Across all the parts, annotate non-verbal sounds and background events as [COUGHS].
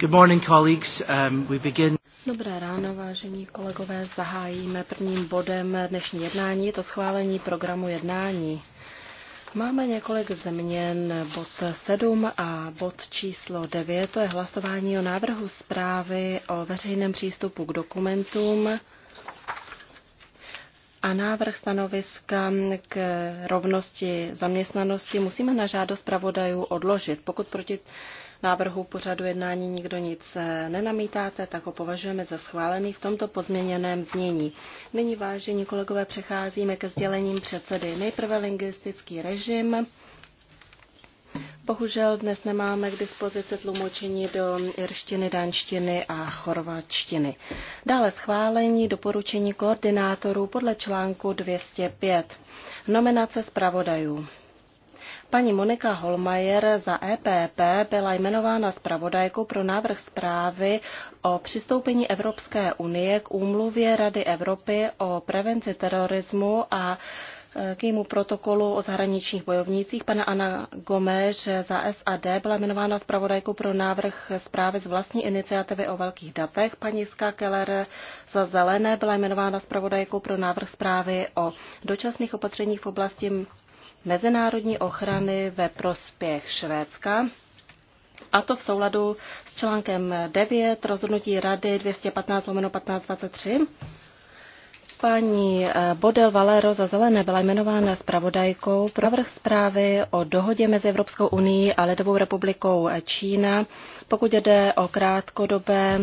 Good morning, colleagues. Um, we begin... Dobré ráno, vážení kolegové. Zahájíme prvním bodem dnešní jednání, je to schválení programu jednání. Máme několik změn, bod 7 a bod číslo 9, to je hlasování o návrhu zprávy o veřejném přístupu k dokumentům a návrh stanoviska k rovnosti zaměstnanosti musíme na žádost pravodajů odložit. Pokud proti návrhu pořadu jednání nikdo nic eh, nenamítáte, tak ho považujeme za schválený v tomto pozměněném znění. Nyní, vážení kolegové, přecházíme ke sdělením předsedy. Nejprve lingvistický režim. Bohužel dnes nemáme k dispozici tlumočení do irštiny, danštiny a chorvačtiny. Dále schválení doporučení koordinátorů podle článku 205. Nominace zpravodajů. Paní Monika Holmajer za EPP byla jmenována zpravodajkou pro návrh zprávy o přistoupení Evropské unie k úmluvě Rady Evropy o prevenci terorismu a e, k jejímu protokolu o zahraničních bojovnících. Pana Ana Gomeš za SAD byla jmenována zpravodajkou pro návrh zprávy z vlastní iniciativy o velkých datech. Paní Ska Keller za Zelené byla jmenována zpravodajkou pro návrh zprávy o dočasných opatřeních v oblasti mezinárodní ochrany ve prospěch Švédska, a to v souladu s článkem 9 rozhodnutí Rady 215 1523. Paní eh, Bodel Valero za Zelené byla jmenována zpravodajkou pro vrch zprávy o dohodě mezi Evropskou unii a Ledovou republikou Čína, pokud jde o krátkodobé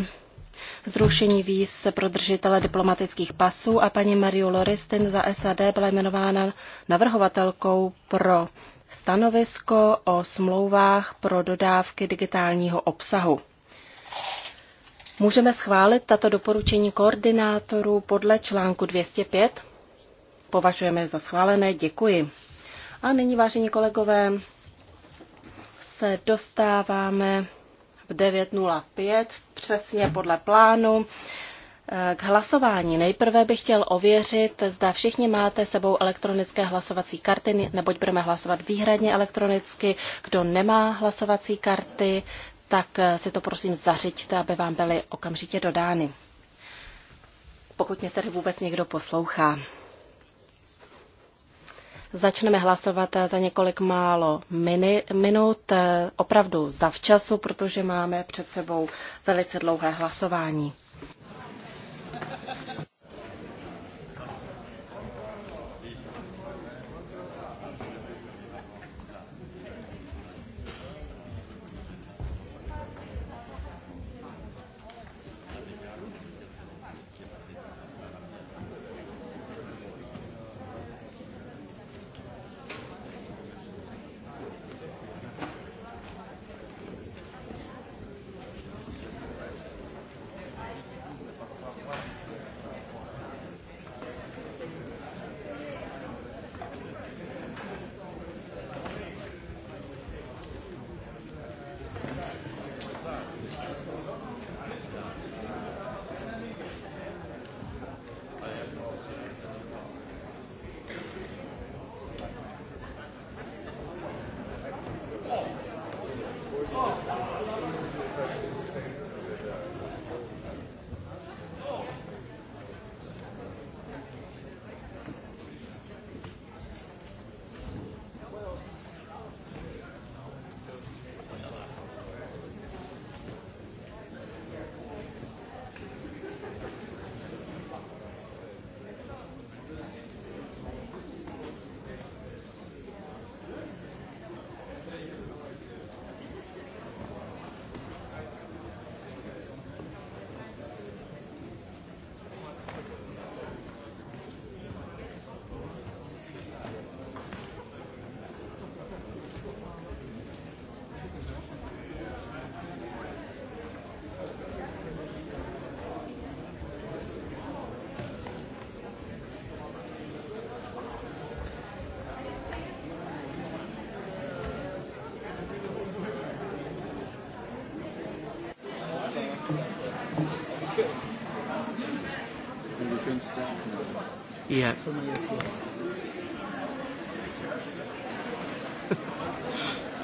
zrušení víz pro držitele diplomatických pasů a paní Mariu Loristin za SAD byla jmenována navrhovatelkou pro stanovisko o smlouvách pro dodávky digitálního obsahu. Můžeme schválit tato doporučení koordinátorů podle článku 205? Považujeme za schválené, děkuji. A nyní, vážení kolegové, se dostáváme v 9.05, přesně podle plánu. K hlasování nejprve bych chtěl ověřit, zda všichni máte sebou elektronické hlasovací karty, neboť budeme hlasovat výhradně elektronicky. Kdo nemá hlasovací karty, tak si to prosím zařiďte, aby vám byly okamžitě dodány. Pokud mě tedy vůbec někdo poslouchá. Začneme hlasovat eh, za několik málo mini, minut, eh, opravdu za včasu, protože máme před sebou velice dlouhé hlasování.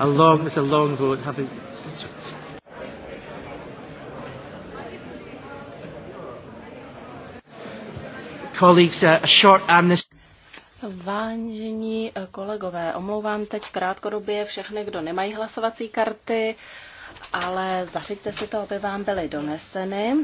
a long, it's a long vote. Happy. colleagues, uh, a short amnesty. Vážení eh, kolegové, omlouvám teď krátkodobě všechny, kdo nemají hlasovací karty, ale zařiďte si to, aby vám byly doneseny.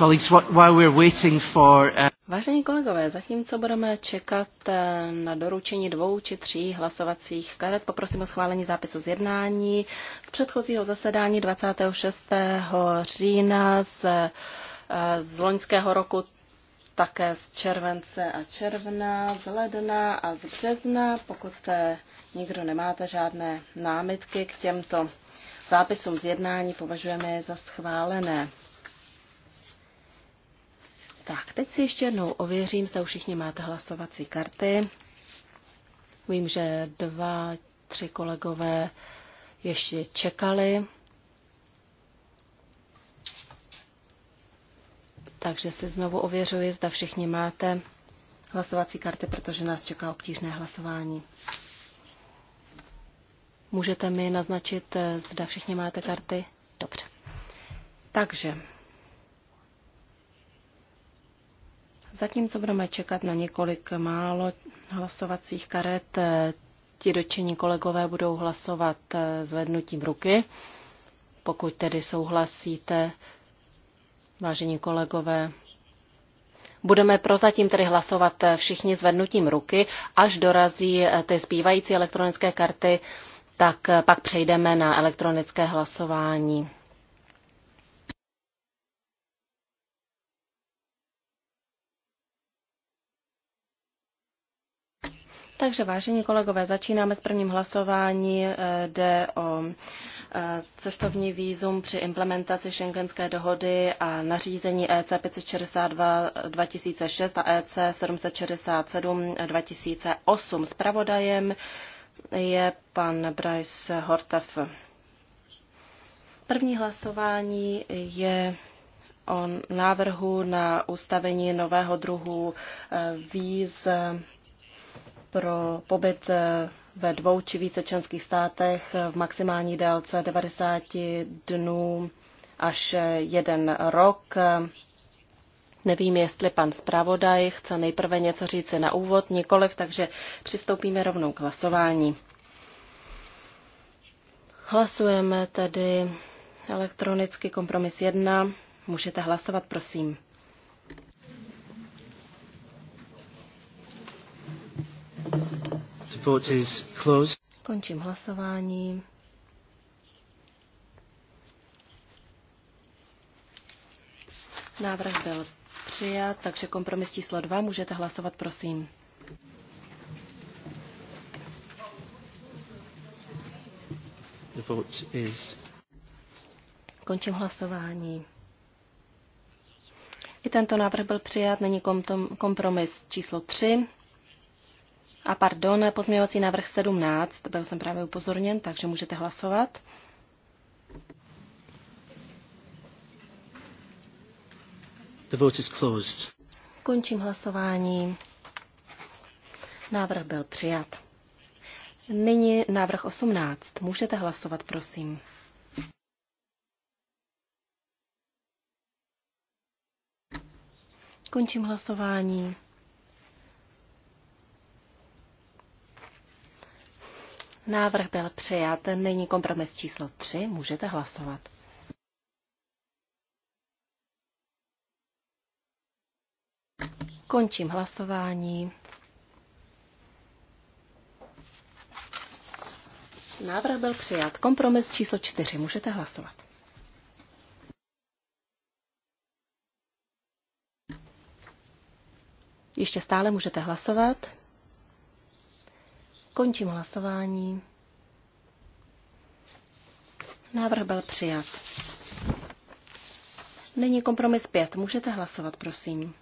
Uh, Vážení kolegové, zatímco budeme čekat uh, na doručení dvou či tří hlasovacích karet, poprosím o schválení zápisu z jednání z předchozího zasedání 26. října z, uh, z loňského roku také z července a června, z ledna a z března. Pokud nikdo nemáte žádné námitky k těmto zápisům z jednání, považujeme je za schválené. Tak, teď si ještě jednou ověřím, zda už všichni máte hlasovací karty. Vím, že dva, tři kolegové ještě čekali. Takže si znovu ověřuji, zda všichni máte hlasovací karty, protože nás čeká obtížné hlasování. Můžete mi naznačit, zda všichni máte karty? Dobře. Takže Zatímco budeme čekat na několik málo hlasovacích karet, eh, ti dočení kolegové budou hlasovat eh, zvednutím ruky. Pokud tedy souhlasíte, vážení kolegové, budeme prozatím tedy hlasovat eh, všichni zvednutím ruky, až dorazí ty zbývající elektronické karty, tak pak přejdeme na elektronické hlasování. Takže vážení kolegové, začínáme s prvním hlasování. Eh, jde o eh, cestovní výzum při implementaci šengenské dohody a nařízení EC 562 2006 a EC 767 2008. Spravodajem je pan Bryce Hortef. První hlasování je o návrhu na ustavení nového druhu eh, víz pro pobyt eh, ve dvou či více členských státech v maximální délce 90 dnů až eh, jeden rok. Nevím, jestli pan zpravodaj chce nejprve něco říci na úvod, nikoliv, takže přistoupíme rovnou k hlasování. Hlasujeme tedy elektronicky kompromis 1. Můžete hlasovat, prosím. vote is closed. Končím hlasování. Návrh byl přijat, takže kompromis číslo 2 můžete hlasovat, prosím. The vote is... Končím hlasování. I tento návrh byl přijat, není kompromis číslo 3. A pardon, pozměňovací návrh 17, byl jsem právě upozorněn, takže můžete hlasovat. The vote is closed. Končím hlasování. Návrh byl přijat. Nyní návrh 18. Můžete hlasovat, prosím. Končím hlasování. Návrh byl přijat. Nyní kompromis číslo 3. Můžete hlasovat. Končím hlasování. Návrh byl přijat. Kompromis číslo 4. Můžete hlasovat. Ještě stále můžete hlasovat. Končím hlasování. Návrh byl přijat. Není kompromis 5. Můžete hlasovat, prosím.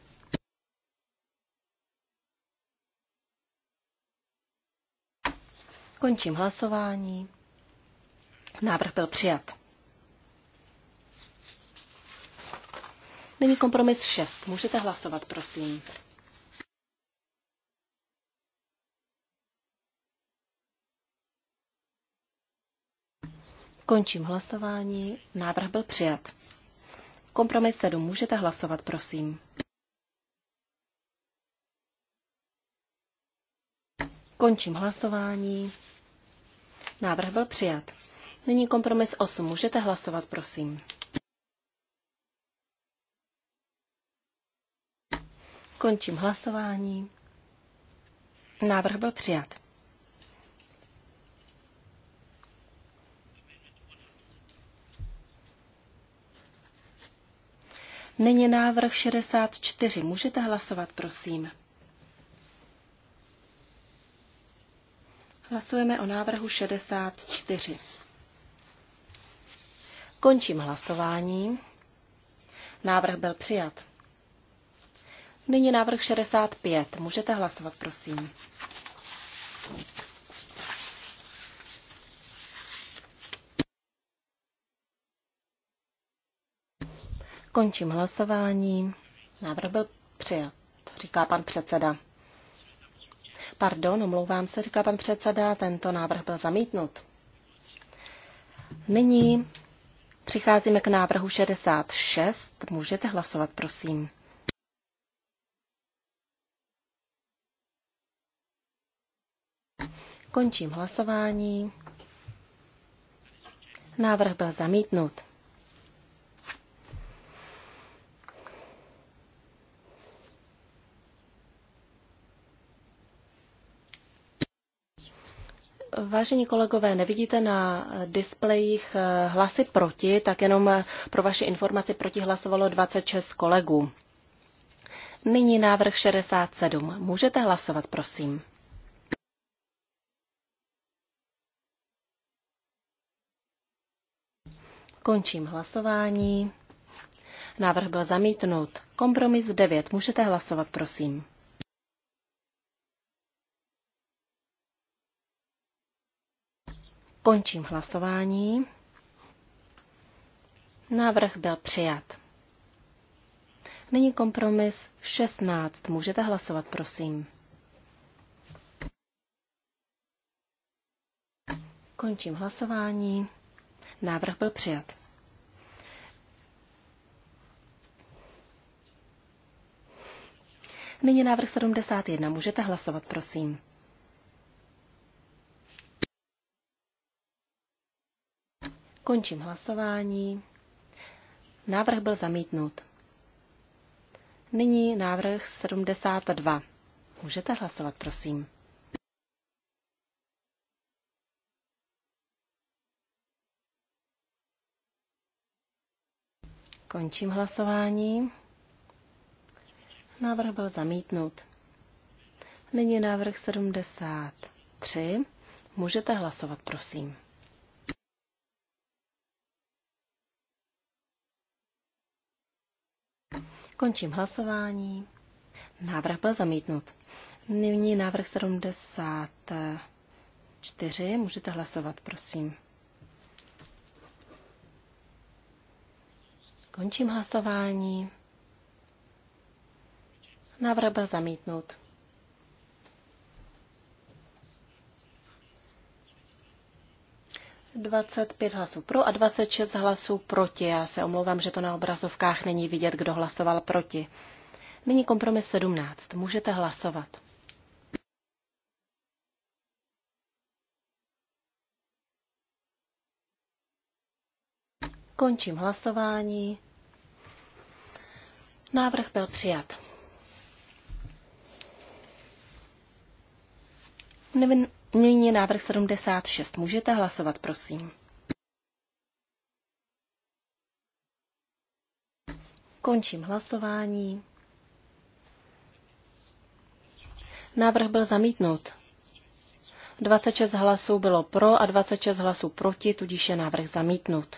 Končím hlasování. Návrh byl přijat. Není kompromis 6. Můžete hlasovat, prosím. Končím hlasování. Návrh byl přijat. Kompromis 7. Můžete hlasovat, prosím. Končím hlasování. Návrh byl přijat. Nyní kompromis 8. Můžete hlasovat, prosím. Končím hlasování. Návrh byl přijat. Nyní návrh 64. Můžete hlasovat, prosím. Hlasujeme o návrhu 64. Končím hlasování. Návrh byl přijat. Nyní návrh 65. Můžete hlasovat, prosím. Končím hlasování. Návrh byl přijat, říká pan předseda. Pardon, omlouvám se, říká pan předseda, tento návrh byl zamítnut. Nyní přicházíme k návrhu 66. Můžete hlasovat, prosím. Končím hlasování. Návrh byl zamítnut. Vážení kolegové, nevidíte na displejích eh, hlasy proti, tak jenom eh, pro vaši informaci proti hlasovalo 26 kolegů. Nyní návrh 67. Můžete hlasovat, prosím. Končím hlasování. Návrh byl zamítnut. Kompromis 9. Můžete hlasovat, prosím. Končím hlasování. Návrh byl přijat. Nyní kompromis 16. Můžete hlasovat, prosím. Končím hlasování. Návrh byl přijat. Nyní návrh 71. Můžete hlasovat, prosím. Končím hlasování. Návrh byl zamítnut. Nyní návrh 72. Můžete hlasovat, prosím. Končím hlasování. Návrh byl zamítnut. Nyní návrh 73. Můžete hlasovat, prosím. Končím hlasování. Návrh byl zamítnut. Nyní návrh 74. Můžete hlasovat, prosím. Končím hlasování. Návrh byl zamítnut. 25 hlasů pro a 26 hlasů proti. Já se omlouvám, že to na obrazovkách není vidět, kdo hlasoval proti. Nyní kompromis 17. Můžete hlasovat. Končím hlasování. Návrh byl přijat. Nyní návrh 76. Můžete hlasovat, prosím. Končím hlasování. Návrh byl zamítnut. 26 hlasů bylo pro a 26 hlasů proti, tudíž je návrh zamítnut.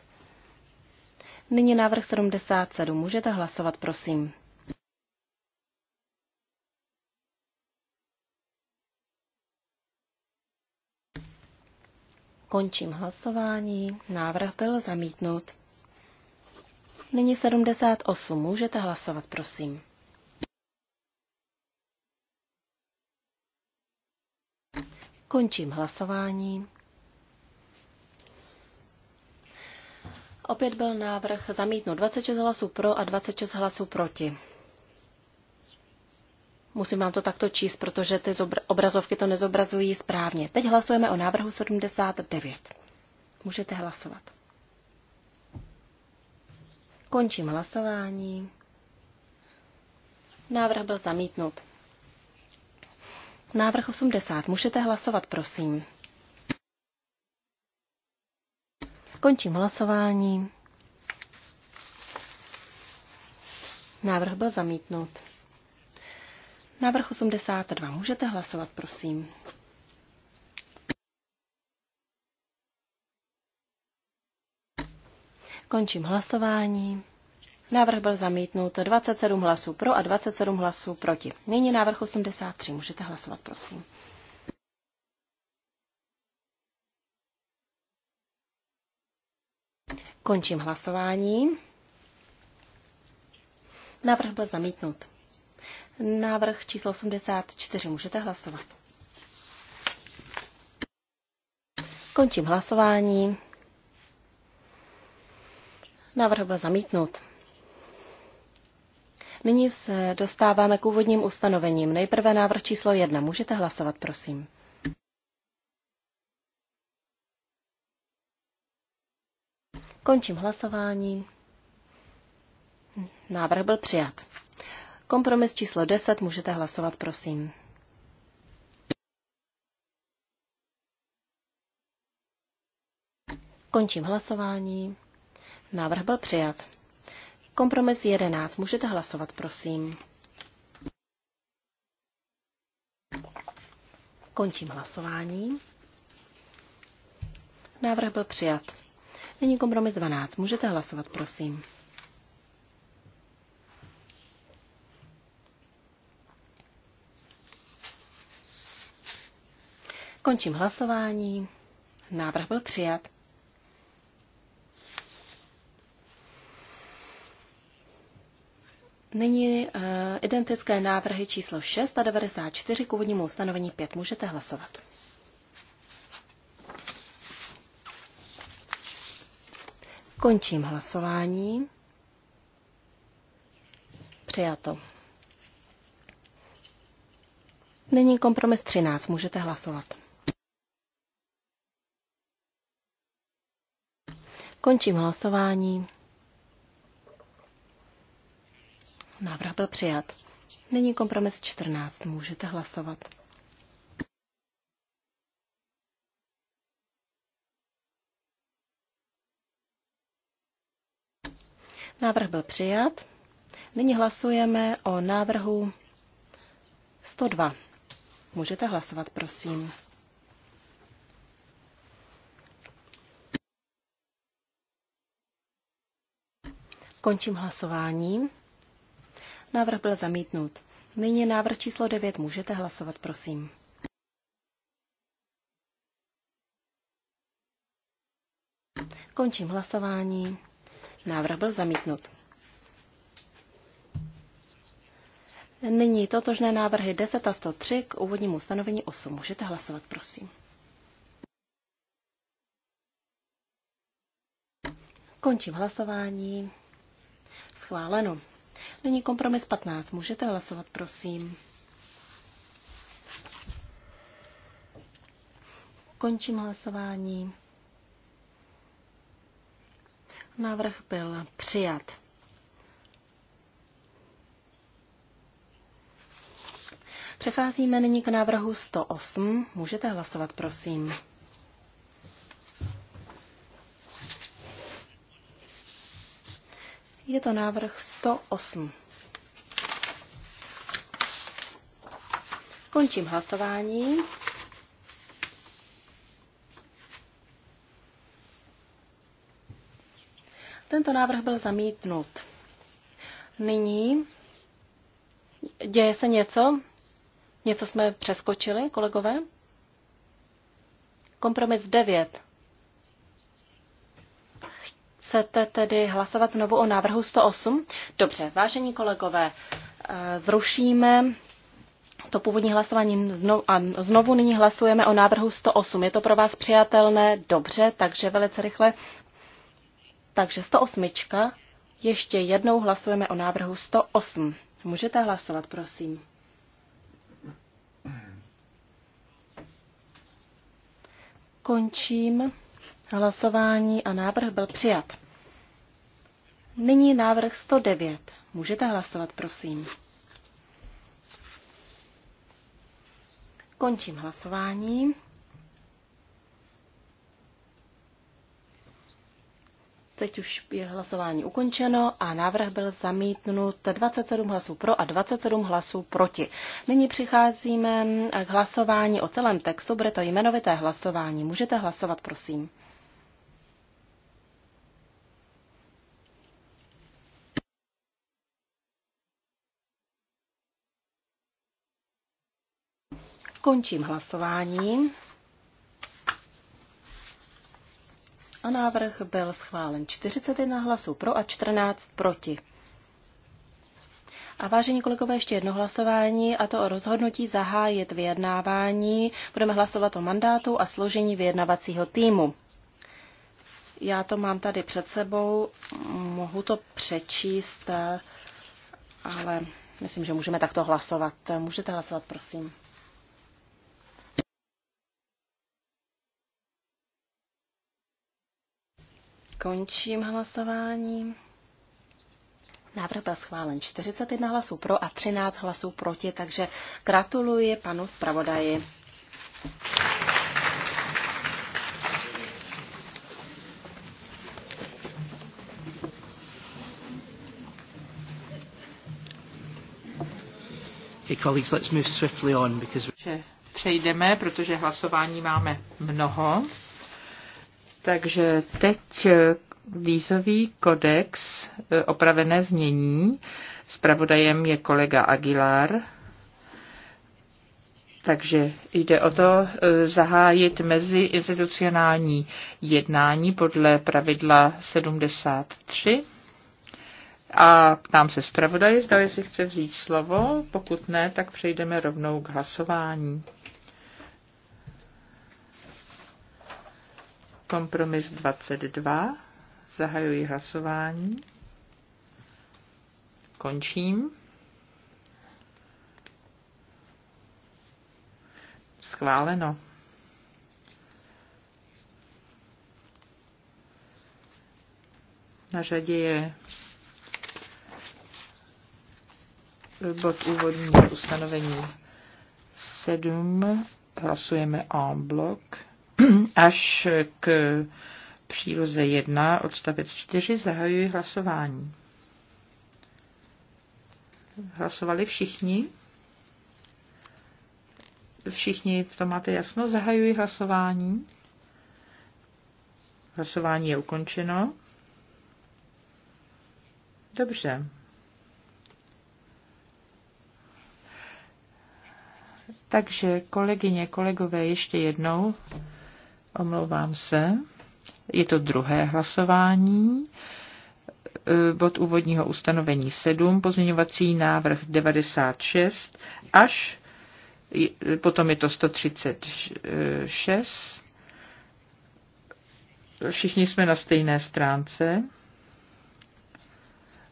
Nyní návrh 77. Můžete hlasovat, prosím. Končím hlasování. Návrh byl zamítnut. Nyní 78. Můžete hlasovat, prosím. Končím hlasování. Opět byl návrh zamítnut 26 hlasů pro a 26 hlasů proti. Musím vám to takto číst, protože ty obrazovky to nezobrazují správně. Teď hlasujeme o návrhu 79. Můžete hlasovat. Končím hlasování. Návrh byl zamítnut. Návrh 80. Můžete hlasovat, prosím. Končím hlasování. Návrh byl zamítnut. Návrh 82. Můžete hlasovat, prosím. Končím hlasování. Návrh byl zamítnut 27 hlasů pro a 27 hlasů proti. Nyní návrh 83. Můžete hlasovat, prosím. Končím hlasování. Návrh byl zamítnut. Návrh číslo 84. Můžete hlasovat. Končím hlasování. Návrh byl zamítnut. Nyní se dostáváme k úvodním ustanovením. Nejprve návrh číslo 1. Můžete hlasovat, prosím. Končím hlasování. Návrh byl přijat. Kompromis číslo 10, můžete hlasovat, prosím. Končím hlasování. Návrh byl přijat. Kompromis 11. Můžete hlasovat, prosím. Končím hlasování. Návrh byl přijat. Nyní kompromis 12. Můžete hlasovat, prosím. Končím hlasování. Návrh byl přijat. Nyní uh, identické návrhy číslo 6 a 94 k úvodnímu ustanovení 5. Můžete hlasovat. Končím hlasování. Přijato. Nyní kompromis 13. Můžete hlasovat. Končím hlasování. Návrh byl přijat. Nyní kompromis 14. Můžete hlasovat. Návrh byl přijat. Nyní hlasujeme o návrhu 102. Můžete hlasovat, prosím. Končím hlasování. Návrh byl zamítnut. Nyní návrh číslo 9. Můžete hlasovat, prosím. Končím hlasování. Návrh byl zamítnut. Nyní totožné návrhy 10 a 103 k úvodnímu stanovení 8. Můžete hlasovat, prosím. Končím hlasování. Schváleno. Nyní kompromis 15. Můžete hlasovat, prosím. Končím hlasování. Návrh byl přijat. Přecházíme nyní k návrhu 108. Můžete hlasovat, prosím. Je to návrh 108. Končím hlasování. Tento návrh byl zamítnut. Nyní děje se něco? Něco jsme přeskočili, kolegové? Kompromis 9. Chcete tedy hlasovat znovu o návrhu 108? Dobře, vážení kolegové, eh, zrušíme to původní hlasování znovu, a znovu nyní hlasujeme o návrhu 108. Je to pro vás přijatelné? Dobře, takže velice rychle. Takže 108. Ještě jednou hlasujeme o návrhu 108. Můžete hlasovat, prosím. Končím hlasování a návrh byl přijat. Nyní návrh 109. Můžete hlasovat, prosím. Končím hlasování. Teď už je hlasování ukončeno a návrh byl zamítnut 27 hlasů pro a 27 hlasů proti. Nyní přicházíme k hlasování o celém textu, bude to jmenovité hlasování. Můžete hlasovat, prosím. Končím hlasování. A návrh byl schválen 41 hlasů pro a 14 proti. A vážení kolegové, ještě jedno hlasování, a to o rozhodnutí zahájit vyjednávání. Budeme hlasovat o mandátu a složení vyjednavacího týmu. Já to mám tady před sebou, mohu to přečíst, ale myslím, že můžeme takto hlasovat. Můžete hlasovat, prosím. Končím hlasování. Návrh byl schválen 41 hlasů pro a 13 hlasů proti, takže gratuluji panu zpravodaji. Hey let's move swiftly on because... Přejdeme, protože hlasování máme mnoho. Takže teď eh, vízový kodex, eh, opravené znění. Spravodajem je kolega Aguilar. Takže jde o to eh, zahájit meziinstitucionální jednání podle pravidla 73. A ptám se zpravodaj, zda si chce vzít slovo. Pokud ne, tak přejdeme rovnou k hlasování. Kompromis 22. Zahajuji hlasování. Končím. Schváleno. Na řadě je bod úvodní ustanovení 7. Hlasujeme en bloc až k příloze 1, odstavec 4, zahajuji hlasování. Hlasovali všichni? Všichni v tom máte jasno? Zahajuji hlasování. Hlasování je ukončeno. Dobře. Takže kolegyně, kolegové, ještě jednou Omlouvám se. Je to druhé hlasování. E, bod úvodního ustanovení 7, pozměňovací návrh 96 až, e, potom je to 136. Všichni jsme na stejné stránce.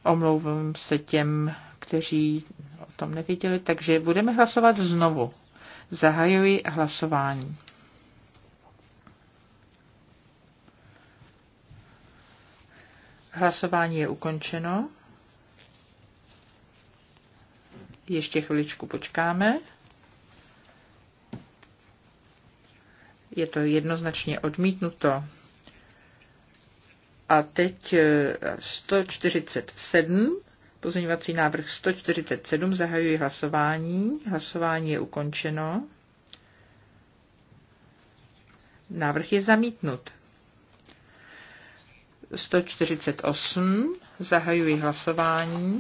Omlouvám se těm, kteří o tom neviděli, takže budeme hlasovat znovu. Zahajuji hlasování. Hlasování je ukončeno. Ještě chviličku počkáme. Je to jednoznačně odmítnuto. A teď 147, eh, pozměňovací návrh 147, zahajuji hlasování. Hlasování je ukončeno. Návrh je zamítnut. 148. Zahajuji hlasování.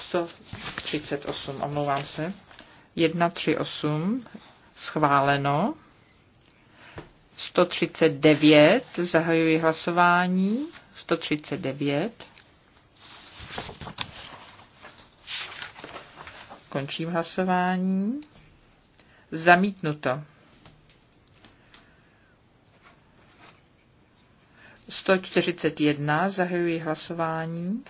138, omlouvám se. 138, schváleno. 139, zahajuji hlasování. 139. Končím hlasování. Zamítnuto. 141. Zahajuji hlasování.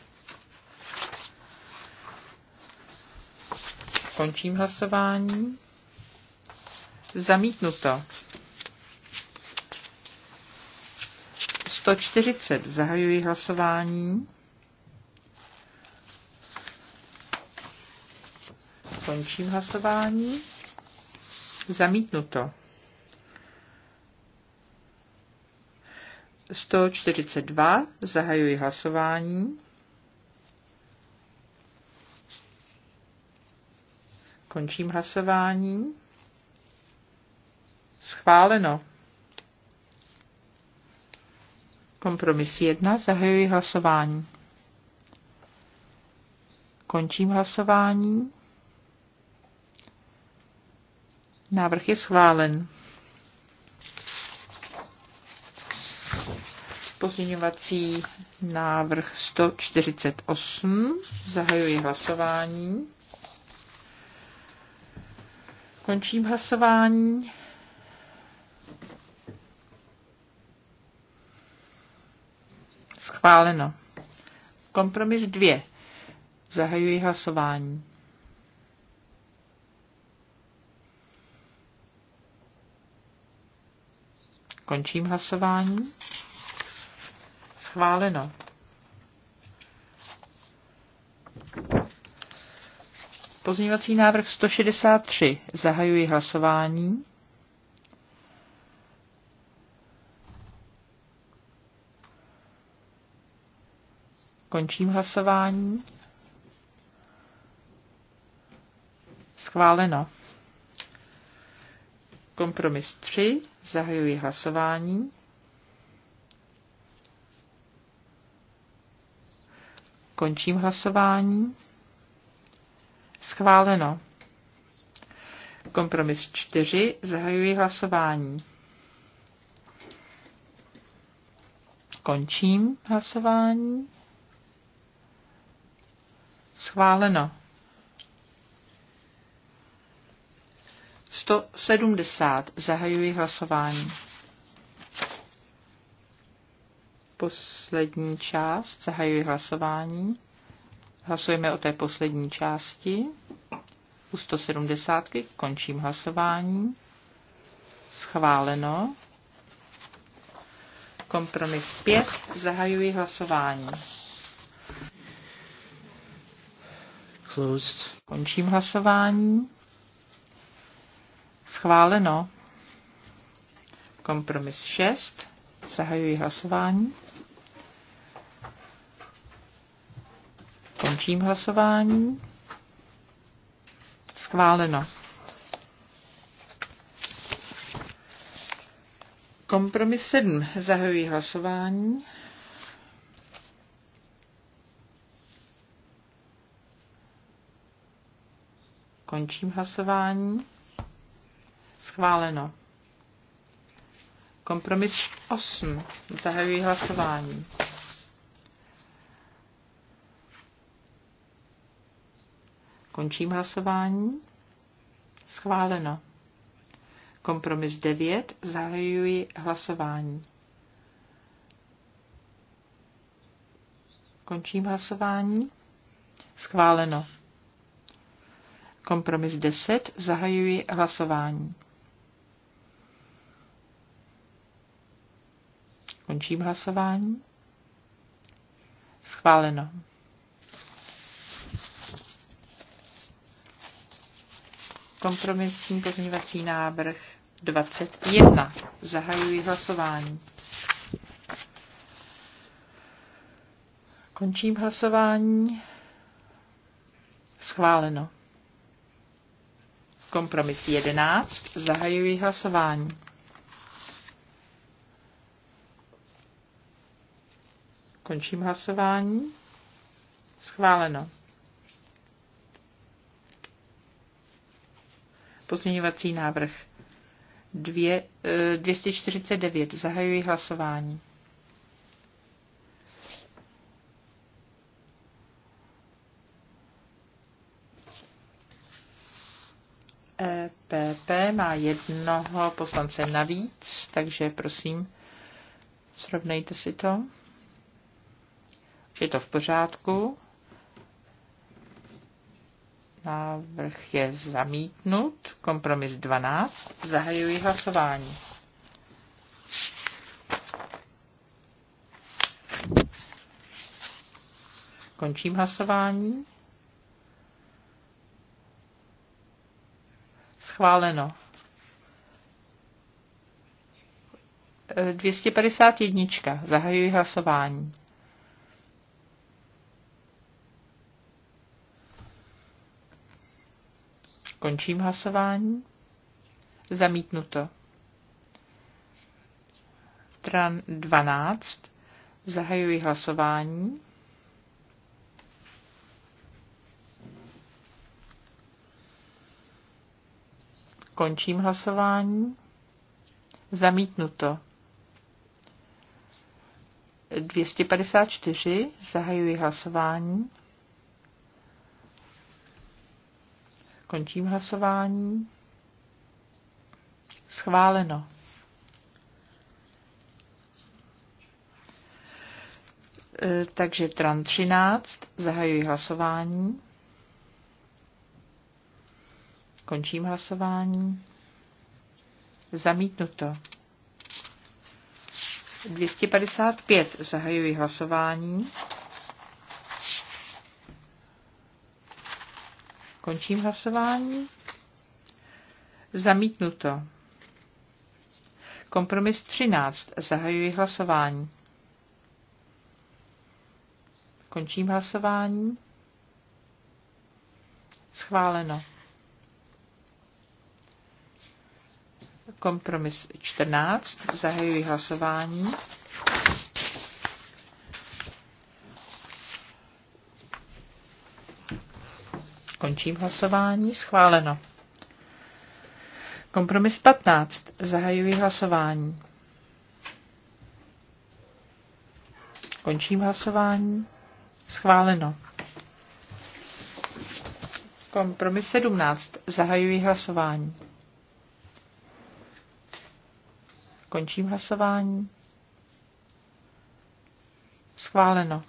Končím hlasování. Zamítnuto. 140. Zahajuji hlasování. Končím hlasování. Zamítnuto. 142. Zahajuji hlasování. Končím hlasování. Schváleno. Kompromis 1. Zahajuji hlasování. Končím hlasování. Návrh je schválen. Pozměňovací návrh 148. Zahajuji hlasování. Končím hlasování. Schváleno. Kompromis 2. Zahajuji hlasování. Končím hlasování schváleno. Pozměňovací návrh 163. Zahajuji hlasování. Končím hlasování. Schváleno. Kompromis 3. Zahajuji hlasování. Končím hlasování. Schváleno. Kompromis 4. Zahajuji hlasování. Končím hlasování. Schváleno. 170. Zahajuji hlasování. poslední část. Zahajuji hlasování. Hlasujeme o té poslední části. U 170 končím hlasování. Schváleno. Kompromis 5. Zahajuji hlasování. Closed. Končím hlasování. Schváleno. Kompromis 6. Zahajuji hlasování. Končím hlasování. Schváleno. Kompromis 7. Zahajuji hlasování. Končím hlasování. Schváleno. Kompromis 8. Zahajuji hlasování. Končím hlasování. Schváleno. Kompromis 9. Zahajuji hlasování. Končím hlasování. Schváleno. Kompromis 10. Zahajuji hlasování. Končím hlasování. Schváleno. Kompromisní pozměňovací návrh 21. Zahajuji hlasování. Končím hlasování. Schváleno. Kompromis 11. Zahajuji hlasování. Končím hlasování. Schváleno. Pozměňovací návrh Dvě, 249. Eh, Zahajuji hlasování. EPP má jednoho poslance navíc, takže prosím, srovnejte si to. Je to v pořádku. Návrh je zamítnut. Kompromis 12. Zahajuji hlasování. Končím hlasování. Schváleno. 251. E, Zahajuji hlasování. Končím hlasování. Zamítnuto. Tran 12. Zahajuji hlasování. Končím hlasování. Zamítnuto. 254. Zahajuji hlasování. Končím hlasování. Schváleno. E, takže tran 13, zahajuji hlasování. Končím hlasování. Zamítnuto. 255, zahajuji hlasování. Končím hlasování. Zamítnuto. Kompromis 13. Zahajuji hlasování. Končím hlasování. Schváleno. Kompromis 14. Zahajuji hlasování. Končím hlasování. Schváleno. Kompromis 15. Zahajuji hlasování. Končím hlasování. Schváleno. Kompromis 17. Zahajuji hlasování. Končím hlasování. Schváleno.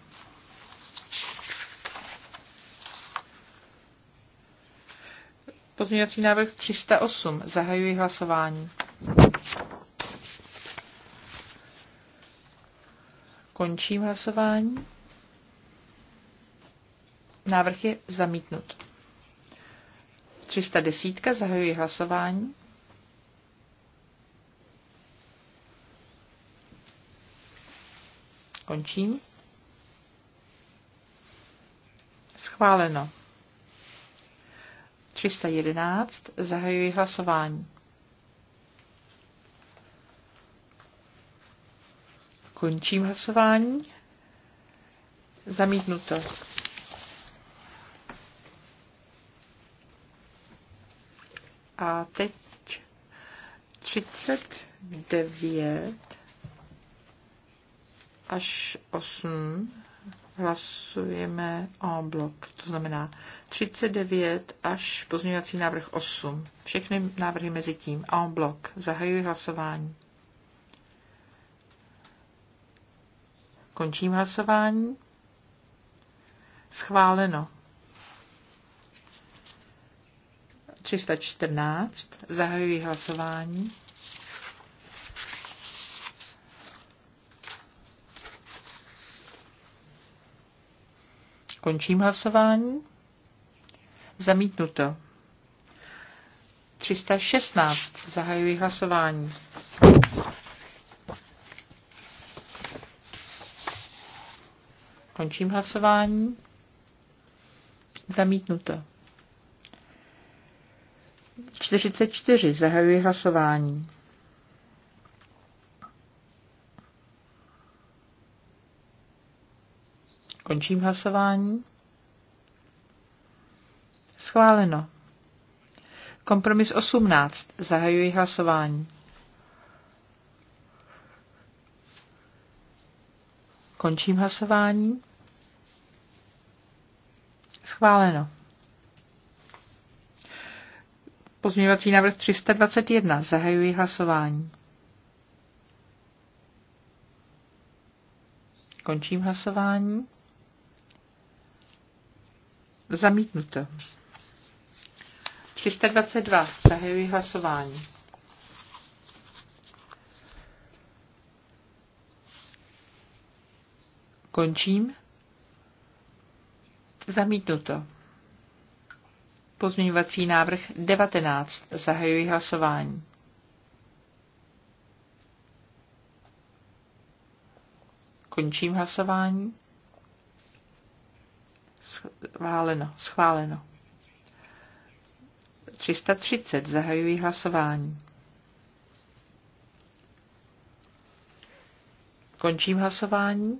Pozměňovací návrh 308. Zahajuji hlasování. Končím hlasování. Návrh je zamítnut. 310. Zahajuji hlasování. Končím. Schváleno. 311. Zahajuji hlasování. Končím hlasování. Zamítnuto. A teď 39 až 8 hlasujeme o blok, to znamená 39 až pozměňovací návrh 8. Všechny návrhy mezi tím o blok. Zahajuji hlasování. Končím hlasování. Schváleno. 314. Zahajuji hlasování. Končím hlasování. Zamítnuto. 316. Zahajuji hlasování. Končím hlasování. Zamítnuto. 44. Zahajuji hlasování. Končím hlasování. Schváleno. Kompromis 18. Zahajuji hlasování. Končím hlasování. Schváleno. Pozměňovací návrh 321. Zahajuji hlasování. Končím hlasování. Zamítnuto. 322. Zahajuji hlasování. Končím. Zamítnuto. Pozměňovací návrh 19. Zahajuji hlasování. Končím hlasování. Schváleno. Schváleno. 330. Zahajuji hlasování. Končím hlasování.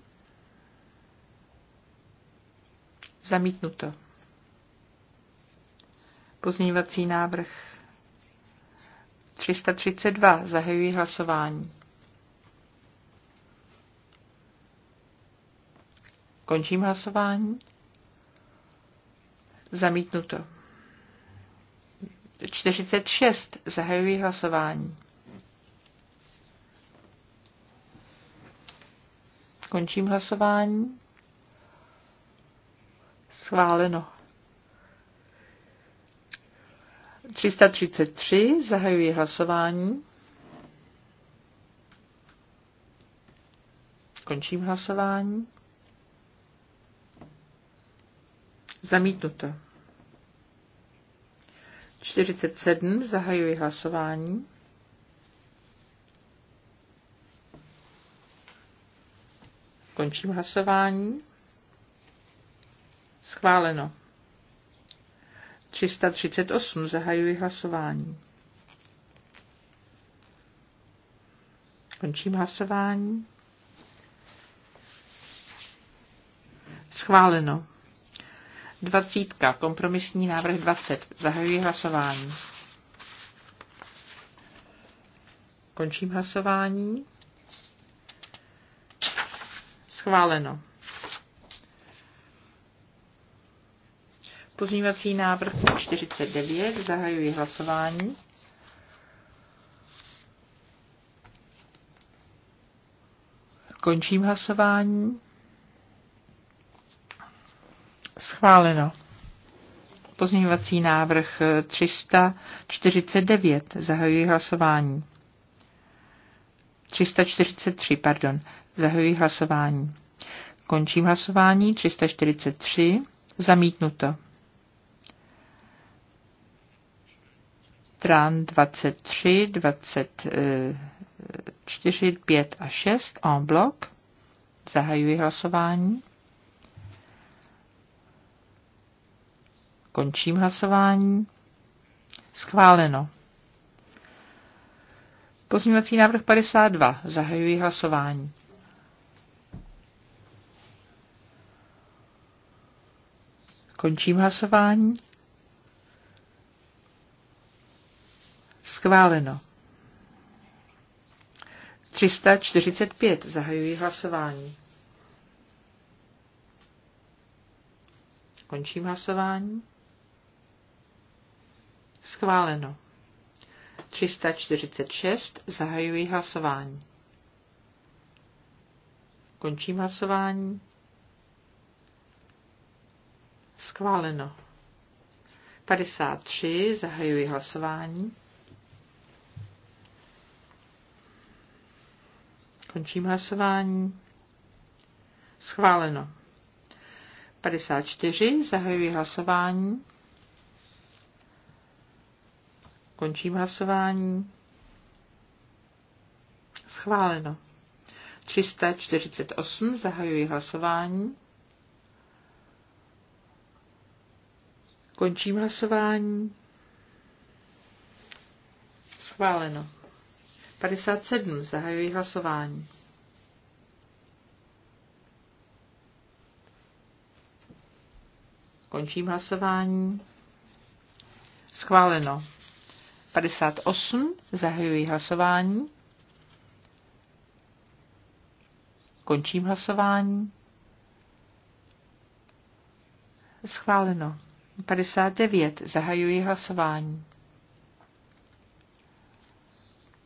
Zamítnuto. Pozměňovací návrh 332. Zahajuji hlasování. Končím hlasování. Zamítnuto. 46. Zahajuji hlasování. Končím hlasování. Schváleno. 333. Zahajuji hlasování. Končím hlasování. Zamítnuto. 47. Zahajuji hlasování. Končím hlasování. Schváleno. 338. Zahajuji hlasování. Končím hlasování. Schváleno. Dvacítka, kompromisní návrh 20. Zahajuji hlasování. Končím hlasování. Schváleno. Pozměňovací návrh 49. Zahajuji hlasování. Končím hlasování. Schváleno. Pozměňovací návrh 349. Zahajuji hlasování. 343, pardon. Zahajuji hlasování. Končím hlasování. 343. Zamítnuto. Tran 23, 24, 5 a 6 en bloc. Zahajuji hlasování. Končím hlasování. Schváleno. Pozměňovací návrh 52. Zahajuji hlasování. Končím hlasování. Schváleno. 345. Zahajuji hlasování. Končím hlasování. Schváleno. 346. Zahajuji hlasování. Končím hlasování. Schváleno. 53. Zahajuji hlasování. Končím hlasování. Schváleno. 54. Zahajuji hlasování. Končím hlasování. Schváleno. 348. Zahajuji hlasování. Končím hlasování. Schváleno. 57. Zahajuji hlasování. Končím hlasování. Schváleno. 58. Zahajuji hlasování. Končím hlasování. Schváleno. 59. Zahajuji hlasování.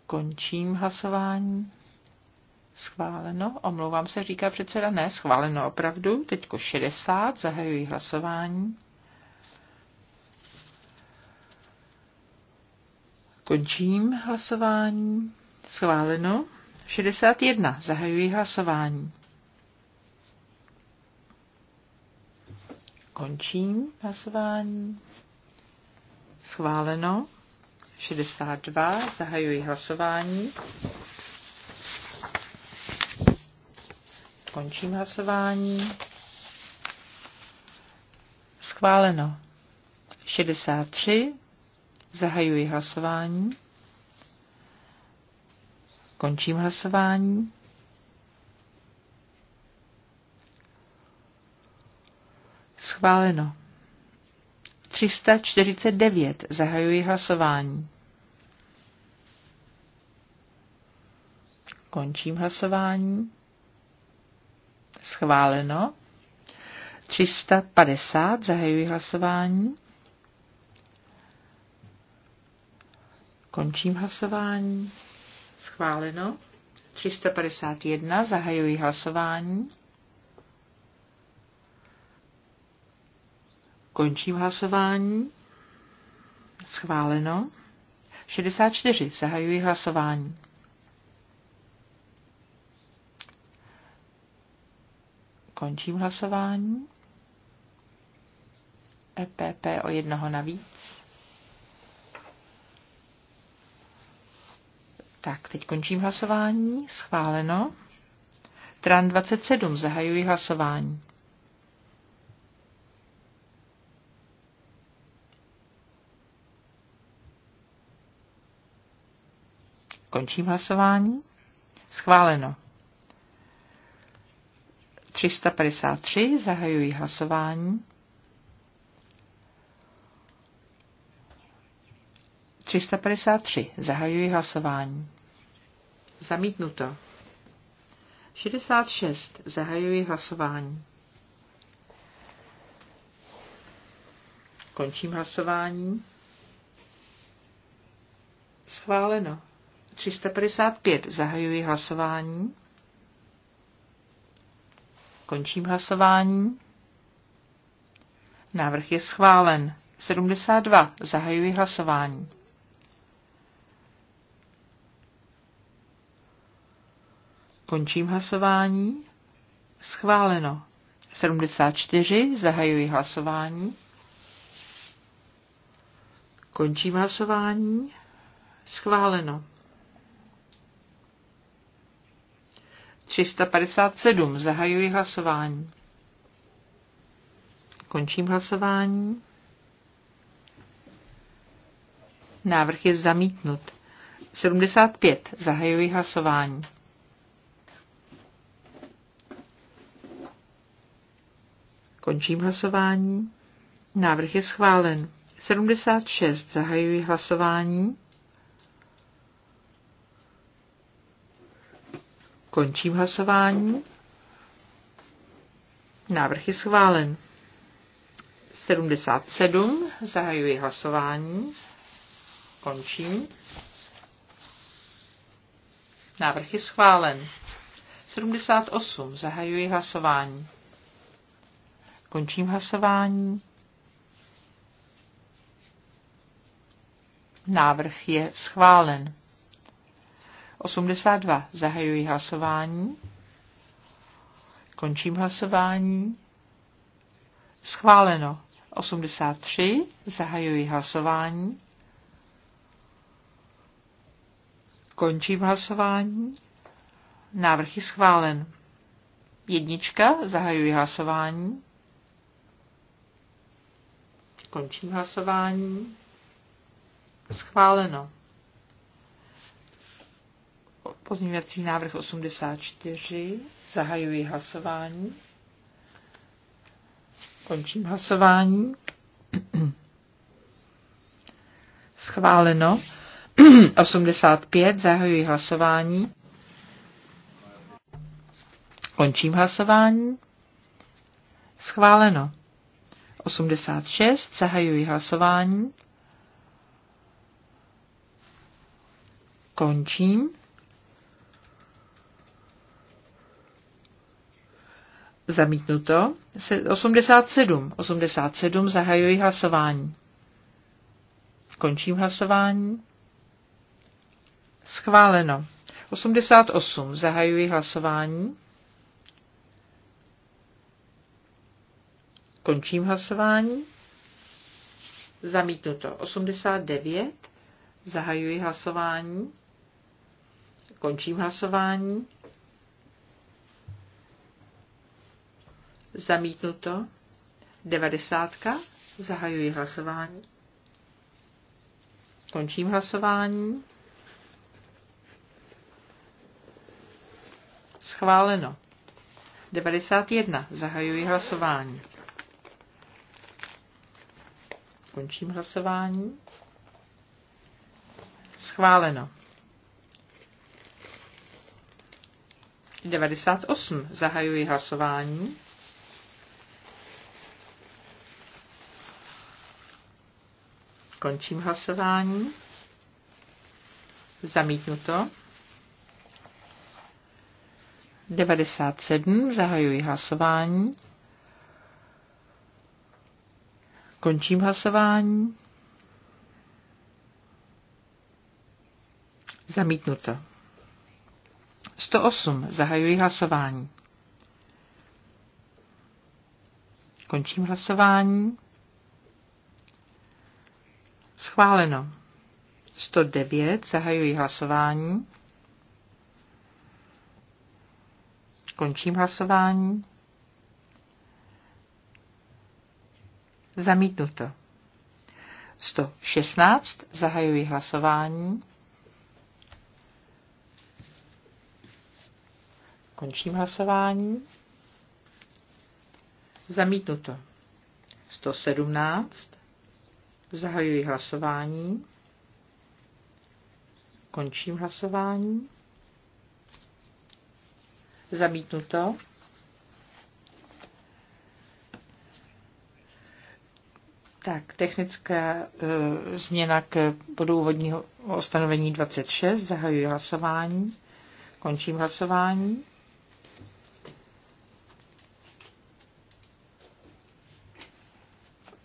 Končím hlasování. Schváleno. Omlouvám se, říká předseda. Ne, schváleno opravdu. Teďko 60. Zahajuji hlasování. Končím hlasování. Schváleno. 61. Zahajuji hlasování. Končím hlasování. Schváleno. 62. Zahajuji hlasování. Končím hlasování. Schváleno. 63. Zahajuji hlasování. Končím hlasování. Schváleno. 349. Zahajuji hlasování. Končím hlasování. Schváleno. 350. Zahajuji hlasování. Končím hlasování. Schváleno. 351. Zahajuji hlasování. Končím hlasování. Schváleno. 64. Zahajuji hlasování. Končím hlasování. EPP o jednoho navíc. Tak, teď končím hlasování. Schváleno. Tran 27. Zahajuji hlasování. Končím hlasování. Schváleno. 353. Zahajuji hlasování. 353. Zahajuji hlasování. Zamítnuto. 66. Zahajuji hlasování. Končím hlasování. Schváleno. 355. Zahajuji hlasování. Končím hlasování. Návrh je schválen. 72. Zahajuji hlasování. Končím hlasování. Schváleno. 74. Zahajuji hlasování. Končím hlasování. Schváleno. 357. Zahajuji hlasování. Končím hlasování. Návrh je zamítnut. 75. Zahajuji hlasování. Končím hlasování. Návrh je schválen. 76. Zahajuji hlasování. Končím hlasování. Návrh je schválen. 77. Zahajuji hlasování. Končím. Návrh je schválen. 78. Zahajuji hlasování. Končím hlasování. Návrh je schválen. 82. Zahajuji hlasování. Končím hlasování. Schváleno. 83. Zahajuji hlasování. Končím hlasování. Návrh je schválen. Jednička. Zahajuji hlasování. Končím hlasování. Schváleno. Pozměňovací návrh 84. [CLEARS THROAT] [CLEARS THROAT] Zahajuji hlasování. Končím hlasování. Schváleno. 85. Zahajuji hlasování. Končím hlasování. Schváleno. 86. Zahajuji hlasování. Končím. Zamítnuto. 87. 87. Zahajuji hlasování. Končím hlasování. Schváleno. 88. Zahajuji hlasování. Končím hlasování. Zamítnuto 89. Zahajuji hlasování. Končím hlasování. Zamítnuto 90. Zahajuji hlasování. Končím hlasování. Schváleno. 91. Zahajuji hlasování. Končím hlasování. Schváleno. 98. Zahajuji hlasování. Končím hlasování. Zamítnuto. 97. Zahajuji hlasování. Končím hlasování. Zamítnuto. 108. Zahajuji hlasování. Končím hlasování. Schváleno. 109. Zahajuji hlasování. Končím hlasování. Zamítnuto. 116. Zahajuji hlasování. Končím hlasování. Zamítnuto. 117. Zahajuji hlasování. Končím hlasování. Zamítnuto. Tak, technická e, změna k bodu úvodního ustanovení 26. Zahajuji hlasování. Končím hlasování.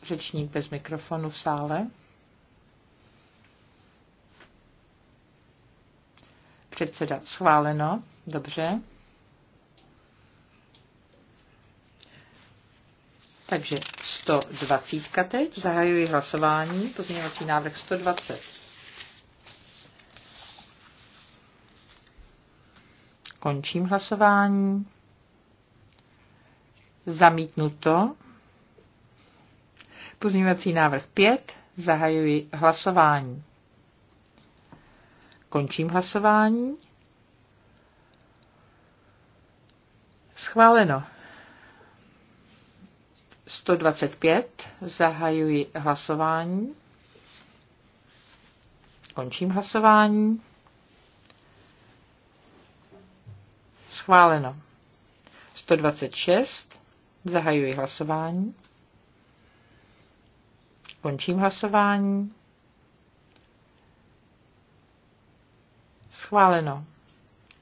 Řečník bez mikrofonu v sále. Předseda schváleno. Dobře. Takže 120 teď, zahajuji hlasování, pozměňovací návrh 120. Končím hlasování. Zamítnuto. Pozměňovací návrh 5. Zahajuji hlasování. Končím hlasování. Schváleno. 125. Zahajuji hlasování. Končím hlasování. Schváleno. 126. Zahajuji hlasování. Končím hlasování. Schváleno.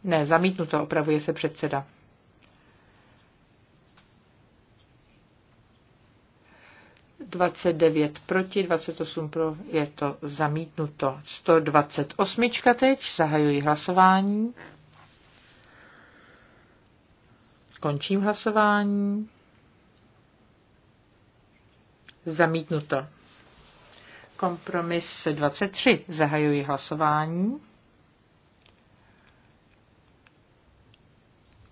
Ne, zamítnuto, opravuje se předseda. 29 proti, 28 pro, je to zamítnuto. 128 teď, zahajuji hlasování. Končím hlasování. Zamítnuto. Kompromis 23. Zahajuji hlasování.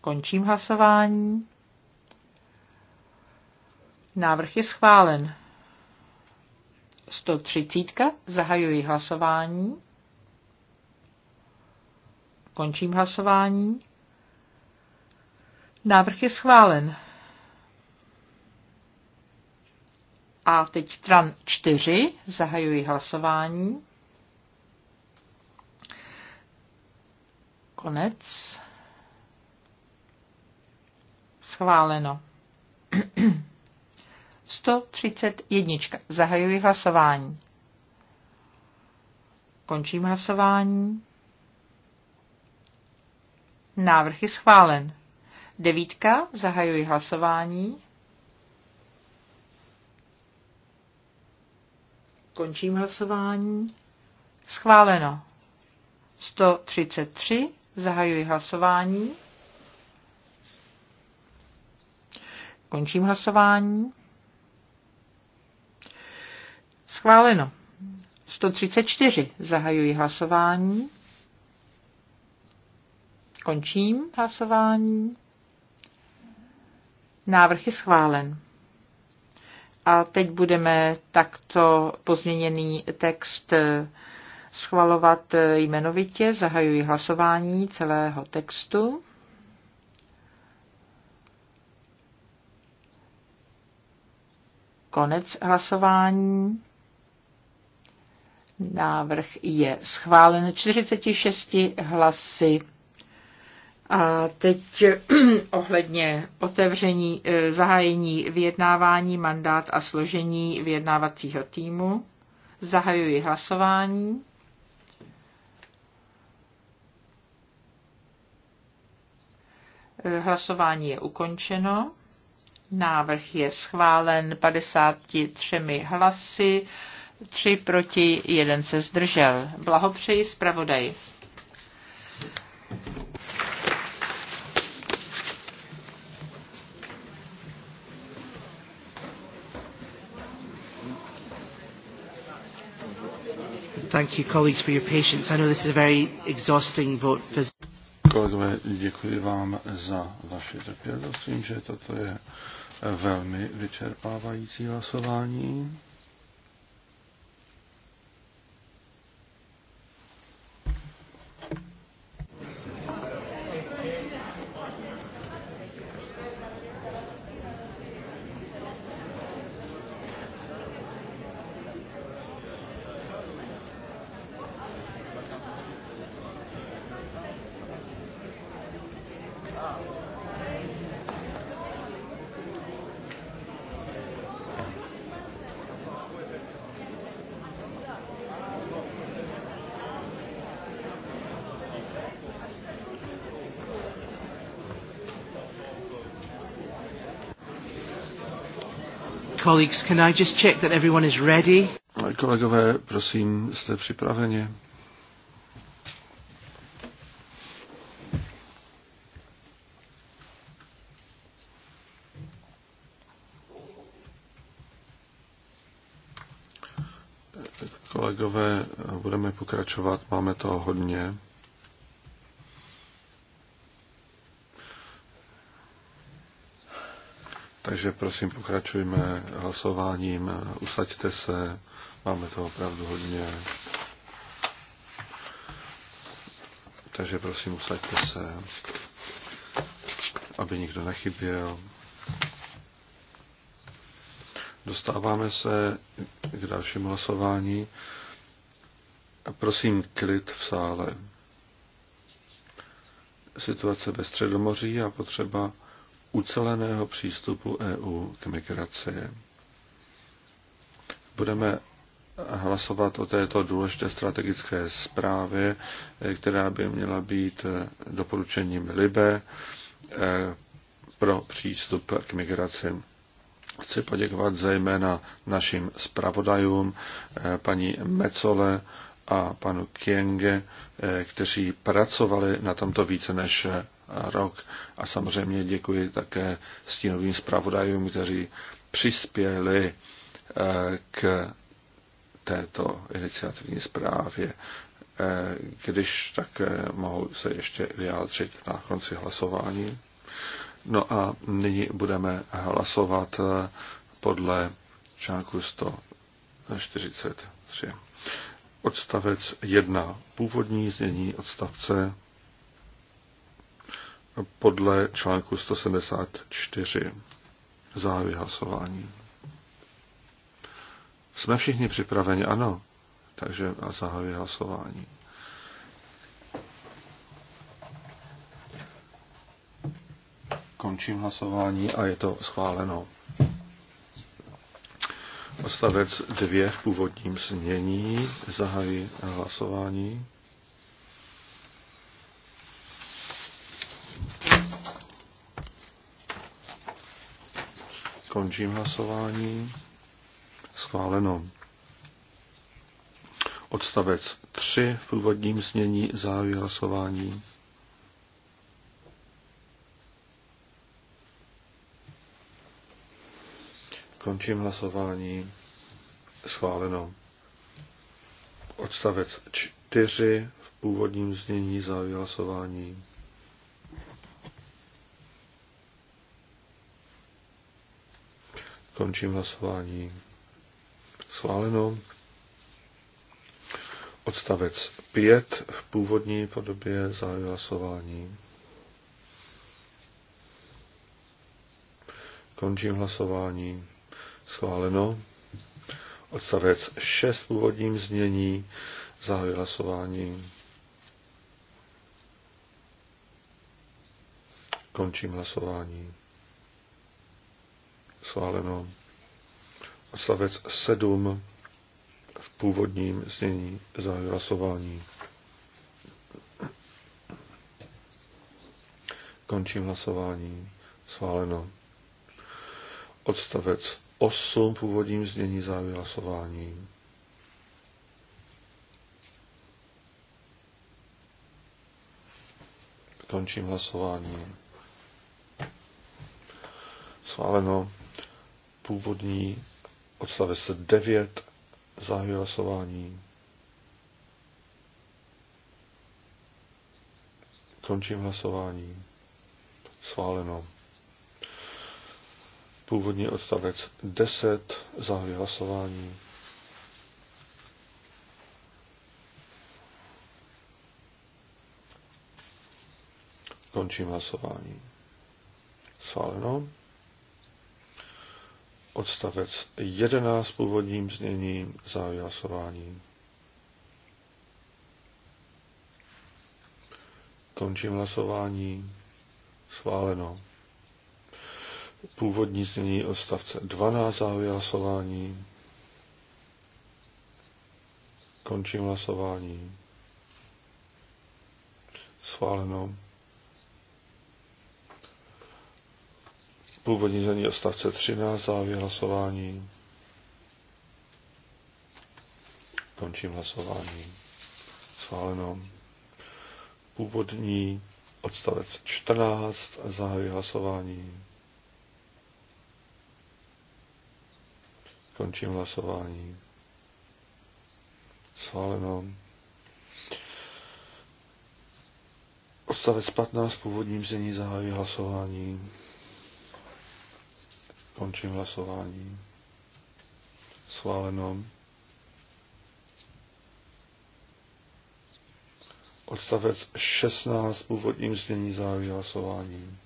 Končím hlasování. Návrh je schválen. 130. Zahajuji hlasování. Končím hlasování. Návrh je schválen. A teď tran 4. Zahajuji hlasování. Konec. Schváleno. [CLEARS THROAT] 131. Zahajuji hlasování. Končím hlasování. Návrh je schválen. Devítka. Zahajuji hlasování. Končím hlasování. Schváleno. 133. Zahajuji hlasování. Končím hlasování. Schváleno. 134. Zahajuji hlasování. Končím hlasování. Návrh je schválen. A teď budeme takto pozměněný text schvalovat jmenovitě. Zahajuji hlasování celého textu. Konec hlasování. Návrh je schválen 46 hlasy. A teď [CLEARS THROAT] ohledně otevření, eh, zahájení vyjednávání, mandát a složení vyjednávacího týmu. Zahajuji hlasování. Eh, hlasování je ukončeno. Návrh je schválen 53 hlasy. Tři proti, 1 se zdržel. Blahopřeji zpravodaj. Thank you, colleagues, for your patience. I know this is a very exhausting vote. For... Kolegové, děkuji vám za vaši trpělivost. Vím, že toto je velmi vyčerpávající hlasování. colleagues, can I just check that everyone is ready? Kolegové, prosím, jste připraveni? Kolegové, budeme pokračovat, máme toho hodně. Takže prosím, pokračujme hlasováním. Usaďte se, máme to opravdu hodně. Takže prosím, usaďte se, aby nikdo nechyběl. Dostáváme se k dalšímu hlasování. Prosím, klid v sále. Situace ve Středomoří a potřeba uceleného přístupu EU k migraci. Budeme hlasovat o této důležité strategické zprávě, která by měla být doporučením LIBE eh, pro přístup k migraci. Chci poděkovat zejména našim zpravodajům, eh, paní Mecole a panu Kienge, eh, kteří pracovali na tomto více než rok. A samozřejmě děkuji také stínovým zpravodajům, kteří přispěli eh, k této iniciativní zprávě, eh, když tak mohu se ještě vyjádřit na konci hlasování. No a nyní budeme hlasovat eh, podle článku 143. Odstavec 1. Původní znění odstavce podle článku 174. Zahajuji hlasování. Jsme všichni připraveni? Ano. Takže a zahajuji hlasování. Končím hlasování a je to schváleno. Ostavec dvě v původním snění. Zahajuji hlasování. Končím hlasování. Schváleno. Odstavec 3 v původním znění závěr hlasování. Končím hlasování. Schváleno. Odstavec 4 v původním znění závěr hlasování. Končím hlasování. Schváleno. Odstavec 5 v původní podobě zahájí hlasování. Končím hlasování. Schváleno. Odstavec 6 v původním znění zahájí hlasování. Končím hlasování schváleno. Odstavec 7 v původním znění za hlasování. Končím hlasování. Schváleno. Odstavec 8 v původním znění za hlasování. Končím hlasování. Schváleno původní odstavec 9, zahajuji hlasování. Končím hlasování. Sváleno. Původní odstavec 10, zahajuji hlasování. Končím hlasování. Sváleno odstavec 11 původním zněním zahájí hlasování. Končím hlasování. Schváleno. Původní znění odstavce 12 zahájí hlasování. Končím hlasování. Schváleno. Původní znění odstavce 13, závěr hlasování. Končím hlasování. Schváleno. Původní odstavec 14, zahajuji hlasování. Končím hlasování. Schváleno. Odstavec 15 v původním znění zahájí hlasování. Končím hlasování. Schváleno. Odstavec 16 původním znění závěr hlasování.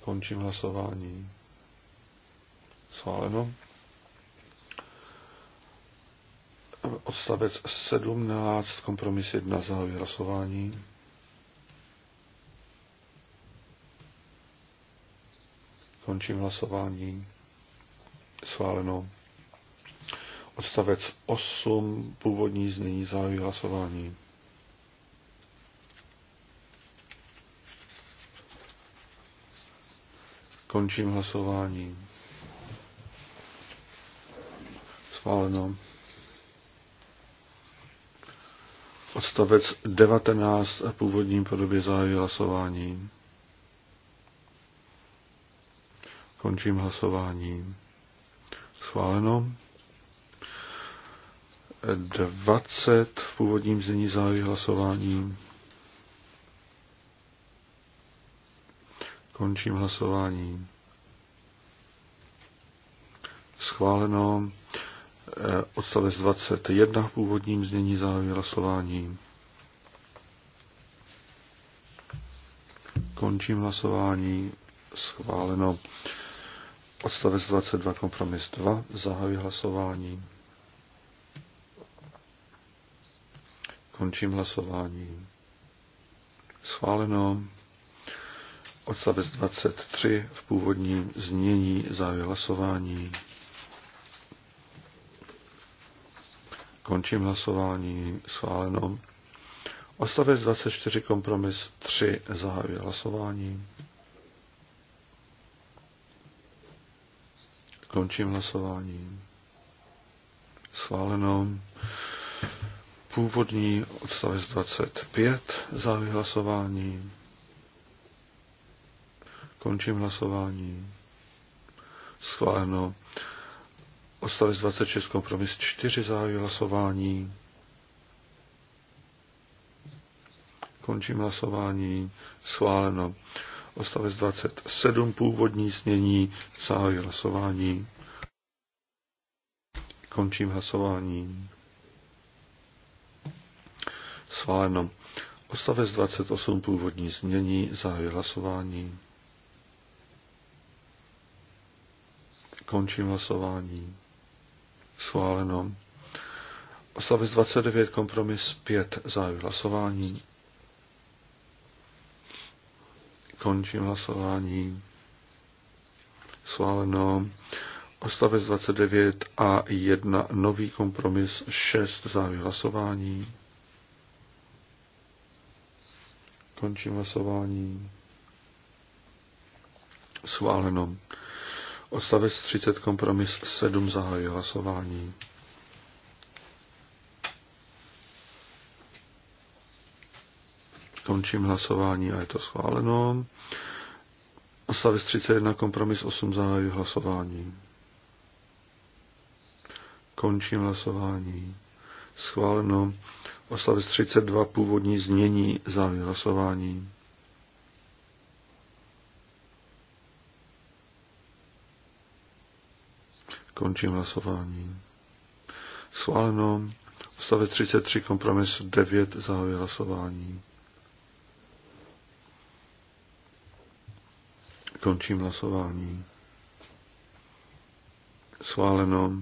Končím hlasování. Schváleno. Odstavec 17, kompromis 1, závěr hlasování. Končím hlasování. Schváleno. Odstavec 8, původní znění, zahajuji hlasování. Končím hlasování. Schváleno. Odstavec 19 Původní původním podobě zahájí hlasování. Končím hlasování. Schváleno. 20 v původním znění závěr hlasování. Končím hlasování. Schváleno. Odstavec 21 v původním znění závěr hlasování. Končím hlasování. Schváleno. Odstavec 22 kompromis 2. Zahajuji hlasování. Končím hlasování. Schváleno. Odstavec 23 v původním znění zahajuji hlasování. Končím hlasování. Schváleno. Odstavec 24 kompromis 3 zahajuji hlasování. Končím hlasování. Schváleno. Původní odstavec 25. za hlasování. Končím hlasování. Schváleno. Odstavec 26. Kompromis 4. za hlasování. Končím hlasování. Schváleno. Odstavec 27, původní znění, zahájí hlasování. Končím hlasování. Schváleno. Odstavec 28, původní znění, zahájí hlasování. Končím hlasování. Schváleno. Odstavec 29, kompromis 5, zahájí hlasování. Končím hlasování. Sváleno. Ostavec 29 a 1 nový kompromis 6 závěr hlasování. Končím hlasování. Sváleno. Odstavec 30 kompromis 7 zahajuje hlasování. Končím hlasování a je to schváleno. Ostavec 31, kompromis 8, zahájí hlasování. Končím hlasování. Schváleno. Ostavec 32, původní znění, zahájí hlasování. Končím hlasování. Schváleno. Ostavec 33, kompromis 9, zahájí hlasování. Končím hlasování. Sváleno.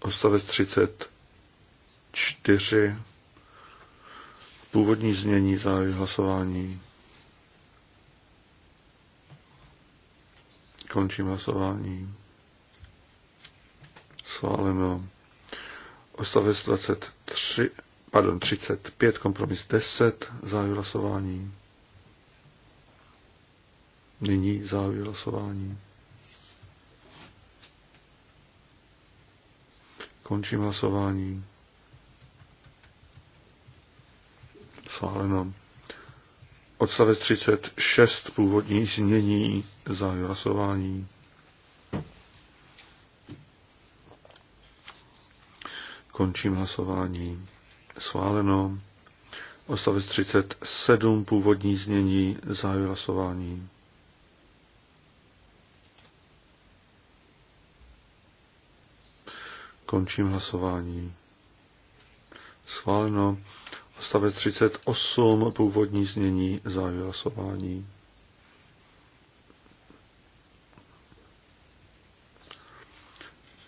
Ostavec 34. Původní znění zájmy hlasování. Končím hlasování. Sváleno. Ostavec 23, pardon, 35, kompromis 10, zájmy hlasování. Nyní zahajuji hlasování. Končím hlasování. Sváleno. Odstavec 36 původní změní zahajuji hlasování. Končím hlasování. Sváleno. Odstavec 37 původní změní zahajuji hlasování. Končím hlasování. Schváleno. Ostavec 38, původní znění zájmu hlasování.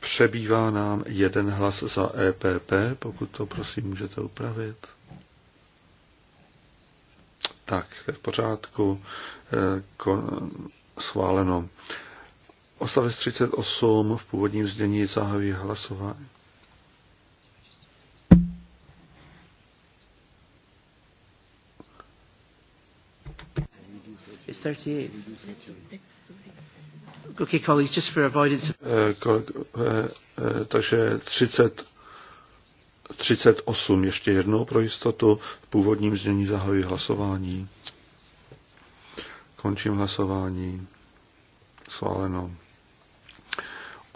Přebývá nám jeden hlas za EPP, pokud to prosím můžete upravit. Tak, to je v pořádku. E, schváleno. Ostavec 38 v původním znění zahajuje hlasování. It's 38. Okay, colleagues, just for avoidance. Eh, eh, eh, takže 30, 38 ještě jednou pro jistotu. V původním znění zahajuji hlasování. Končím hlasování. Sváleno.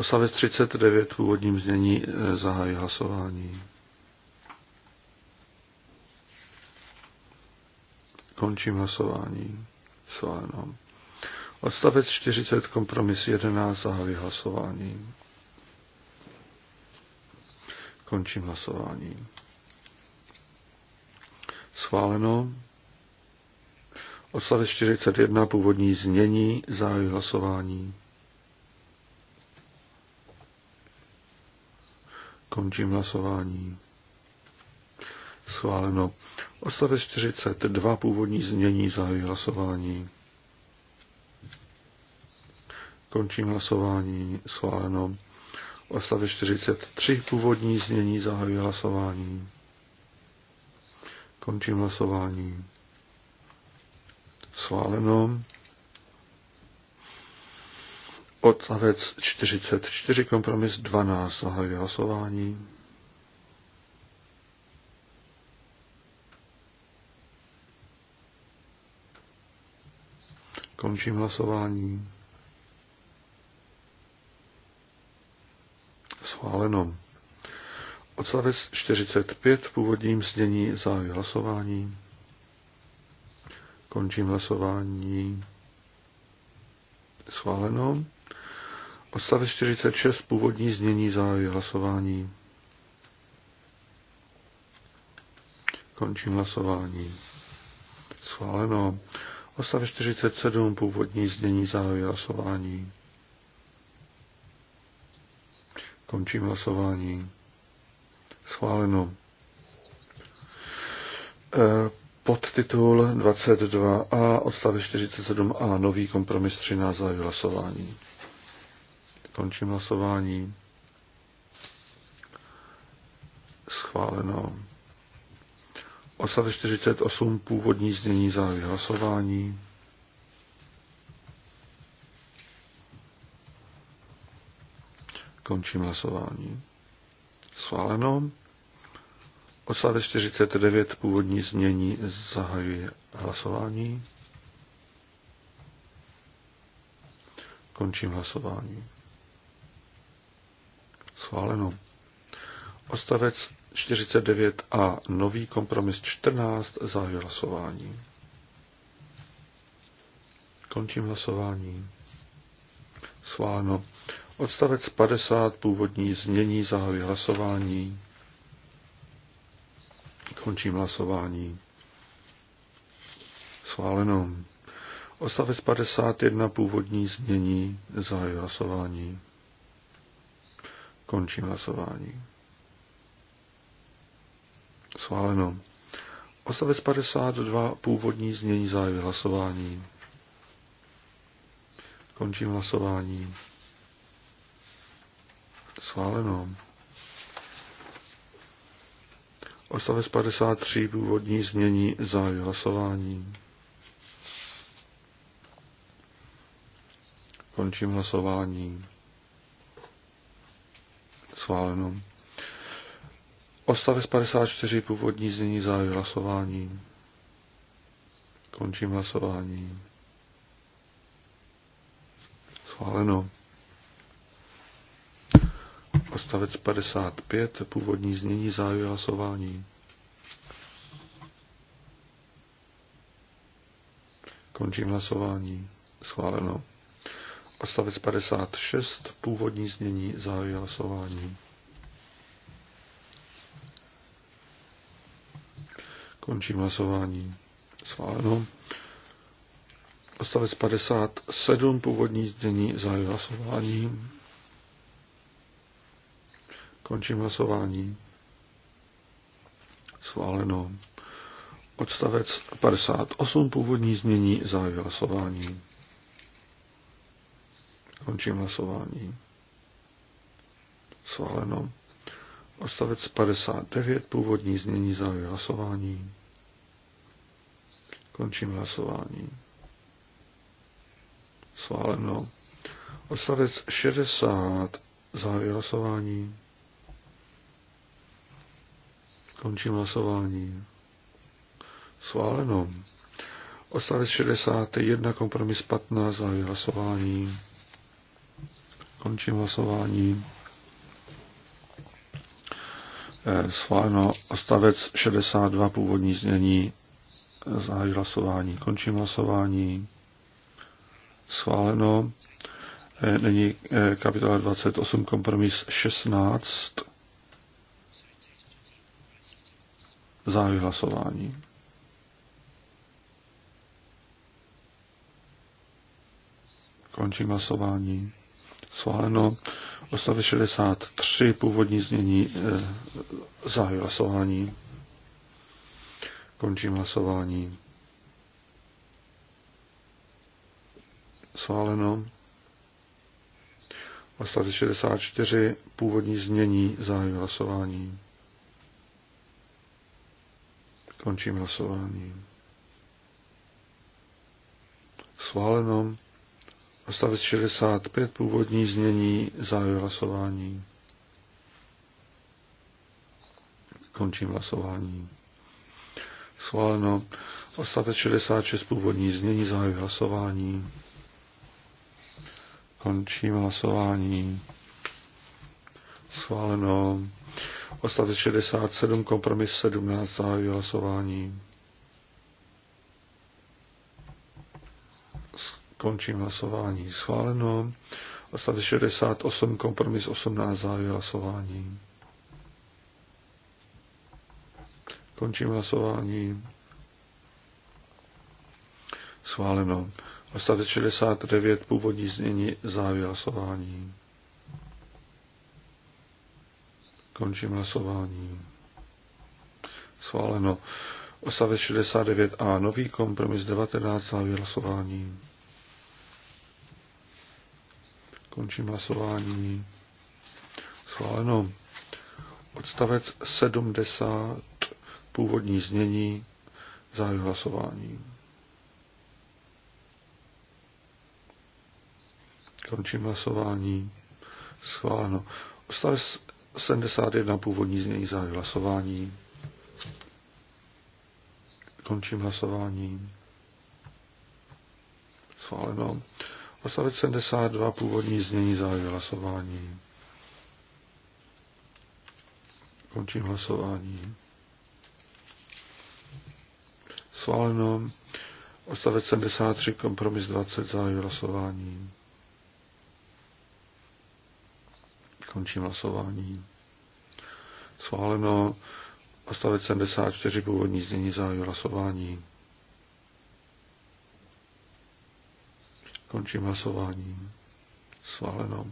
Osavec 39 v původním znění zahájí eh, hlasování. Končím hlasování. Sváno. Odstavec 40, kompromis 11, zahájí hlasování. Končím hlasování. Schváleno. Odstavec 41, původní znění, zahájí hlasování. Končím hlasování. Schváleno. Odstavec 42 původní znění zahajuji hlasování. Končím hlasování. Schváleno. Odstavec 43 původní znění zahajuji hlasování. Končím hlasování. Schváleno. Odstavec 44, kompromis 12, zahajuje hlasování. Končím hlasování. Schváleno. Odstavec 45 v původním znění zahajuji hlasování. Končím hlasování. Schváleno. Odstavec 46, původní znění zahájí hlasování. Končím hlasování. Schváleno. Odstavec 47, původní znění zahájí hlasování. Končím hlasování. Schváleno. E, podtitul 22a, odstavec 47a, nový kompromis 13 zahájí hlasování. Končím hlasování. Schváleno. Odstavec 48 původní znění závěr hlasování. Končím hlasování. Schváleno. Odstavec 49 původní znění zahajuje hlasování. Končím hlasování. Schváleno. Ostavec 49 a nový kompromis 14 za hlasování. Končím hlasování. Schváleno. Odstavec 50 původní změní zahájí hlasování. Končím hlasování. Schváleno. Odstavec 51 původní změní zahájí hlasování. Končím hlasování. Schváleno. Odstavec 52, původní znění zájmy hlasování. Končím hlasování. Schváleno. Ostavec 53, původní změní zájmy hlasování. Končím hlasování. Schváleno. Ostavec 54, původní znění zahájí hlasování. Končím hlasování. Schváleno. Ostavec 55, původní znění zahájí hlasování. Končím hlasování. Schváleno. Odstavec 56, původní znění, zahájí hlasování. Končím hlasování. Schváleno. Odstavec 57, původní znění, zahájí hlasování. Končím hlasování. Schváleno. Odstavec 58, původní znění, zahájí hlasování. Končím hlasování. Sváleno. Odstavec 59, původní znění závěr hlasování. Končím hlasování. Sváleno. Odstavec 60, závěr hlasování. Končím hlasování. Sváleno. Odstavec 61, kompromis 15, závěr hlasování. Končím hlasování. Eh, schváleno stavec 62 původní znění. Zahájí hlasování. Končím hlasování. Schváleno. Eh, Není eh, kapitola 28, kompromis 16. Zahájí hlasování. Končím hlasování schváleno. Odstavec 63, původní znění, eh, zahy hlasování. Končím hlasování. Sváleno. Odstavec 64, původní znění, zahy hlasování. Končím hlasování. Sváleno. Odstavec 65, původní znění, závěr hlasování. Končím hlasování. Schváleno. Odstavec 66, původní znění, závěr hlasování. Končím hlasování. Schváleno. Odstavec 67, kompromis 17, závěr hlasování. Končím hlasování. Schváleno. Ostat 68, kompromis 18, závěr hlasování. Končím hlasování. Schváleno. Odstavec 69, původní znění, závěr hlasování. Končím hlasování. Schváleno. Odstavec 69a, nový kompromis 19, závěr hlasování. Končím hlasování. Schváleno. Odstavec 70, původní znění, zahájí hlasování. Končím hlasování. Schváleno. Odstavec 71, původní znění, zahájí hlasování. Končím hlasování. Schváleno. Odstavec 72, původní znění závěr hlasování. Končím hlasování. Sváleno. Odstavec 73, kompromis 20, závěr hlasování. Končím hlasování. Sváleno. Odstavec 74, původní znění závěr hlasování. Končím hlasování. Sváleno.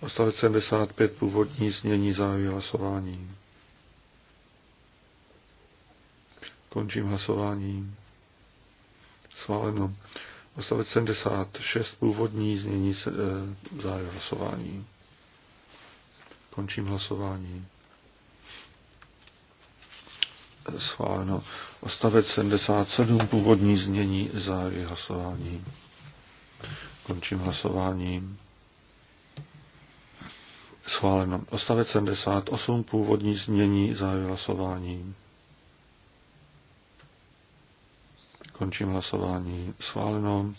Ostavec 75 původní změní zájmy hlasování. Končím hlasování. Sváleno. Ostavec 76 původní změní eh, zájmy hlasování. Končím hlasování schváleno. Ostavec 77, původní znění za hlasování. Končím hlasování. Schváleno. Ostavec 78, původní znění za hlasování. Končím hlasování. Schváleno.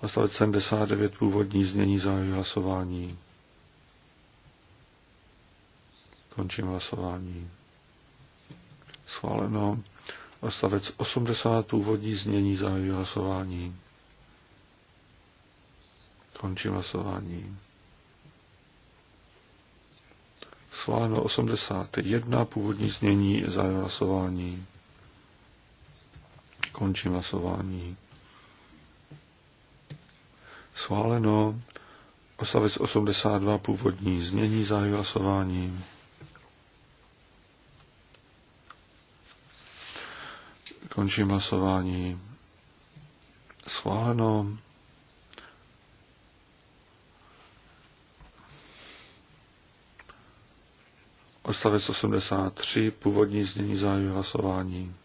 ostavec 79, původní znění za hlasování. Končím hlasování. Schváleno. Odstavec 80 původní znění zahájí hlasování. Končím hlasování. Schváleno 81 původní znění zahájí hlasování. Končím hlasování. Schváleno. Osavec 82 původní znění zahájí hlasování. Končím hlasování. Schváleno. Odstavec 83, původní znění zájmu hlasování.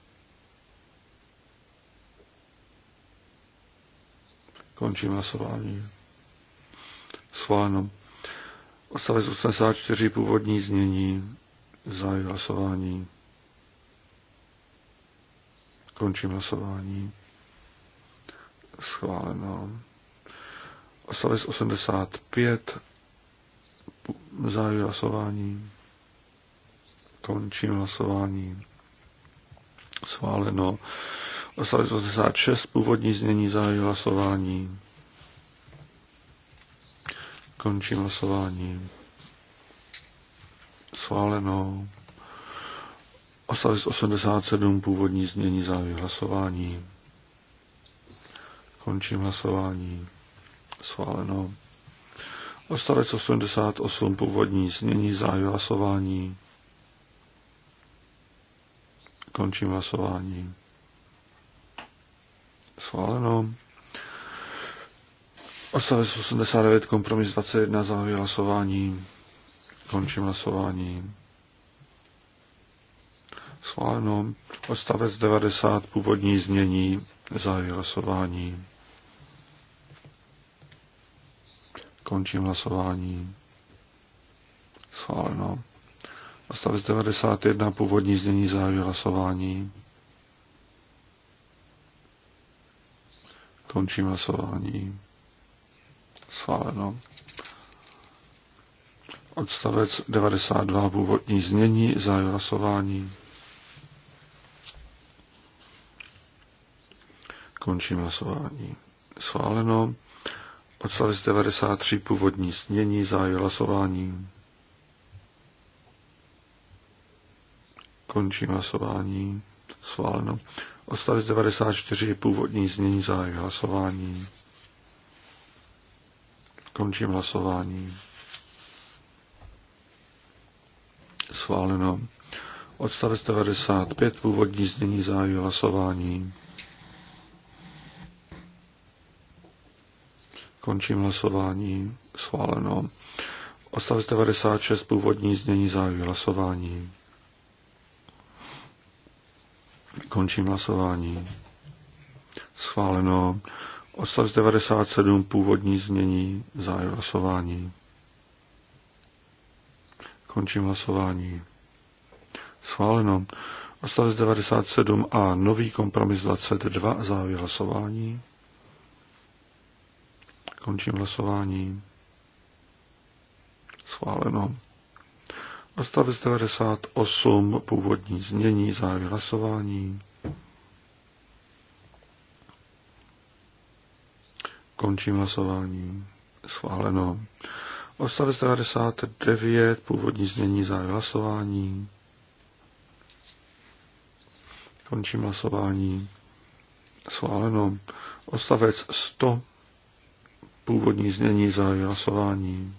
Končím hlasování. Schváleno. Odstavec 84, původní znění zájmu hlasování. Končím hlasování. Schváleno. Osalis 85. Zahajuji hlasování. Končím hlasování. Schváleno. Osalis 86. Původní znění zahajuji hlasování. Končím hlasování. Schváleno. Odstavec 87 původní změní závěr hlasování. Končím hlasování. Schváleno. Odstavec 88 původní změní závěr hlasování. Končím hlasování. Schváleno. Odstavec 89 kompromis 21 závěr hlasování. Končím hlasování. Schváleno. Odstavec 90 původní změní zahájí hlasování. Končím hlasování. Schváleno. Odstavec 91 původní změní zahájí hlasování. Končím hlasování. Schváleno. Odstavec 92 původní změní zahájí hlasování. Končím hlasování. Schváleno. Odstavec 93 původní snění záje hlasování. Končím hlasování. Schváleno. Odstavec 94 původní znění záje hlasování. Končím hlasování. Schváleno. Odstavec 95 původní znění záje hlasování. Končím hlasování. Schváleno. Odstavec 96 původní znění zájmy hlasování. Končím hlasování. Schváleno. Odstavec 97 původní znění zájmy hlasování. Končím hlasování. Schváleno. Odstavec 97 a nový kompromis 22 zájmy hlasování. Končím hlasování. Schváleno. Odstavec 98, původní znění, závěr hlasování. Končím hlasování. Schváleno. Odstavec 99, původní znění, závěr hlasování. Končím hlasování. Schváleno. Odstavec 100, původní znění zahájí hlasování.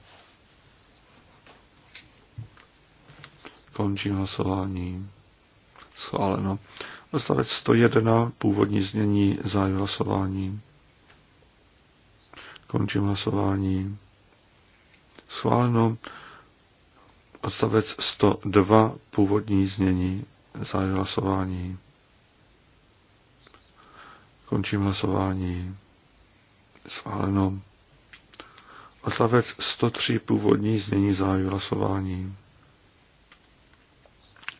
Končím hlasování. Schváleno. Odstavec 101, původní znění zahájí hlasování. Končím hlasování. Schváleno. Odstavec 102, původní znění zahájí hlasování. Končím hlasování. Schváleno. Odstavec 103 původní znění zájmu hlasování.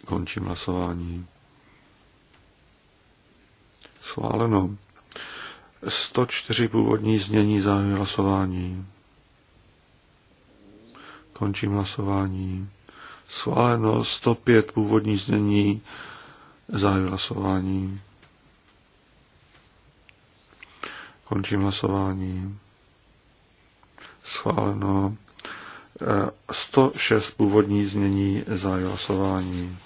Končím hlasování. Schváleno. 104 původní znění zájmu hlasování. Končím hlasování. Schváleno 105 původní znění zájmu hlasování. Končím hlasování schváleno 106 eh, původní znění za hlasování.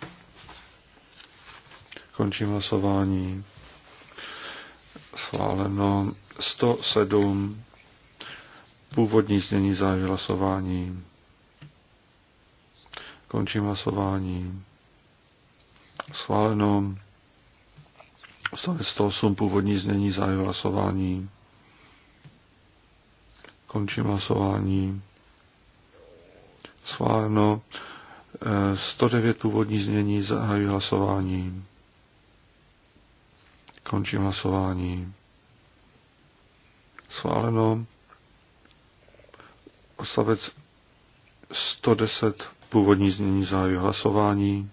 Končím hlasování. Schváleno 107 původní znění za hlasování. Končím hlasování. Schváleno 108 původní znění za hlasování. Končím hlasování. Schváleno. Eh, 109 původní znění zahají hlasování. Končím hlasování. Schváleno. Ostavec 110 původní znění zahají hlasování.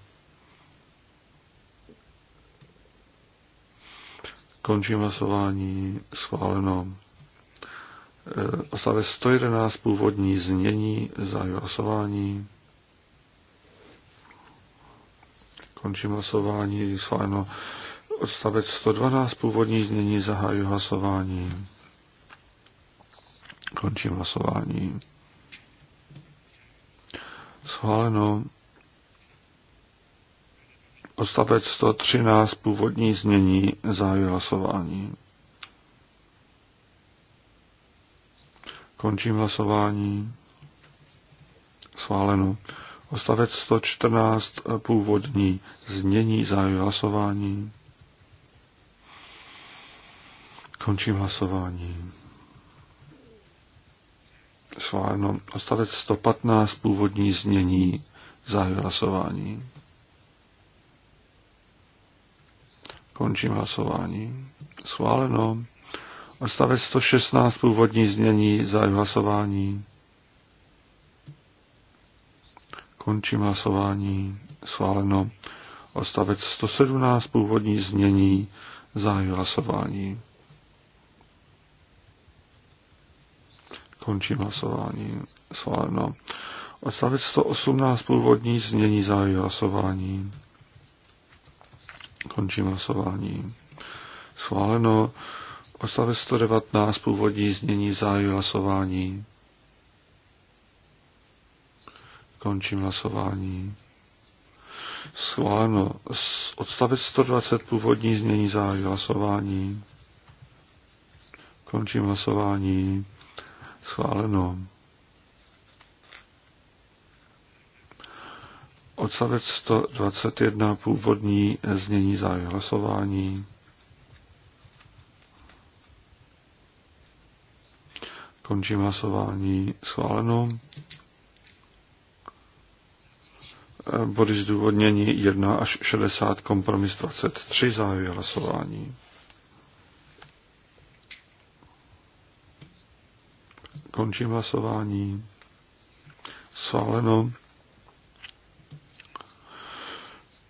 Končím hlasování. Schváleno. Eh, Oslavec 111, původní znění, zahájí hlasování. Končím hlasování, schváleno. Odstavec 112, původní znění, zahájí hlasování. Končím hlasování. Schváleno. Odstavec 113, původní znění, zahájí hlasování. Končím hlasování. Schváleno. Ostavec 114 původní změní zájmu hlasování. Končím hlasování. Schváleno. Ostavec 115 původní změní zájmu hlasování. Končím hlasování. Schváleno. Odstavec 116, původní znění, za hlasování. Končím hlasování. Schváleno. Odstavec 117, původní znění, za hlasování. Končím hlasování. Schváleno. Odstavec 118, původní znění, za hlasování. Končím hlasování. Schváleno. Oslavec 119 původní znění zájmu hlasování. Končím hlasování. Schváleno. Odstavec 120 původní změní zájmu hlasování. Končím hlasování. Schváleno. Odstavec 121 původní změní zájmu hlasování. Končím hlasování schváleno. Body zdůvodnění 1 až 60, kompromis 23, zahajuji hlasování. Končím hlasování. Schváleno.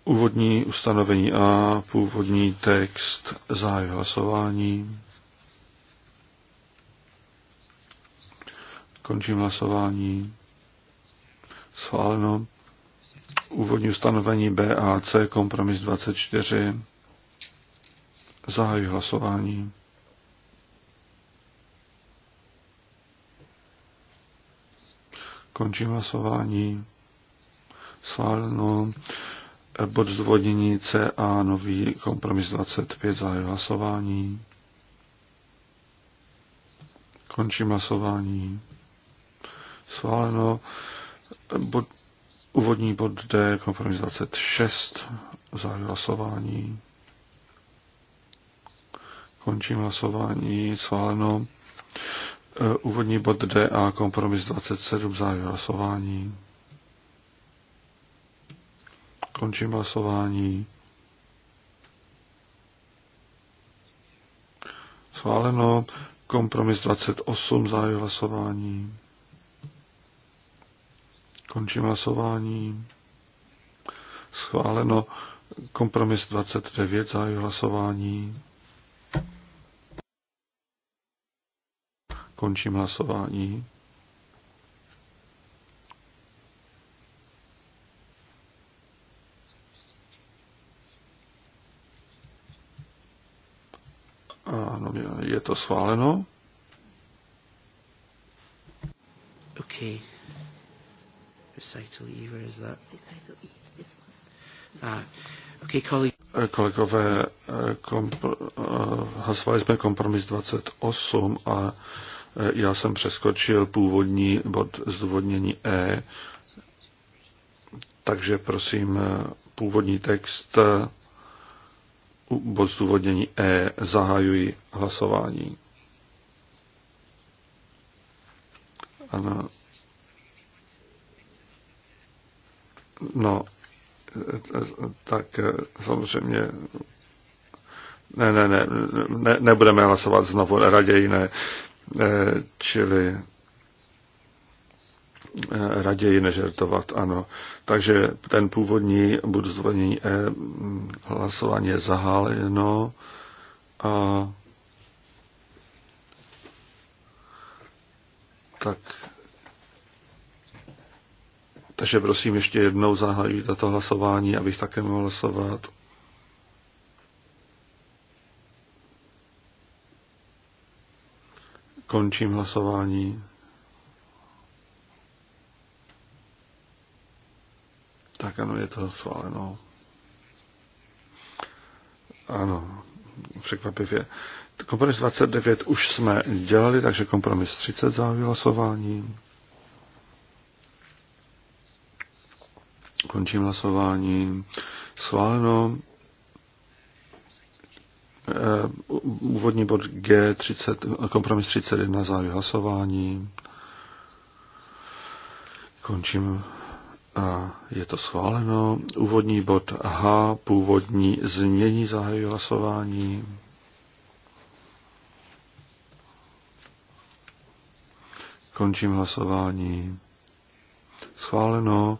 Úvodní ustanovení a původní text zahájí hlasování. Končím hlasování. Schváleno. Úvodní ustanovení B a C, kompromis 24. Zahajuji hlasování. Končím hlasování. Schváleno. Bod zdůvodnění C a nový kompromis 25. Zahajuji hlasování. Končím hlasování schváleno. Bod, úvodní bod D, kompromis 26, zahájí hlasování. Končím hlasování, schváleno. E, úvodní bod D a kompromis 27, zahájí hlasování. Končím hlasování. Schváleno. Kompromis 28 zahájí hlasování. Končím hlasování. Schváleno kompromis 29, zahájí hlasování. Končím hlasování. Ano, je to schváleno. Okay. Recital E, where is that? Recital E, this one. Ah, okay, colleague. Eh, kolegové, eh, kompr- eh, hlasovali jsme kompromis 28 a já jsem přeskočil původní bod zdůvodnění E, takže prosím původní text bod zdůvodnění E zahajuji hlasování. Ano, No, tak samozřejmě ne, ne, ne, ne nebudeme hlasovat znovu, raději ne. Čili raději nežertovat, ano. Takže ten původní e, hlasování je zaháleno a tak takže prosím ještě jednou zahájit toto hlasování, abych také mohl hlasovat. Končím hlasování. Tak ano, je to schváleno. Ano, překvapivě. Kompromis 29 už jsme dělali, takže kompromis 30 za hlasování. Končím hlasování. Schváleno. Eh, úvodní bod G30, kompromis 31, závěr hlasování. Končím a je to schváleno. Úvodní bod H, původní změní zahájí hlasování. Končím hlasování. Schváleno.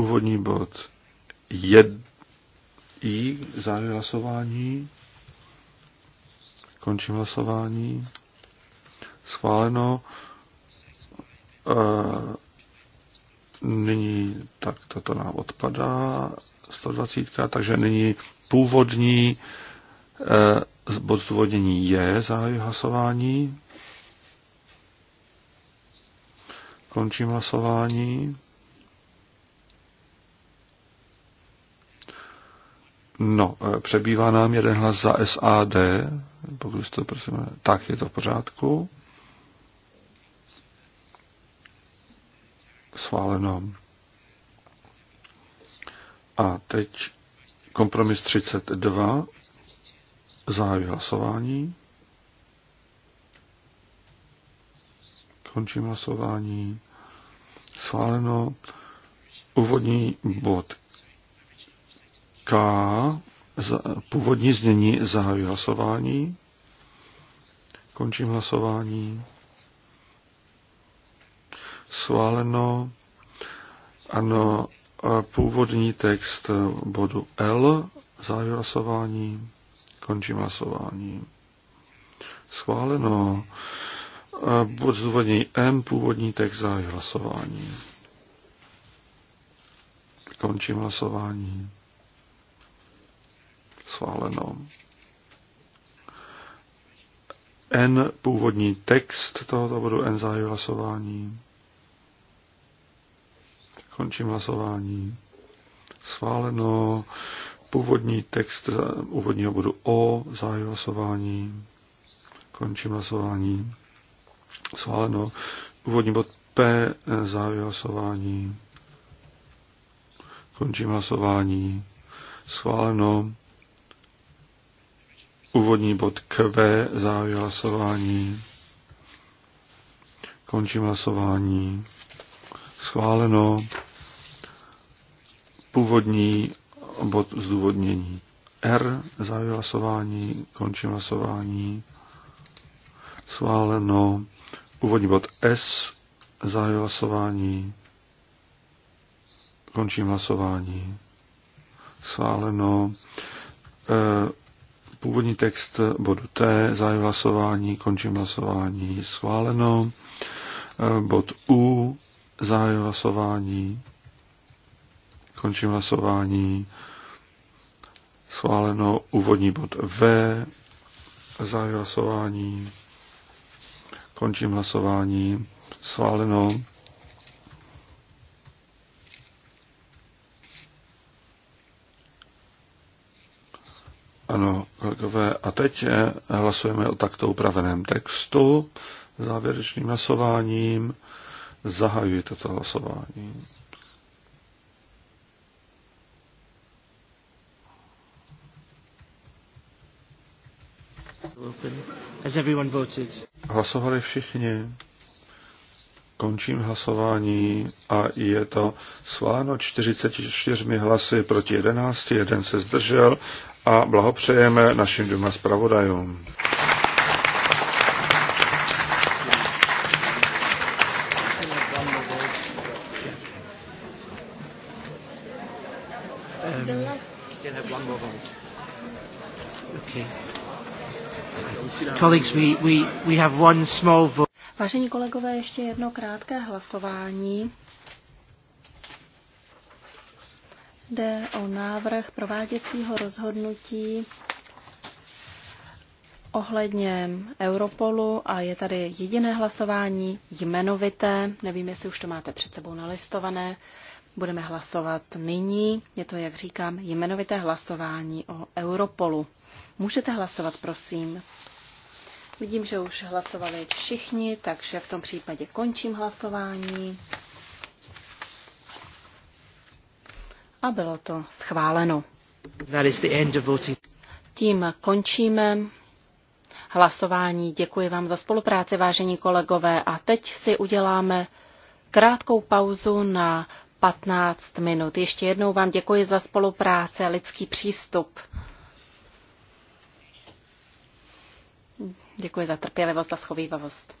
Úvodní bod 1. I. Závěr hlasování. Končím hlasování. Schváleno. E, nyní tak toto nám odpadá. 120. Takže nyní původní e, bod zdůvodnění je závěr hlasování. Končím hlasování. No, e, přebývá nám jeden hlas za SAD, pokud to prosím, tak je to v pořádku. Sváleno. A teď kompromis 32, zahájí hlasování. Končím hlasování. Sváleno. Úvodní bod k, původní znění zahajuji hlasování. Končím hlasování. Schváleno. Ano, původní text bodu L. Zahajuji hlasování. Končím hlasování. Schváleno. Bod zdůvodní M. Původní text zahajuji hlasování. Končím hlasování. Schváleno. N, původní text tohoto bodu, N zahájí hlasování. Končím hlasování. Schváleno. Původní text úvodního bodu O, zahájí hlasování. Končím hlasování. Schváleno. Původní bod P, zahájí hlasování. Končím hlasování. Schváleno. Úvodní bod kv závěr hlasování. Končím hlasování. Schváleno. Původní bod zdůvodnění R, závěr hlasování. Končím hlasování. Schváleno. Původní bod S, závěr hlasování. Končím hlasování. Schváleno. E, původní text bodu T, zájem hlasování, končím hlasování, schváleno. Eh, bod U, zájem hlasování, končím hlasování, schváleno. Úvodní bod V, zájem hlasování, končím hlasování, schváleno. teď eh, hlasujeme o takto upraveném textu závěrečným hlasováním. Zahajuji toto hlasování. Hlasovali všichni. Končím hlasování a je to sváno 44 hlasy proti 11, jeden se zdržel a blahopřejeme našim dvěma zpravodajům. Colleagues, we, we, we have one small vote. Vážení kolegové, ještě jedno krátké hlasování. Jde o návrh prováděcího rozhodnutí ohledně Europolu a je tady jediné hlasování jmenovité. Nevím, jestli už to máte před sebou nalistované. Budeme hlasovat nyní. Je to, jak říkám, jmenovité hlasování o Europolu. Můžete hlasovat, prosím. Vidím, že už hlasovali všichni, takže v tom případě končím hlasování. A bylo to schváleno. That is the end of voting. Tím končíme hlasování. Děkuji vám za spolupráci, vážení kolegové. A teď si uděláme krátkou pauzu na 15 minut. Ještě jednou vám děkuji za spolupráci a lidský přístup. Děkuji za trpělivost a schovývavost.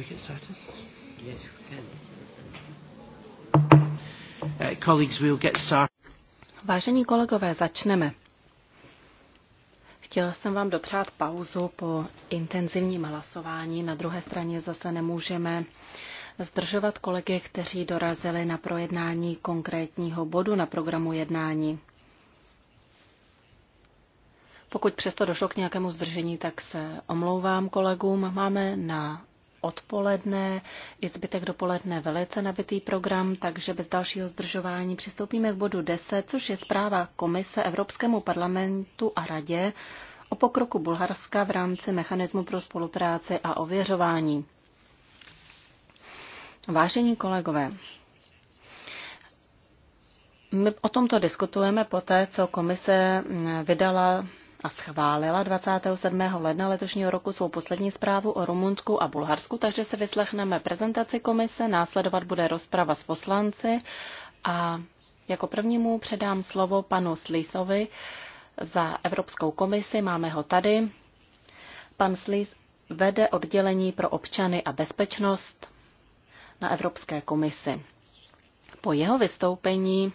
we get started? Yes, we can. Uh, colleagues, we'll get started. Vážení kolegové, začneme. Chtěla jsem vám dopřát pauzu po intenzivním hlasování. Na druhé straně zase nemůžeme zdržovat kolegy, kteří dorazili na projednání konkrétního bodu na programu jednání. Pokud přesto došlo k nějakému zdržení, tak se omlouvám kolegům. Máme na odpoledne je zbytek dopoledne velice nabitý program, takže bez dalšího zdržování přistoupíme k bodu 10, což je zpráva Komise Evropskému parlamentu a Radě o pokroku Bulharska v rámci mechanismu pro spolupráci a ověřování. Vážení kolegové, my o tomto diskutujeme poté, co komise vydala a schválila 27. ledna letošního roku svou poslední zprávu o Rumunsku a Bulharsku, takže se vyslechneme prezentaci komise, následovat bude rozprava s poslanci a jako prvnímu předám slovo panu Slisovi za Evropskou komisi, máme ho tady. Pan Slis vede oddělení pro občany a bezpečnost na Evropské komisi. Po jeho vystoupení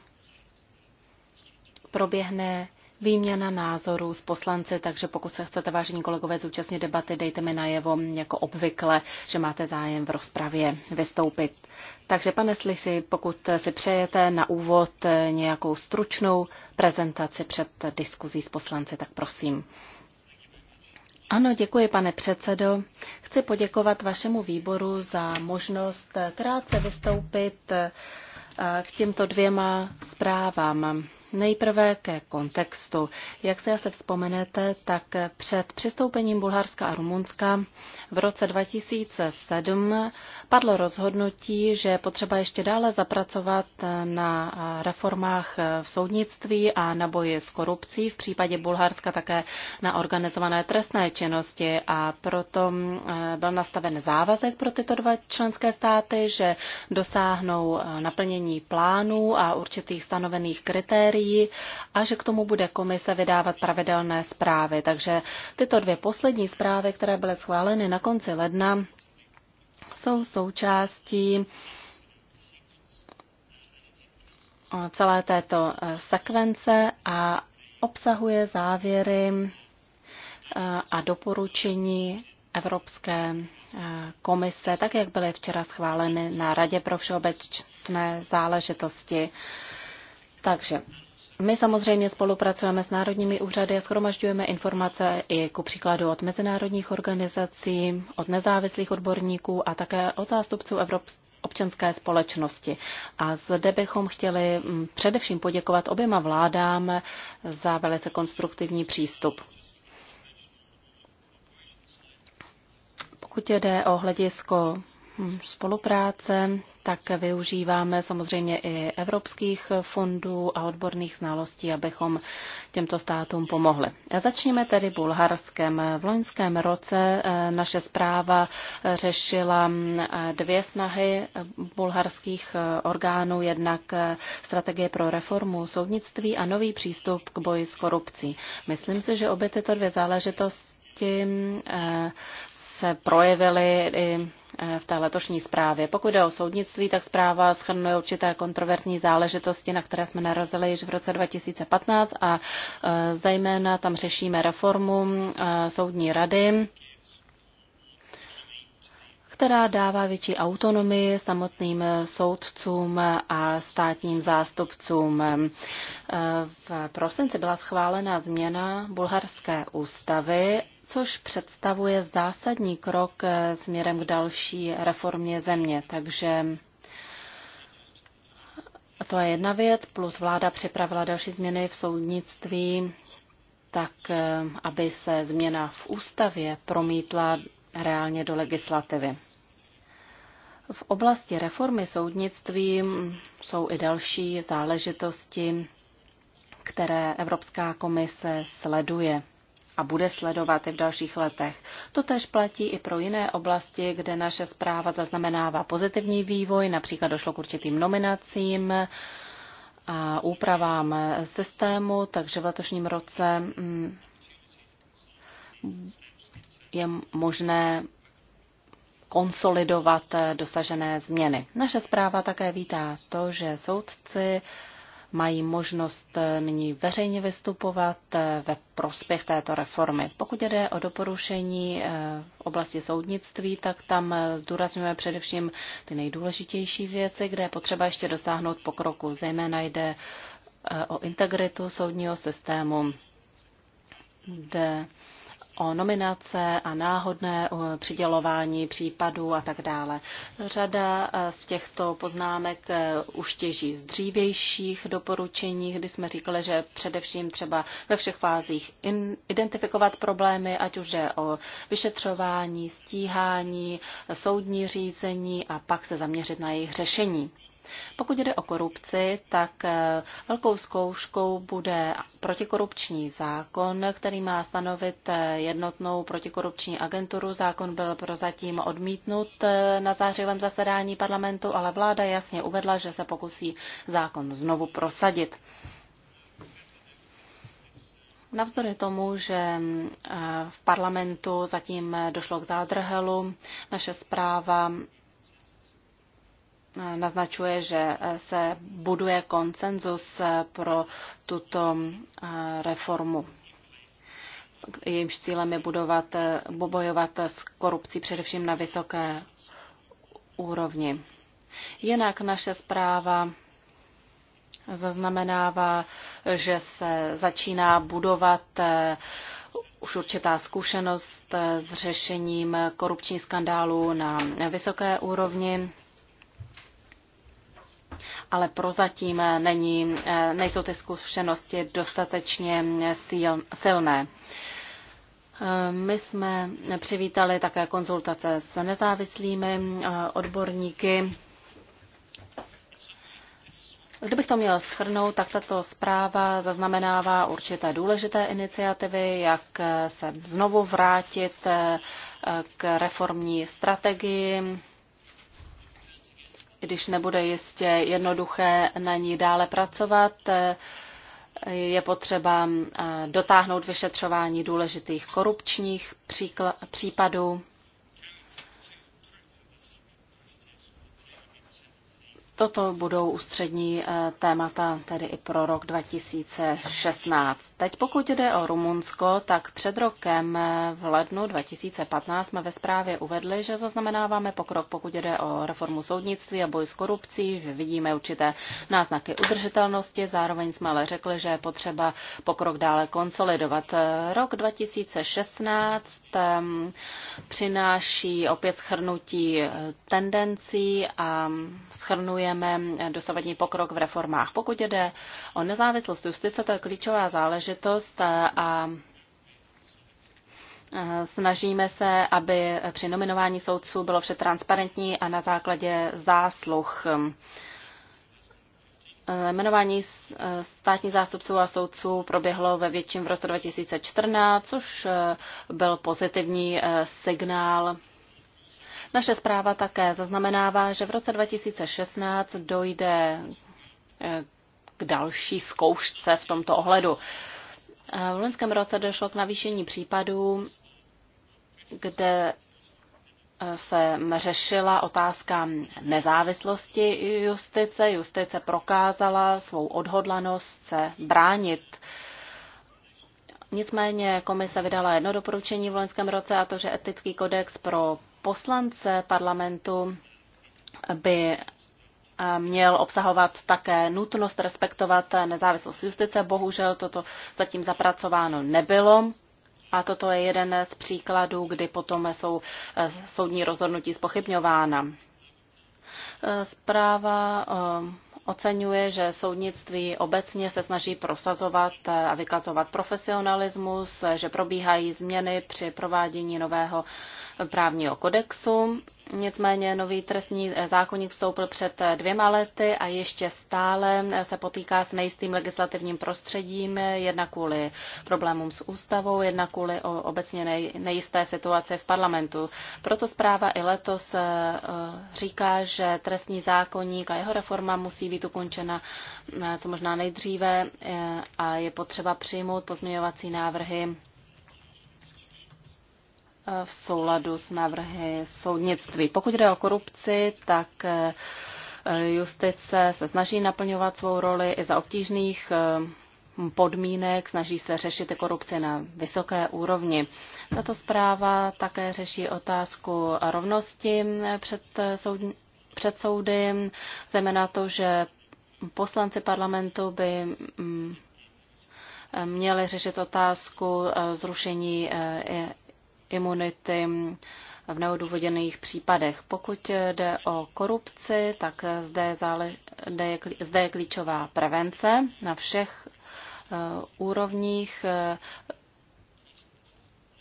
proběhne výměna názorů s poslanci, takže pokud se chcete, vážení kolegové, zúčastnit debaty, dejte mi najevo, jako obvykle, že máte zájem v rozpravě vystoupit. Takže, pane Slisi, pokud si přejete na úvod nějakou stručnou prezentaci před diskuzí s poslanci, tak prosím. Ano, děkuji, pane předsedo. Chci poděkovat vašemu výboru za možnost krátce vystoupit k těmto dvěma zprávám. Nejprve ke kontextu. Jak se asi vzpomenete, tak před přistoupením Bulharska a Rumunska v roce 2007 padlo rozhodnutí, že je potřeba ještě dále zapracovat na reformách v soudnictví a na boji s korupcí, v případě Bulharska také na organizované trestné činnosti a proto byl nastaven závazek pro tyto dva členské státy, že dosáhnou naplnění plánů a určitých stanovených kritérií pracují a že k tomu bude komise vydávat pravidelné zprávy. Takže tyto dvě poslední zprávy, které byly schváleny na konci ledna, jsou součástí celé této eh, sekvence a obsahuje závěry eh, a doporučení Evropské eh, komise, tak jak byly včera schváleny na Radě pro všeobecné záležitosti. Takže my samozřejmě spolupracujeme s národními úřady a schromažďujeme informace i ku příkladu od mezinárodních organizací, od nezávislých odborníků a také od zástupců Evropské občanské společnosti. A zde bychom chtěli mm, především poděkovat oběma vládám za velice konstruktivní přístup. Pokud jde o hledisko spolupráce, tak využíváme samozřejmě i evropských fondů a odborných znalostí, abychom těmto státům pomohli. A začněme tedy Bulharskem. V loňském roce eh, naše zpráva eh, řešila eh, dvě snahy bulharských orgánů, jednak strategie pro reformu soudnictví a nový přístup k boji s korupcí. Myslím si, že obě tyto dvě záležitosti se projevily i Eh, v té letošní zprávě. Pokud jde o soudnictví, tak zpráva schrnuje určité kontroverzní záležitosti, na které jsme narazili již v roce 2015 a eh, zejména tam řešíme reformu eh, soudní rady která dává větší autonomii samotným soudcům a státním zástupcům. V prosinci byla schválena změna bulharské ústavy což představuje zásadní krok eh, směrem k další reformě země. Takže to je jedna věc, plus vláda připravila další změny v soudnictví, tak eh, aby se změna v ústavě promítla reálně do legislativy. V oblasti reformy soudnictví jsou i další záležitosti, které Evropská komise sleduje a bude sledovat i v dalších letech. To tež platí i pro jiné oblasti, kde naše zpráva zaznamenává pozitivní vývoj, například došlo k určitým nominacím a úpravám systému, takže v letošním roce mm, je možné konsolidovat dosažené změny. Naše zpráva také vítá to, že soudci mají možnost eh, nyní veřejně vystupovat eh, ve prospěch této reformy. Pokud jde o doporušení eh, v oblasti soudnictví, tak tam zdůrazňujeme především ty nejdůležitější věci, kde je potřeba ještě dosáhnout pokroku. Zejména jde o integritu soudního systému, kde o nominace a náhodné přidělování případů a tak dále. Řada eh, z těchto poznámek eh, už těží z dřívějších doporučení, kdy jsme říkali, že především třeba ve všech fázích identifikovat problémy, ať už jde o vyšetřování, stíhání, soudní řízení a pak se zaměřit na jejich řešení. Pokud jde o korupci, tak eh, velkou zkouškou bude protikorupční zákon, který má stanovit eh, jednotnou protikorupční agenturu. Zákon byl prozatím odmítnut eh, na zářivém zasedání parlamentu, ale vláda jasně uvedla, že se pokusí zákon znovu prosadit. Navzdory tomu, že v parlamentu zatím došlo k zádrhelu, naše zpráva naznačuje, že se buduje konsenzus pro tuto eh, reformu. Jejímž cílem je budovat, bojovat s korupcí především na vysoké úrovni. Jinak naše zpráva zaznamenává, že se začíná budovat eh, už určitá zkušenost eh, s řešením korupčních skandálů na vysoké úrovni ale prozatím není, eh, nejsou ty zkušenosti dostatečně síl, silné. Eh, my jsme přivítali také konzultace s nezávislými eh, odborníky. Kdybych to měl schrnout, tak tato zpráva zaznamenává určité důležité iniciativy, jak se znovu vrátit k reformní strategii když nebude jistě jednoduché na ní dále pracovat. Je potřeba eh, dotáhnout vyšetřování důležitých korupčních případů. Toto budou ústřední eh, témata tedy i pro rok 2016. Teď pokud jde o Rumunsko, tak před rokem eh, v lednu 2015 jsme ve zprávě uvedli, že zaznamenáváme pokrok, pokud jde o reformu soudnictví a boj s korupcí, že vidíme určité náznaky udržitelnosti, zároveň jsme ale řekli, že je potřeba pokrok dále konsolidovat. Eh, rok 2016 ehm, přináší opět schrnutí tendencí a schrnuje oceňujeme dosavadní pokrok v reformách. Pokud jde o nezávislost justice, to je klíčová záležitost a Snažíme se, aby při nominování soudců bylo vše transparentní a na základě zásluh. Jmenování státních zástupců a soudců proběhlo ve větším v roce 2014, což byl pozitivní eh, signál naše zpráva také zaznamenává, že v roce 2016 dojde eh, k další zkoušce v tomto ohledu. Eh, v loňském roce došlo k navýšení případů, kde eh, se řešila otázka nezávislosti justice. Justice prokázala svou odhodlanost se bránit. Nicméně komise vydala jedno doporučení v loňském roce a to, že etický kodex pro poslance parlamentu by eh, měl obsahovat také nutnost respektovat nezávislost justice. Bohužel toto zatím zapracováno nebylo. A toto je jeden z příkladů, kdy potom jsou eh, soudní rozhodnutí spochybňována. Eh, zpráva oceňuje, že soudnictví obecně se snaží prosazovat a vykazovat profesionalismus, že probíhají změny při provádění nového právního kodexu. Nicméně nový trestní zákonník vstoupil před dvěma lety a ještě stále se potýká s nejistým legislativním prostředím, jednak kvůli problémům s ústavou, jednak kvůli obecně nejisté situaci v parlamentu. Proto zpráva i letos eh, říká, že trestní zákonník a jeho reforma musí být ukončena eh, co možná nejdříve eh, a je potřeba přijmout pozměňovací návrhy v souladu s návrhy soudnictví. Pokud jde o korupci, tak eh, justice se snaží naplňovat svou roli i za obtížných eh, podmínek, snaží se řešit korupci na vysoké úrovni. Tato zpráva také řeší otázku rovnosti eh, před, soud, před soudy, zejména to, že poslanci parlamentu by mm, měli řešit otázku zrušení imunity v neodůvodněných případech. Pokud jde o korupci, tak zde, zále, zde, je, zde je klíčová prevence na všech eh, úrovních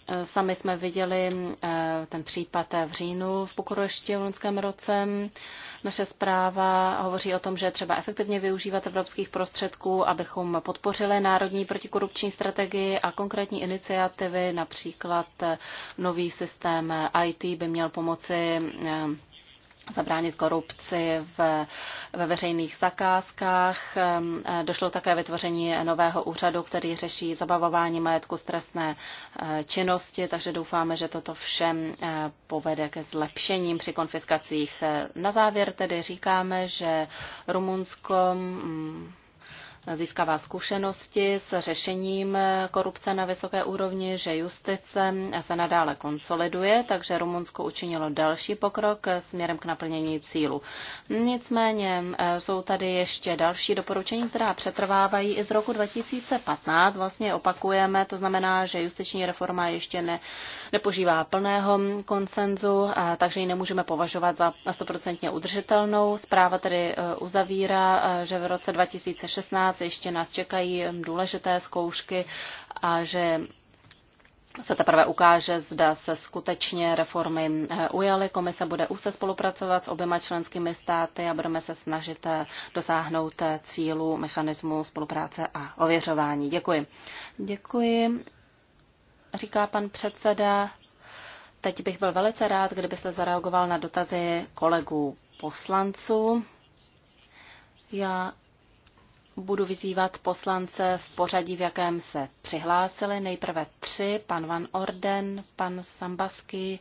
Eh, sami jsme viděli eh, ten případ eh, v říjnu v Bukurešti v loňském roce. Naše zpráva hovoří o tom, že třeba efektivně využívat evropských prostředků, abychom podpořili národní protikorupční strategii a konkrétní iniciativy, například nový systém IT by měl pomoci zabránit korupci v, ve veřejných zakázkách. Došlo také vytvoření nového úřadu, který řeší zabavování majetku stresné eh, činnosti, takže doufáme, že toto všem eh, povede ke zlepšením při konfiskacích. Na závěr tedy říkáme, že Rumunsko mm, získává zkušenosti s řešením korupce na vysoké úrovni, že justice se nadále konsoliduje, takže Rumunsko učinilo další pokrok směrem k naplnění cílu. Nicméně eh, jsou tady ještě další doporučení, která přetrvávají i z roku 2015. Vlastně opakujeme, to znamená, že justiční reforma ještě ne, nepožívá plného konsenzu, eh, takže ji nemůžeme považovat za 100% udržitelnou. Zpráva tedy eh, uzavírá, že v roce 2016 práci, ještě nás čekají hm, důležité zkoušky a že se teprve ukáže, zda se skutečně reformy eh, ujaly. Komise bude úzce spolupracovat s oběma členskými státy a budeme se snažit eh, dosáhnout eh, cílu mechanismu spolupráce a ověřování. Děkuji. Děkuji, říká pan předseda. Teď bych byl velice rád, kdybyste zareagoval na dotazy kolegů poslanců. Já Budu vyzývat poslance v pořadí, v jakém se přihlásili. Nejprve tři, pan Van Orden, pan Sambasky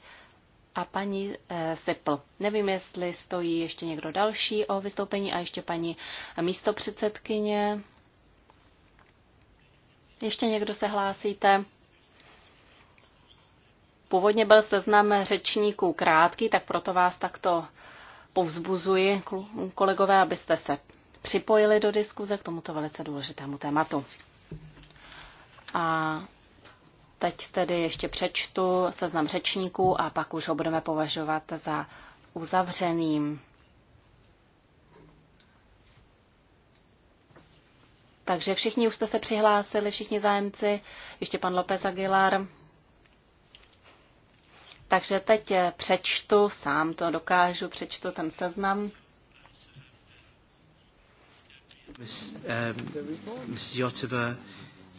a paní eh, Sipl. Nevím, jestli stojí ještě někdo další o vystoupení a ještě paní místopředsedkyně. Ještě někdo se hlásíte? Původně byl seznam řečníků krátký, tak proto vás takto povzbuzuji, kolegové, abyste se připojili do diskuze k tomuto velice důležitému tématu. A teď tedy ještě přečtu seznam řečníků a pak už ho budeme považovat za uzavřeným. Takže všichni už jste se přihlásili, všichni zájemci, ještě pan López Aguilar. Takže teď přečtu, sám to dokážu, přečtu ten seznam. Ms, um, Ms. Yotova,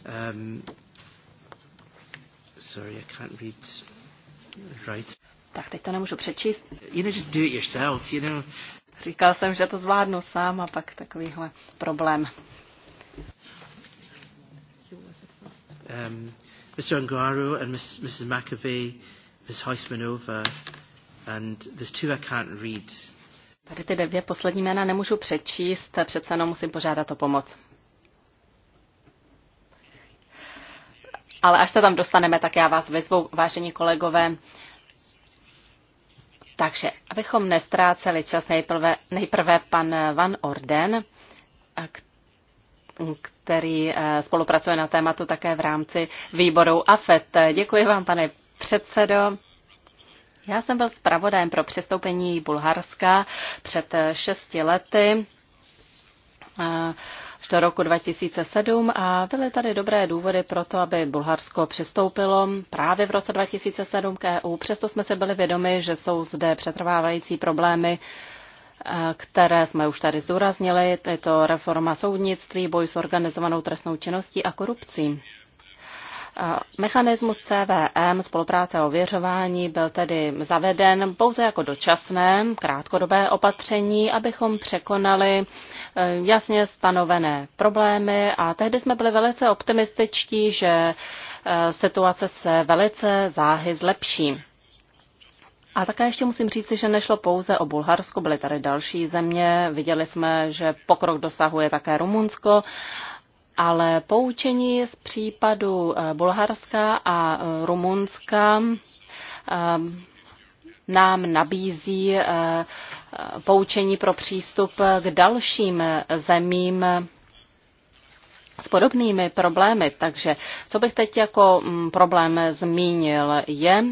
um, sorry, I can't read right. Tak teď to nemůžu přečíst. You know, just do it yourself, you know. Říkal jsem, že to zvládnu sám a pak takovýhle problém. Um, Mr. Angaro and Mrs. McAvey, Ms. Heismanova, and there's two I can't read. Tady ty dvě poslední jména nemůžu přečíst, přece jenom musím požádat o pomoc. Ale až se tam dostaneme, tak já vás vyzvu, vážení kolegové. Takže, abychom nestráceli čas, nejprve, nejprve pan Van Orden, který eh, spolupracuje na tématu také v rámci výboru AFET. Děkuji vám, pane předsedo. Já jsem byl zpravodajem pro přestoupení Bulharska před šesti lety do roku 2007 a byly tady dobré důvody pro to, aby Bulharsko přistoupilo právě v roce 2007 k EU. Přesto jsme se byli vědomi, že jsou zde přetrvávající problémy, které jsme už tady zdůraznili. Je to reforma soudnictví, boj s organizovanou trestnou činností a korupcí. Mechanismus CVM spolupráce a ověřování byl tedy zaveden pouze jako dočasné, krátkodobé opatření, abychom překonali eh, jasně stanovené problémy a tehdy jsme byli velice optimističtí, že eh, situace se velice záhy zlepší. A také ještě musím říci, že nešlo pouze o Bulharsko, byly tady další země. Viděli jsme, že pokrok dosahuje také Rumunsko ale poučení z případu eh, Bulharska a eh, Rumunska eh, nám nabízí poučení pro přístup k dalším zemím s podobnými problémy. Takže co bych teď jako mm, problém zmínil, je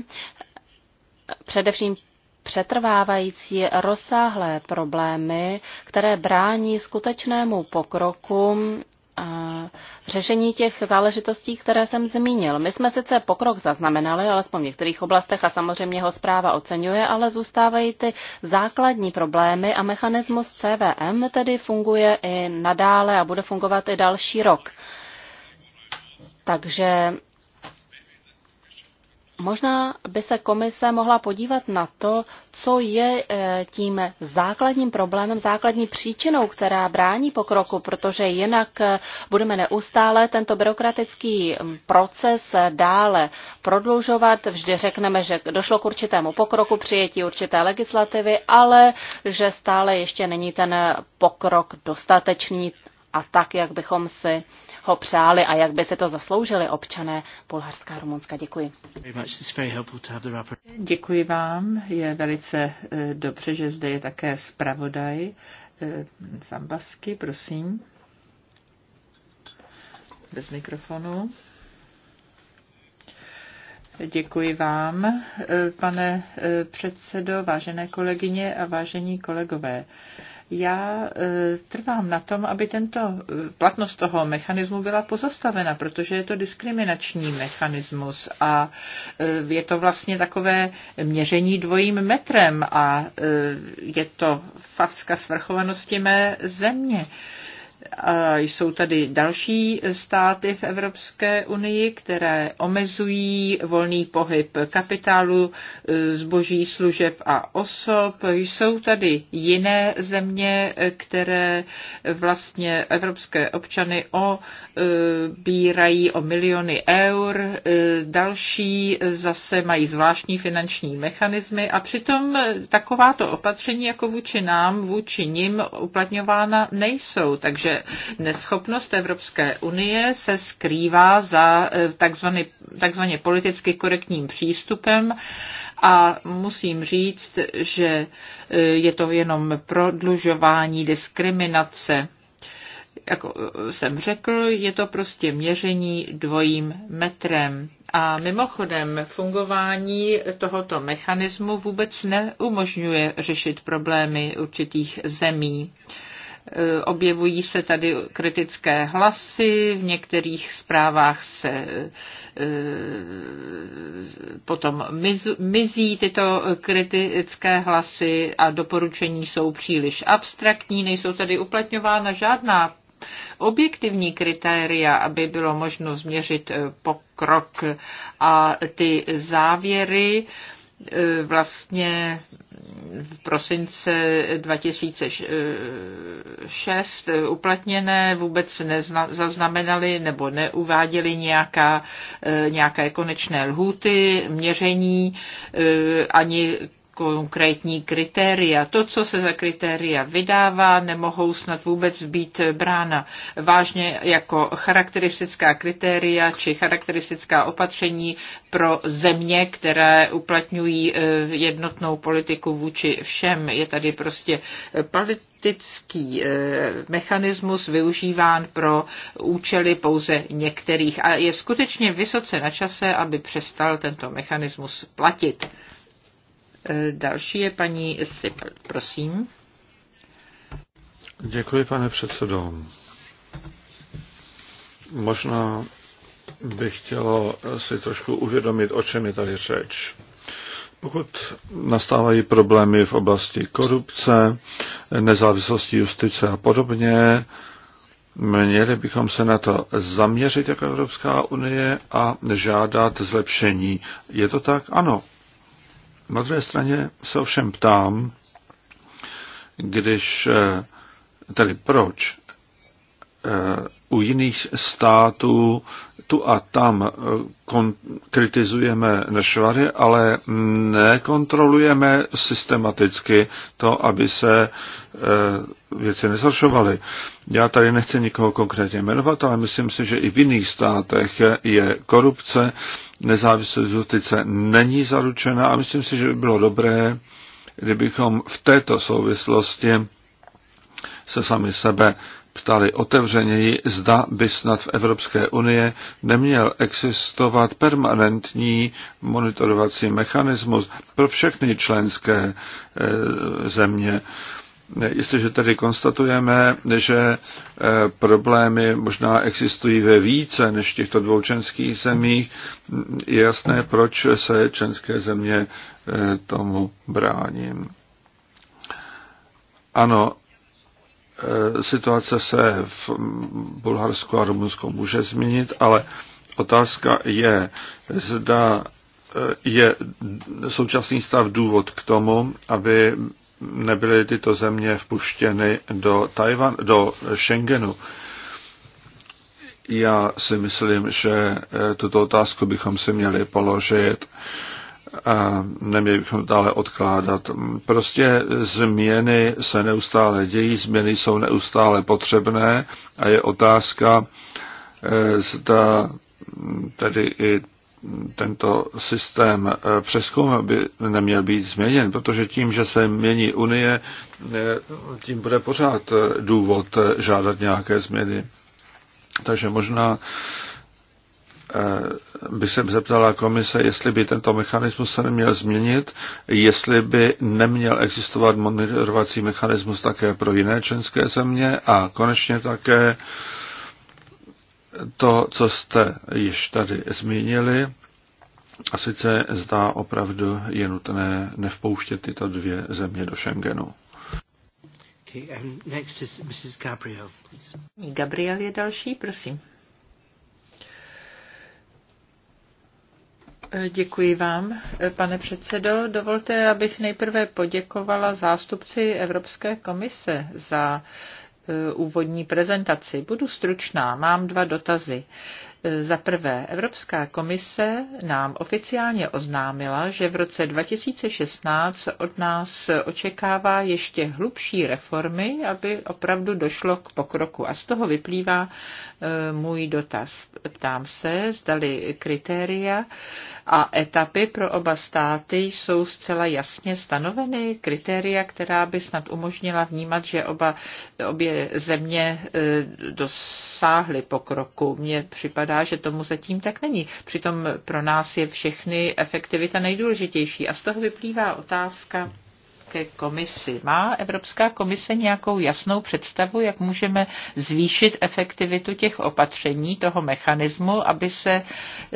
především přetrvávající rozsáhlé problémy, které brání skutečnému pokroku v řešení těch záležitostí, které jsem zmínil. My jsme sice pokrok zaznamenali, alespoň v některých oblastech a samozřejmě ho zpráva oceňuje, ale zůstávají ty základní problémy a mechanismus CVM tedy funguje i nadále a bude fungovat i další rok. Takže Možná by se komise mohla podívat na to, co je eh, tím základním problémem, základní příčinou, která brání pokroku, protože jinak eh, budeme neustále tento byrokratický mm, proces eh, dále prodlužovat. Vždy řekneme, že došlo k určitému pokroku, přijetí určité legislativy, ale že stále ještě není ten pokrok dostatečný a tak, jak bychom si ho přáli a jak by se to zasloužili občané Bulharska a Rumunska. Děkuji. Děkuji vám. Je velice eh, dobře, že zde je také zpravodaj eh, Zambasky, prosím. Bez mikrofonu. Děkuji vám, eh, pane předsedo, vážené kolegyně a vážení kolegové já e, trvám na tom, aby tento e, platnost toho mechanismu byla pozastavena, protože je to diskriminační mechanismus a e, je to vlastně takové měření dvojím metrem a je to facka svrchovanosti mé země. A jsou tady další státy v Evropské unii, které omezují volný pohyb kapitálu, e, zboží, služeb a osob. Jsou tady jiné země, e, které vlastně evropské občany obírají e, o miliony eur. Další zase mají zvláštní finanční mechanismy a přitom takováto opatření jako vůči nám, vůči nim uplatňována nejsou. Takže neschopnost Evropské unie se skrývá za eh, takzvaný, takzvaně politicky korektním přístupem a musím říct, že eh, je to jenom prodlužování diskriminace jak eh, jsem řekl, je to prostě měření dvojím metrem. A mimochodem, fungování tohoto mechanismu vůbec neumožňuje řešit problémy určitých zemí. Eh, objevují se tady kritické hlasy, v některých zprávách se eh, potom mizí tyto kritické hlasy a doporučení jsou příliš abstraktní, nejsou tady uplatňována žádná objektivní kritéria, aby bylo možno změřit eh, pokrok a ty závěry Eh, vlastně v prosince 2006 uplatněné vůbec nezaznamenaly nebo neuváděly nějaká, eh, nějaké konečné lhůty měření eh, ani konkrétní kritéria. To, co se za kritéria vydává, nemohou snad vůbec být brána vážně jako charakteristická kritéria či charakteristická opatření pro země, které uplatňují eh, jednotnou politiku vůči všem. Je tady prostě politický eh, mechanismus využíván pro účely pouze některých. A je skutečně vysoce na čase, aby přestal tento mechanismus platit. Eh, další je paní Sipl. Prosím. Děkuji, pane předsedo. Možná bych chtělo si trošku uvědomit, o čem je tady řeč. Pokud nastávají problémy v oblasti korupce, nezávislosti justice a podobně, měli bychom se na to zaměřit jako Evropská unie a žádat zlepšení. Je to tak? Ano. Na druhé straně se ovšem ptám, když, eh, tedy proč u jiných států tu a tam eh, kon- kritizujeme nešvary, ale nekontrolujeme systematicky to, aby se e, věci nezhoršovaly. Já tady nechci nikoho konkrétně jmenovat, ale myslím si, že i v jiných státech je korupce, nezávislost justice není zaručena a myslím si, že by bylo dobré, kdybychom v této souvislosti se sami sebe ptali otevřeněji, zda by snad v Evropské unii neměl existovat permanentní monitorovací mechanismus pro všechny členské e, země. Jestliže tedy konstatujeme, že e, problémy možná existují ve více než těchto dvou členských zemích, je jasné, proč se členské země e, tomu brání. Ano, Eh, situace se v Bulharsku a Rumunsku může změnit, ale otázka je, zda eh, je současný stav důvod k tomu, aby nebyly tyto země vpuštěny do, Tajvan, do Schengenu. Já si myslím, že eh, tuto otázku bychom si měli položit a neměli bychom dále odkládat. Prostě změny se neustále dějí, změny jsou neustále potřebné a je otázka, eh, zda tedy i tento systém eh, přeskum by neměl být změněn, protože tím, že se mění Unie, eh, tím bude pořád důvod žádat nějaké změny. Takže možná Eh, by se zeptala komise, jestli by tento mechanismus se neměl změnit, jestli by neměl existovat monitorovací mechanismus také pro jiné členské země a konečně také to, co jste již tady zmínili, a sice zdá opravdu je nutné nevpouštět tyto dvě země do Schengenu. Okay, um, next is Mrs. Gabriel, please. Gabriel je další, prosím. Děkuji vám, pane předsedo. Dovolte, abych nejprve poděkovala zástupci Evropské komise za eh, úvodní prezentaci. Budu stručná, mám dva dotazy. Za prvé, Evropská komise nám oficiálně oznámila, že v roce 2016 od nás očekává ještě hlubší reformy, aby opravdu došlo k pokroku. A z toho vyplývá e, můj dotaz. Ptám se, zdali kritéria a etapy pro oba státy jsou zcela jasně stanoveny, kritéria, která by snad umožnila vnímat, že oba, obě země e, dosáhly pokroku. Mně připadá, vypadá, že tomu zatím tak není. Přitom pro nás je všechny efektivita nejdůležitější. A z toho vyplývá otázka, ke komisi. Má Evropská komise nějakou jasnou představu, jak můžeme zvýšit efektivitu těch opatření, toho mechanismu, aby se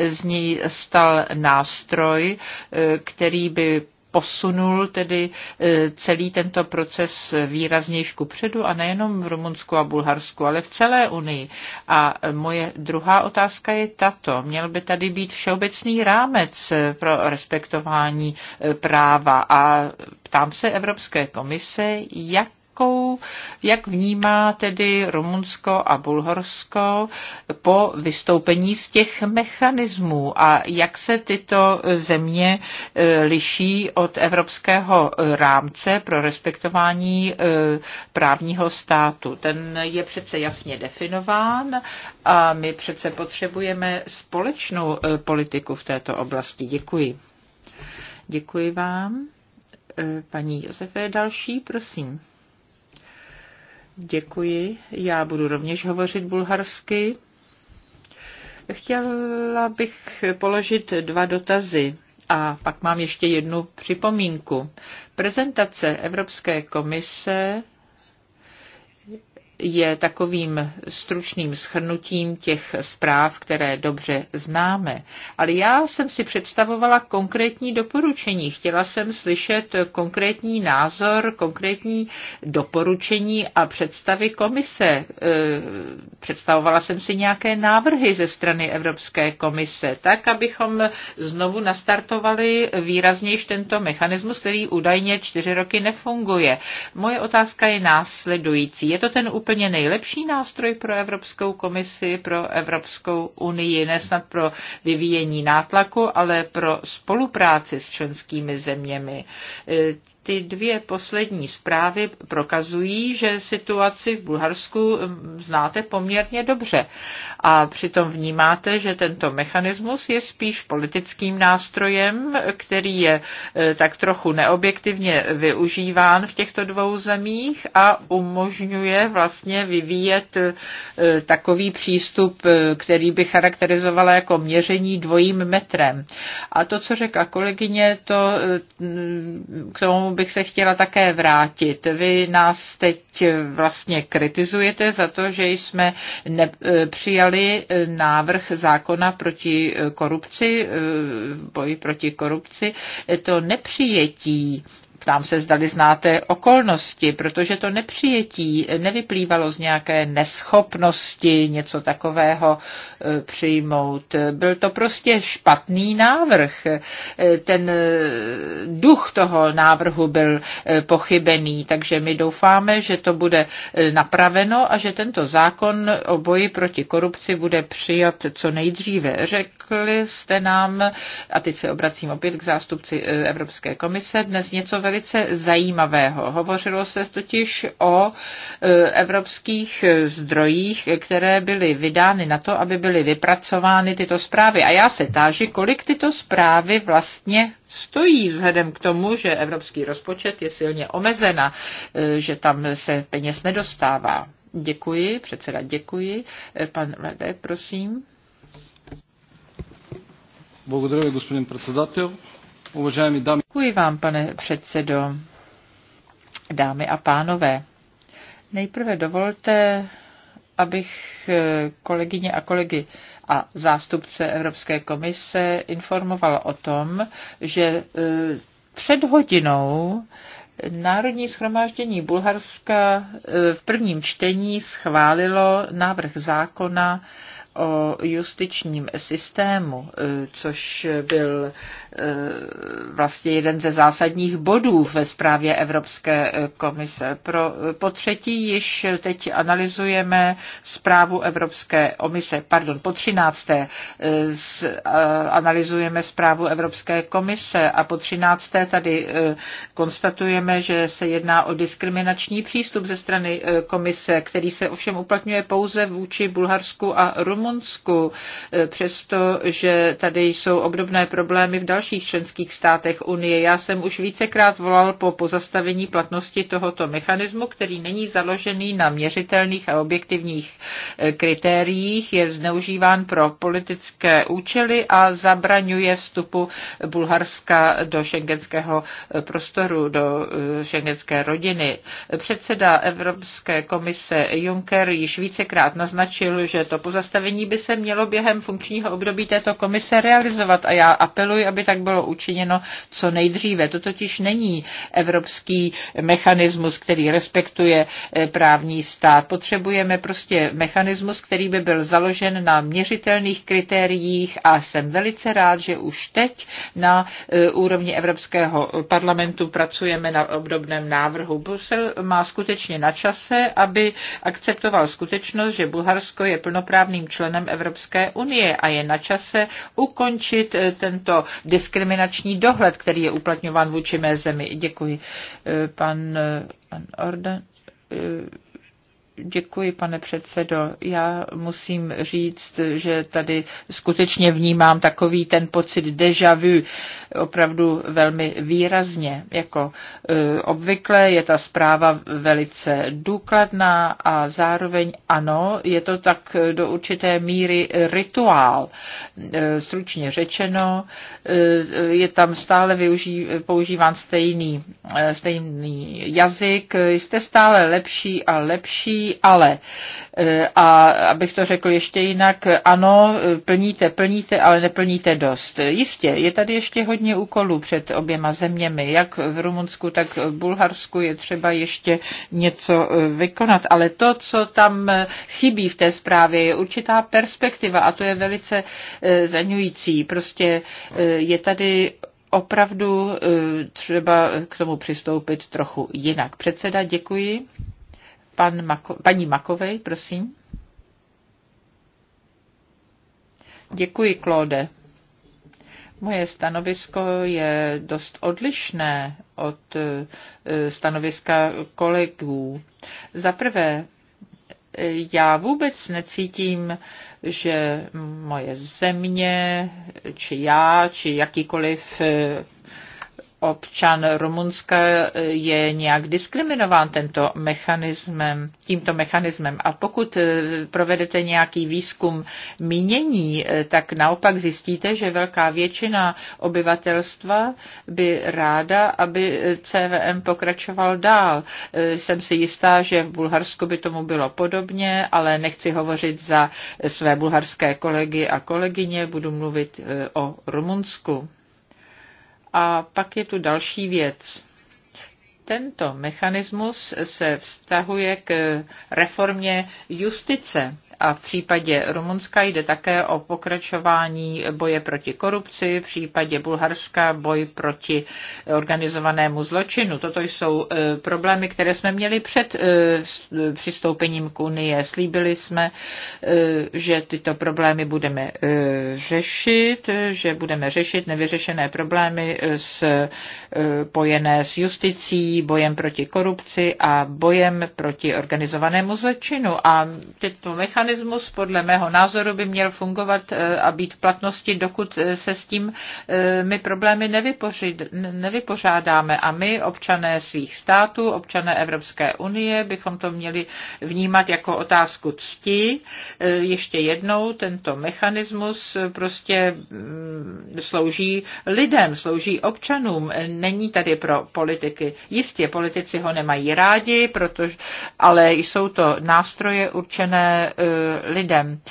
z ní stal nástroj, eh, který by posunul tedy e, celý tento proces výraznější předu a nejenom v Rumunsku a Bulharsku, ale v celé Unii. A moje druhá otázka je tato. Měl by tady být všeobecný rámec e, pro respektování e, práva a ptám se Evropské komise, jak otázkou, jak vnímá tedy Rumunsko a Bulharsko po vystoupení z těch mechanismů a jak se tyto země e, liší od evropského rámce pro respektování e, právního státu. Ten je přece jasně definován a my přece potřebujeme společnou e, politiku v této oblasti. Děkuji. Děkuji vám. Paní Josefe, další, prosím. Děkuji. Já budu rovněž hovořit bulharsky. Chtěla bych položit dva dotazy a pak mám ještě jednu připomínku. Prezentace Evropské komise je takovým stručným schrnutím těch zpráv, které dobře známe. Ale já jsem si představovala konkrétní doporučení. Chtěla jsem slyšet konkrétní názor, konkrétní doporučení a představy komise. E, představovala jsem si nějaké návrhy ze strany Evropské komise, tak, abychom znovu nastartovali výrazněji tento mechanismus, který údajně čtyři roky nefunguje. Moje otázka je následující. Je to ten úplně nejlepší nástroj pro Evropskou komisi, pro Evropskou unii, nesnad pro vyvíjení nátlaku, ale pro spolupráci s členskými zeměmi ty dvě poslední zprávy prokazují, že situaci v Bulharsku hm, znáte poměrně dobře. A přitom vnímáte, že tento mechanismus je spíš politickým nástrojem, který je eh, tak trochu neobjektivně využíván v těchto dvou zemích a umožňuje vlastně vyvíjet eh, takový přístup, eh, který by charakterizovala jako měření dvojím metrem. A to, co řekla kolegyně, to hm, k tomu bych se chtěla také vrátit. Vy nás teď vlastně kritizujete za to, že jsme ne, eh, přijali eh, návrh zákona proti eh, korupci, boji proti korupci. To nepřijetí Ptám se, zdali znáte okolnosti, protože to nepřijetí nevyplývalo z nějaké neschopnosti něco takového e, přijmout. Byl to prostě špatný návrh. E, ten e, duch toho návrhu byl pochybený, takže my doufáme, že to bude napraveno a že tento zákon o boji proti korupci bude přijat co nejdříve. Řek, řekli jste nám, a teď se obracím opět k zástupci e, Evropské komise, dnes něco velice zajímavého. Hovořilo se totiž o e, evropských e, zdrojích, které byly vydány na to, aby byly vypracovány tyto zprávy. A já se táži, kolik tyto zprávy vlastně stojí vzhledem k tomu, že evropský rozpočet je silně omezena, že tam se peněz nedostává. Děkuji, předseda děkuji. Pan Lede, prosím. Děkuji vám, pane předsedo, dámy a pánové. Nejprve dovolte, abych eh, kolegyně a kolegy a zástupce Evropské komise informoval o tom, že eh, před hodinou Národní schromáždění Bulharska eh, v prvním čtení schválilo návrh zákona o justičním systému, e, což byl e, vlastně jeden ze zásadních bodů ve zprávě Evropské e, komise. Pro, po třetí již teď analyzujeme zprávu Evropské komise, pardon, po třinácté analyzujeme zprávu Evropské komise a po třinácté tady konstatujeme, že se jedná o diskriminační přístup ze strany komise, který se ovšem uplatňuje pouze vůči Bulharsku a Rumunsku Rumunsku, eh, přestože tady jsou obdobné problémy v dalších členských státech Unie. Já jsem už vícekrát volal po pozastavení platnosti tohoto mechanismu, který není založený na měřitelných a objektivních eh, kritériích, je zneužíván pro politické účely a zabraňuje vstupu Bulharska do šengenského eh, prostoru, do šengenské rodiny. Předseda Evropské komise Juncker již vícekrát naznačil, že to pozastavení doporučení by se mělo během funkčního období této komise realizovat a já apeluji, aby tak bylo učiněno co nejdříve. To totiž není evropský mechanismus, který respektuje eh, právní stát. Potřebujeme prostě mechanismus, který by byl založen na měřitelných kritériích a jsem velice rád, že už teď na eh, úrovni Evropského parlamentu pracujeme na obdobném návrhu. Brusel má skutečně na čase, aby akceptoval skutečnost, že Bulharsko je plnoprávným členem Evropské unie a je na čase ukončit eh, tento diskriminační dohled, který je uplatňován vůči mé zemi. Děkuji. Eh, pan, eh, pan Orden Děkuji, pane předsedo. Já musím říct, že tady skutečně vnímám takový ten pocit deja vu opravdu velmi výrazně. Jako e, obvykle je ta zpráva velice důkladná a zároveň ano, je to tak do určité míry rituál. E, stručně řečeno, e, je tam stále využí, používán stejný, stejný jazyk, jste stále lepší a lepší ale. E, a abych to řekl ještě jinak, ano, plníte, plníte, ale neplníte dost. Jistě, je tady ještě hodně úkolů před oběma zeměmi, jak v Rumunsku, tak v Bulharsku je třeba ještě něco e, vykonat, ale to, co tam e, chybí v té zprávě, je určitá perspektiva a to je velice zaňující. Prostě je tady opravdu třeba k tomu přistoupit trochu jinak. Předseda, děkuji. Pan Mako, paní Makovej, prosím. Děkuji, Klóde. Moje stanovisko je dost odlišné od eh, stanoviska kolegů. Za prvé, eh, já vůbec necítím, že moje země, či já, či jakýkoliv eh, občan Rumunska je nějak diskriminován tento mechanismem, tímto mechanismem. A pokud eh, provedete nějaký výzkum mínění, eh, tak naopak zjistíte, že velká většina obyvatelstva by ráda, aby eh, CVM pokračoval dál. Jsem si jistá, že v Bulharsku by tomu bylo podobně, ale nechci hovořit za své bulharské kolegy a kolegyně, budu mluvit o Rumunsku. A pak je tu další věc. Tento mechanismus se vztahuje k reformě justice a v případě Rumunska jde také o pokračování boje proti korupci, v případě Bulharska boj proti organizovanému zločinu. Toto jsou e, problémy, které jsme měli před e, e, přistoupením k Unie. Slíbili jsme, že tyto problémy budeme řešit, že budeme řešit nevyřešené problémy s, pojené s justicí, bojem proti korupci a bojem proti organizovanému zločinu. A tyto mechanizmy mechanismus podle mého názoru by měl fungovat eh, a být v platnosti, dokud eh, se s tím eh, my problémy nevypořádáme. A my, občané svých států, občané Evropské unie, bychom to měli vnímat jako otázku cti. Ještě jednou, tento mechanismus prostě mm, slouží lidem, slouží občanům, není tady pro politiky. Jistě, politici ho nemají rádi, protože, ale jsou to nástroje určené Eh, lidem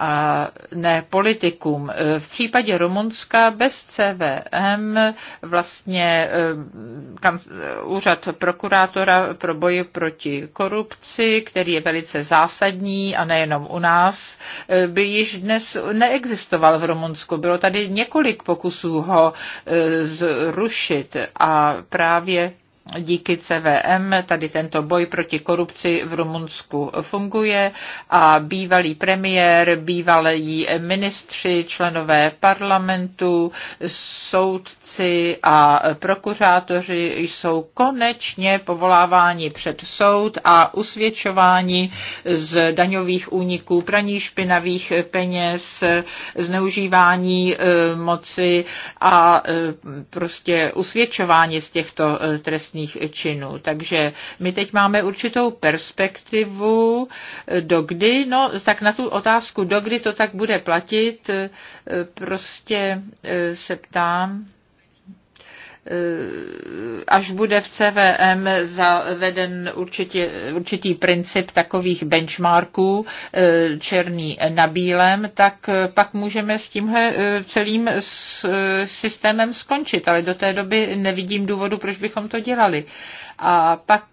a ne politikům. Eh, v případě Rumunska bez CVM vlastně eh, kam, úřad prokurátora pro boj proti korupci, který je velice zásadní a nejenom u nás, by již dnes neexistoval v Rumunsku. Bylo tady několik pokusů ho zrušit a právě díky CVM tady tento boj proti korupci v Rumunsku funguje a bývalý premiér, bývalí ministři, členové parlamentu, soudci a prokurátoři jsou konečně povoláváni před soud a usvědčováni z daňových úniků, praní špinavých peněz, zneužívání eh, moci a eh, prostě usvědčování z těchto eh, trestních trestných činů. Takže my teď máme určitou perspektivu, dokdy, no tak na tu otázku, dokdy to tak bude platit, prostě eh, se ptám, Eh, až bude v CVM zaveden určitě, určitý princip takových benchmarků eh, černý na bílém, tak eh, pak můžeme s tímhle celým systémem skončit, ale do té doby nevidím důvodu, proč bychom to dělali. A pak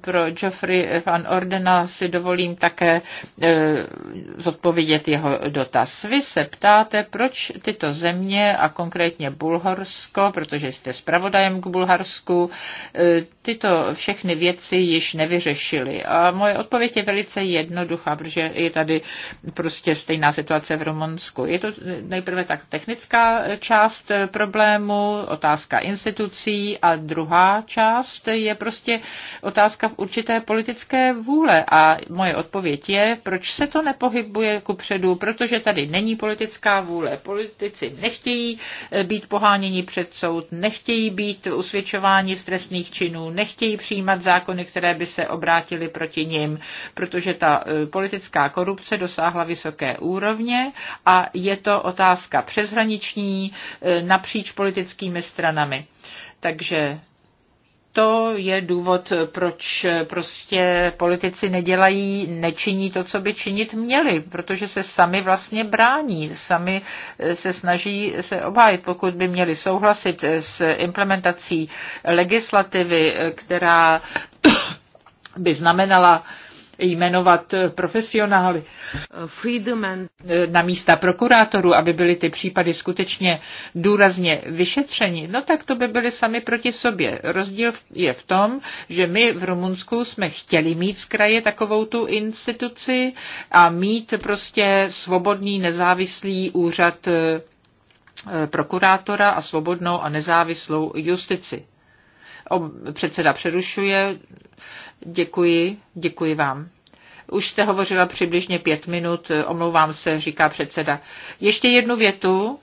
pro Geoffrey van Ordena si dovolím také eh, zodpovědět jeho dotaz. Vy se ptáte, proč tyto země a konkrétně Bulharsko, protože jste zpravodajem k Bulharsku, eh, tyto všechny věci již nevyřešily. A moje odpověď je velice jednoduchá, protože je tady prostě stejná situace v Rumunsku. Je to nejprve tak technická část problému, otázka institucí a druhá část je prostě otázka otázka v určité politické vůle a moje odpověď je, proč se to nepohybuje ku předu, protože tady není politická vůle. Politici nechtějí eh, být poháněni před soud, nechtějí být usvědčováni z trestných činů, nechtějí přijímat zákony, které by se obrátily proti nim, protože ta eh, politická korupce dosáhla vysoké úrovně a je to otázka přeshraniční eh, napříč politickými stranami. Takže to je důvod, proč prostě politici nedělají, nečiní to, co by činit měli, protože se sami vlastně brání, sami eh, se snaží se obhájit. Pokud by měli souhlasit eh, s implementací legislativy, eh, která [COUGHS] by znamenala jmenovat profesionály na místa prokurátorů, aby byly ty případy skutečně důrazně vyšetřeni, no tak to by byly sami proti sobě. Rozdíl je v tom, že my v Rumunsku jsme chtěli mít z kraje takovou tu instituci a mít prostě svobodný nezávislý úřad eh, prokurátora a svobodnou a nezávislou justici. Předseda přerušuje. Děkuji, děkuji vám. Už jste hovořila přibližně pět minut, omlouvám se, říká předseda. Ještě jednu větu.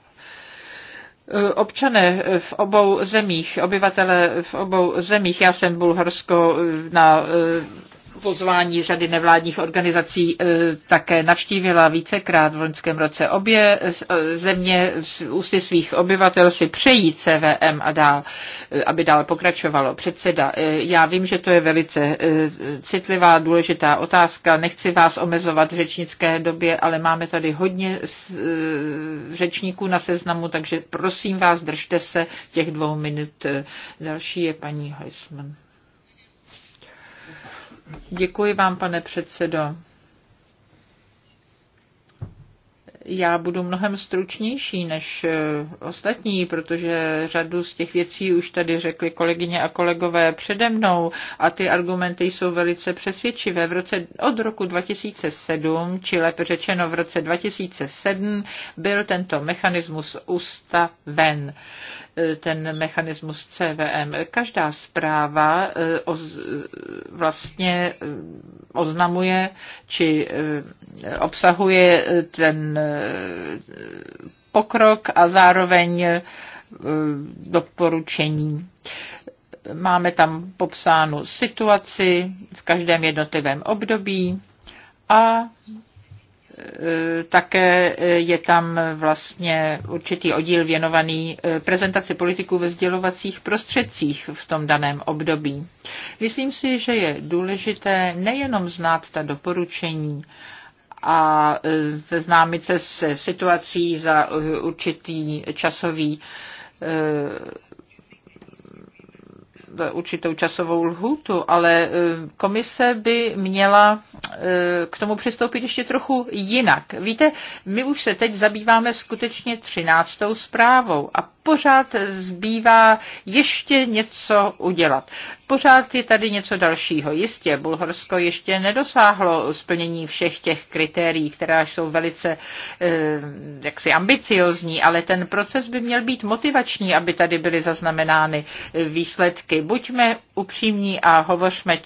Občané v obou zemích, obyvatele v obou zemích, já jsem Bulharsko na pozvání řady nevládních organizací e, také navštívila vícekrát v loňském roce. Obě e, země ústy svých obyvatel si přejí CVM a dál, e, aby dál pokračovalo. Předseda, já vím, že to je velice citlivá, důležitá otázka. Nechci vás omezovat v řečnické době, ale máme tady hodně řečníků na seznamu, takže prosím vás, držte se těch dvou minut. Další je paní Heisman. Děkuji vám, pane předsedo. já budu mnohem stručnější než eh, ostatní, protože řadu z těch věcí už tady řekli kolegyně a kolegové přede mnou a ty argumenty jsou velice přesvědčivé. V roce, od roku 2007, či lépe řečeno v roce 2007, byl tento mechanismus ustaven ten mechanismus CVM. Každá zpráva eh, vlastně eh, oznamuje či eh, obsahuje ten pokrok a zároveň doporučení. Máme tam popsánu situaci v každém jednotlivém období a Eh, také eh, je tam vlastně určitý oddíl věnovaný eh, prezentaci politiků ve sdělovacích prostředcích v tom daném období. Myslím si, že je důležité nejenom znát ta doporučení, a seznámit se s situací za určitý časový určitou časovou lhůtu, ale e, komise by měla e, k tomu přistoupit ještě trochu jinak. Víte, my už se teď zabýváme skutečně třináctou zprávou a pořád zbývá ještě něco udělat. Pořád je tady něco dalšího. Jistě, Bulharsko ještě nedosáhlo splnění všech těch kritérií, která jsou velice eh, jaksi ambiciozní, ale ten proces by měl být motivační, aby tady byly zaznamenány výsledky. Buďme upřímní a hovořme e,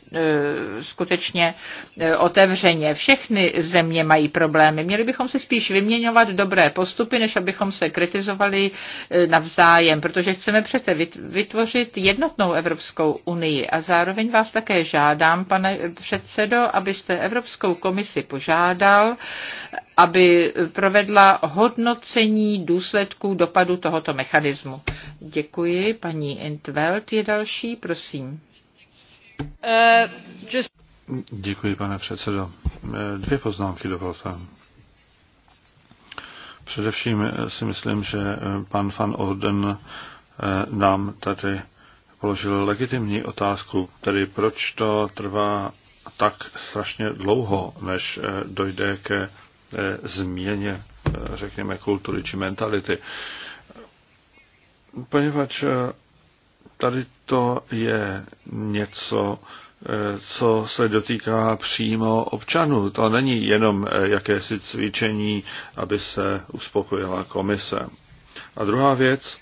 skutečně e, otevřeně. Všechny země mají problémy. Měli bychom se spíš vyměňovat dobré postupy, než abychom se kritizovali e, navzájem, protože chceme přece vytvořit jednotnou Evropskou unii. A zároveň vás také žádám, pane předsedo, abyste Evropskou komisi požádal, aby provedla hodnocení důsledků dopadu tohoto mechanismu. Děkuji. Paní Intveld je další, prosím. Uh, just... Děkuji, pane předsedo. Dvě poznámky dovolte. Především si myslím, že pan van Orden eh, nám tady položil legitimní otázku, tedy proč to trvá tak strašně dlouho, než eh, dojde ke E, změně, e, řekněme, kultury či mentality. Poněvadž e, tady to je něco, co se dotýká přímo občanů. To není jenom jakési cvičení, aby se uspokojila komise. A druhá věc,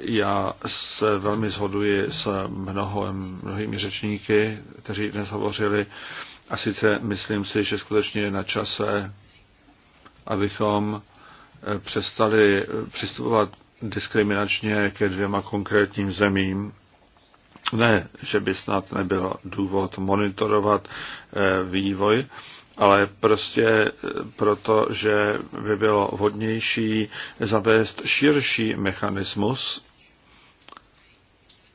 já se velmi shoduji s mnohem, mnohými řečníky, kteří dnes hovořili, a sice myslím si, že skutečně je na čase, abychom eh, přestali eh, přistupovat diskriminačně ke dvěma konkrétním zemím. Ne, že by snad nebyl důvod monitorovat eh, vývoj, ale prostě proto, že by bylo vhodnější zavést širší mechanismus.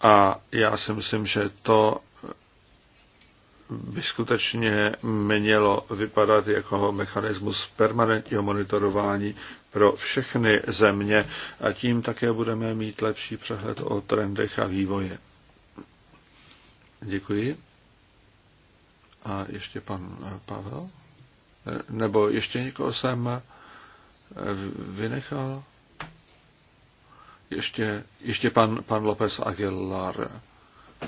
A já si myslím, že to by skutečně mělo vypadat jako mechanismus permanentního monitorování pro všechny země a tím také budeme mít lepší přehled o trendech a vývoje. Děkuji. A ještě pan eh, Pavel? Eh, nebo ještě někoho jsem eh, vynechal? Ještě, ještě pan, pan López Aguilar.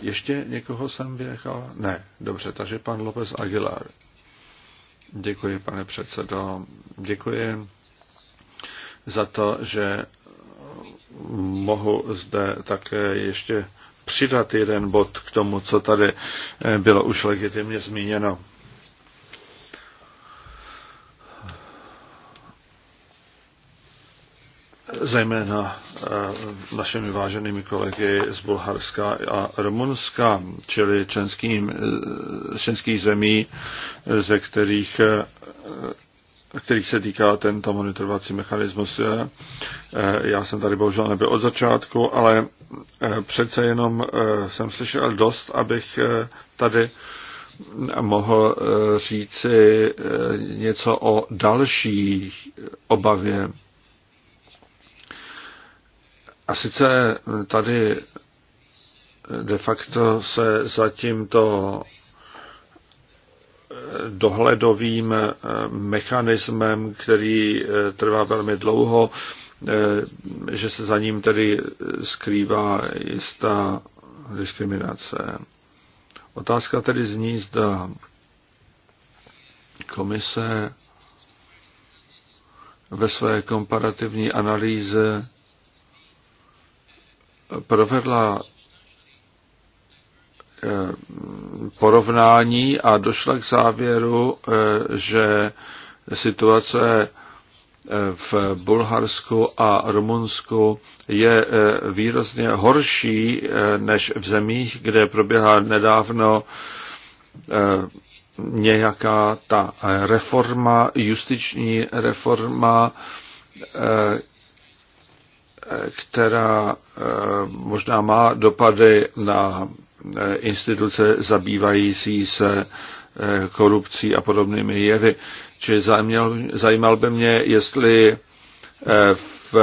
Ještě někoho jsem vynechal? Ne, dobře, takže pan López Aguilar. Děkuji, pane předsedo. Děkuji za to, že mohu zde také ještě přidat jeden bod k tomu, co tady bylo už legitimně zmíněno. zejména eh, našimi váženými kolegy z Bulharska a Rumunska, čili členským, eh, členských zemí, eh, ze kterých, kterých se týká tento monitorovací mechanismus. Já jsem tady bohužel nebyl od začátku, ale přece jenom jsem slyšel dost, abych tady mohl říci něco o další obavě a sice eh, tady eh, de facto se za tímto eh, dohledovým mechanismem, který trvá velmi dlouho, že se za ním tedy skrývá jistá diskriminace. Otázka tedy zní, zda komise ve své komparativní analýze provedla eh, porovnání a došla k závěru, eh, že situace eh, v Bulharsku a Rumunsku je výrazně horší než v zemích, kde proběhla nedávno nějaká ta reforma, justiční reforma, která eh, možná má dopady na eh, instituce zabývající se eh, korupcí a podobnými jevy. Či zajímal, zajímal by mě, jestli v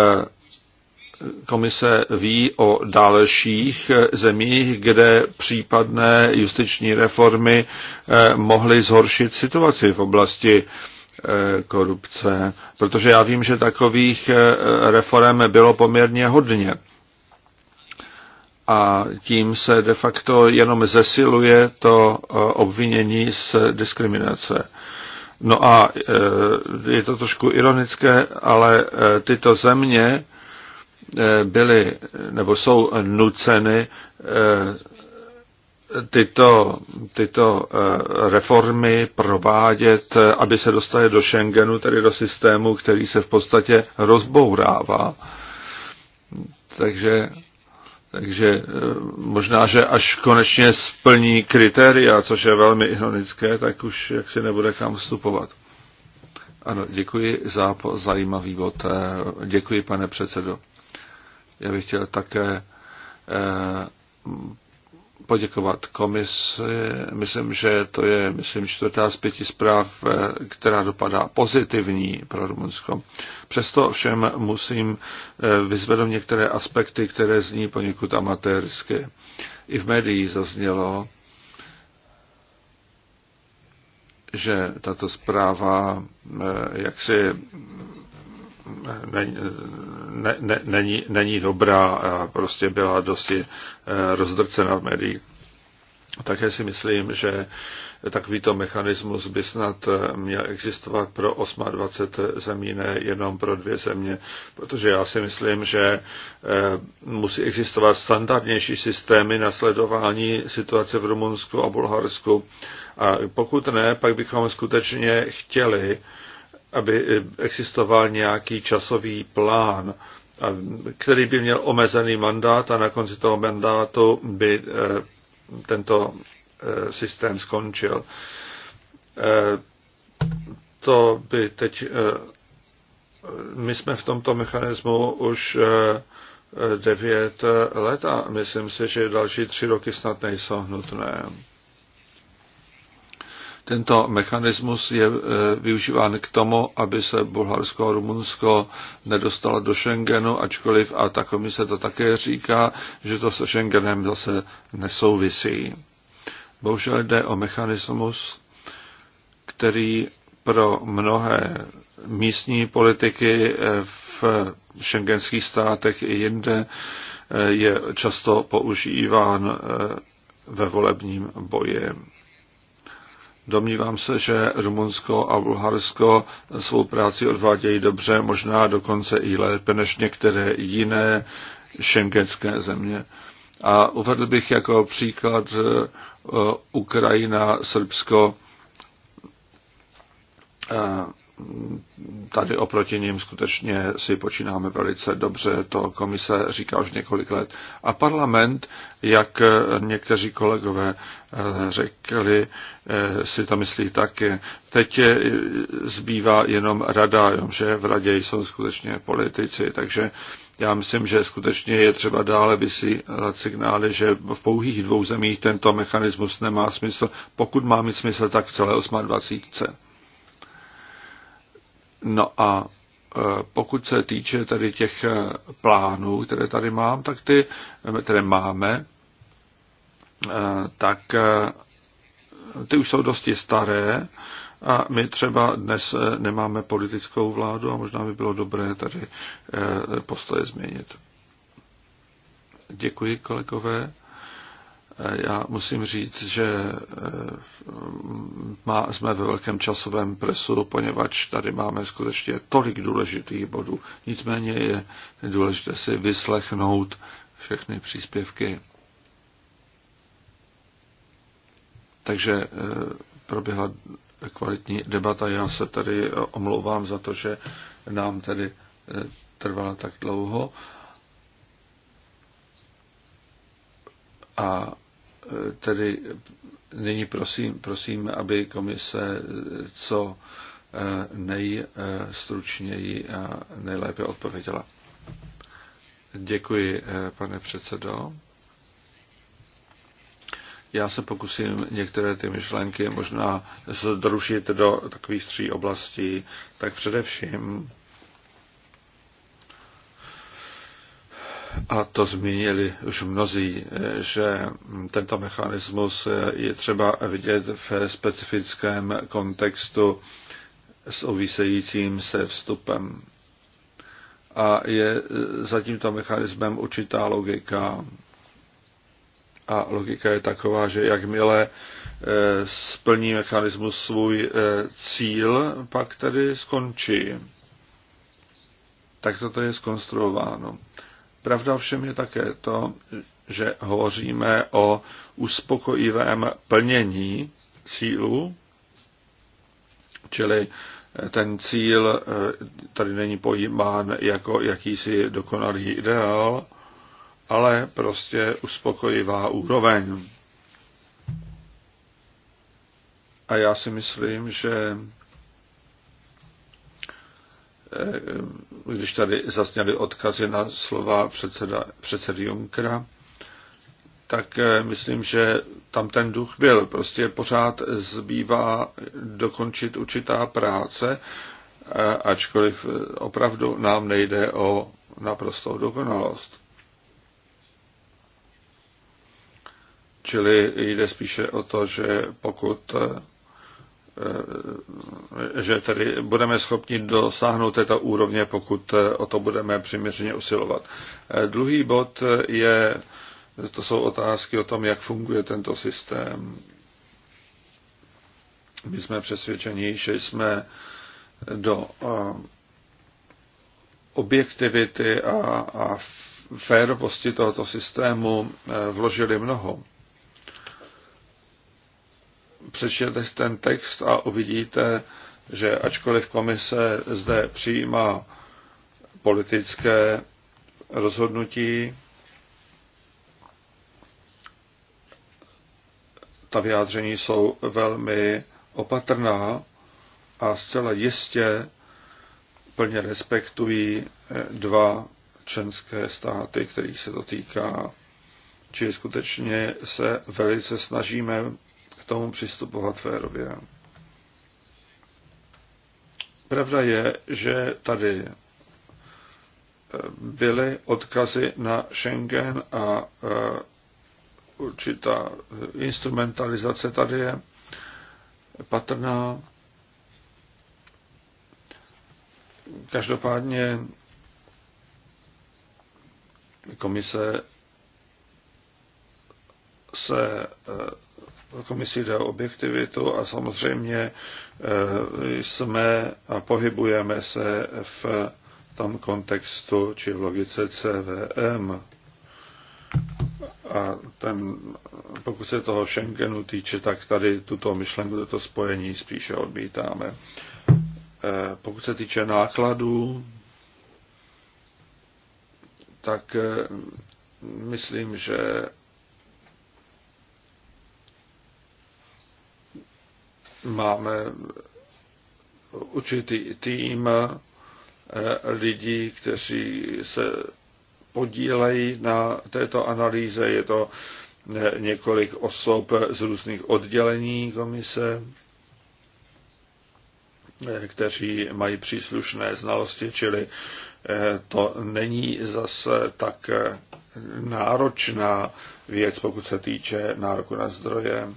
komise ví o dalších zemích, kde případné justiční reformy mohly zhoršit situaci v oblasti Eh, korupce, protože já vím, že takových eh, reform bylo poměrně hodně. A tím se de facto jenom zesiluje to eh, obvinění z diskriminace. No a je to trošku ironické, ale tyto země byly nebo jsou nuceny tyto, tyto eh, reformy provádět, eh, aby se dostali do Schengenu, tedy do systému, který se v podstatě rozbourává. Takže, takže eh, možná, že až konečně splní kritéria, což je velmi ironické, tak už jak si nebude kam vstupovat. Ano, děkuji za zajímavý bod. Děkuji, pane předsedo. Já bych chtěl také eh, poděkovat komisi. Myslím, že to je, myslím, čtvrtá z pěti zpráv, eh, která dopadá pozitivní pro Rumunsko. Přesto všem musím eh, vyzvednout některé aspekty, které zní poněkud amatérsky. I v médiích zaznělo, že tato zpráva eh, jaksi není, ne, není, není dobrá a prostě byla dosti eh, rozdrcena v médiích. Také si myslím, že takovýto mechanismus by snad eh, měl existovat pro 28 zemí, ne jenom pro dvě země, protože já si myslím, že eh, musí existovat standardnější systémy na sledování situace v Rumunsku a Bulharsku. A pokud ne, pak bychom skutečně chtěli aby existoval nějaký časový plán, který by měl omezený mandát a na konci toho mandátu by eh, tento eh, systém skončil. Eh, to by teď. My jsme v tomto mechanismu už devět let a myslím si, že další tři roky snad nejsou nutné. Tento mechanismus je eh, využíván k tomu, aby se Bulharsko a Rumunsko nedostalo do Schengenu, ačkoliv, a ta komise to také říká, že to se Schengenem zase nesouvisí. Bohužel jde o mechanismus, který pro mnohé místní politiky eh, v šengenských státech i jinde eh, je často používán ve volebním boji. Domnívám se, že Rumunsko a Bulharsko svou práci odvádějí dobře, možná dokonce i lépe než některé jiné šengenské země. A uvedl bych jako příklad eh, Ukrajina, Srbsko, eh, tady oproti ním skutečně si počínáme velice dobře, to komise říká už několik let. A parlament, jak někteří kolegové eh, řekli, eh, si to myslí taky. Teď je, eh, zbývá jenom rada, že v radě jsou skutečně politici, takže já myslím, že skutečně je třeba dále vysílat signály, že v pouhých dvou zemích tento mechanismus nemá smysl. Pokud má mít smysl, tak v celé 28. No a e, pokud se týče tady těch e, plánů, které tady mám, tak ty, které máme, e, tak ty už jsou dosti staré a my třeba dnes nemáme politickou vládu a možná by bylo dobré tady postoje změnit. Děkuji, kolegové já musím říct, že eh, má, jsme ve velkém časovém presu, poněvadž tady máme skutečně tolik důležitých bodů. Nicméně je důležité si vyslechnout všechny příspěvky. Takže eh, proběhla kvalitní debata. Já se tady eh, omlouvám za to, že nám tady trvala tak dlouho. A tedy nyní prosím, prosím, aby komise co eh, nejstručněji a nejlépe odpověděla. Děkuji, eh, pane předsedo. Já se pokusím některé ty myšlenky možná združit do takových tří oblastí. Tak především a to zmínili už mnozí, že tento mechanismus je třeba vidět v specifickém kontextu souvisejícím se vstupem. A je za tímto mechanismem určitá logika. A logika je taková, že jakmile eh, splní mechanismus svůj eh, cíl, pak tedy skončí. Tak toto je skonstruováno. Pravda všem je také to, že hovoříme o uspokojivém plnění cílů, čili ten cíl eh, tady není pojímán jako jakýsi dokonalý ideál, ale prostě uspokojivá úroveň. A já si myslím, že Eh, když tady zazněly odkazy na slova předseda, předsedy Junkera, tak eh, myslím, že tam ten duch byl. Prostě pořád zbývá dokončit určitá práce, eh, ačkoliv opravdu nám nejde o naprostou dokonalost. Čili jde spíše o to, že pokud Eh, že tedy budeme schopni dosáhnout této úrovně, pokud eh, o to budeme přiměřeně usilovat. Eh, druhý bod je, to jsou otázky o tom, jak funguje tento systém. My jsme přesvědčeni, že jsme do objektivity a, a férovosti tohoto systému vložili mnoho přečtěte ten text a uvidíte, že ačkoliv komise zde přijímá politické rozhodnutí, ta vyjádření jsou velmi opatrná a zcela jistě plně respektují eh, dva členské státy, kterých se to týká. Čili skutečně se velice snažíme tomu přistupovat férově. Pravda je, že tady eh, byly odkazy na Schengen a eh, určitá instrumentalizace tady je patrná. Každopádně komise se eh, komisi jde o objektivitu a samozřejmě eh, jsme a pohybujeme se v tom kontextu či v logice CVM. A ten, pokud se toho Schengenu týče, tak tady tuto myšlenku, toto spojení spíše odmítáme. Eh, pokud se týče nákladů, tak eh, myslím, že Máme určitý tým eh, lidí, kteří se podílejí na této analýze. Je to eh, několik osob z různých oddělení komise, eh, kteří mají příslušné znalosti, čili to není zase tak náročná věc, pokud se týče nároku na zdroje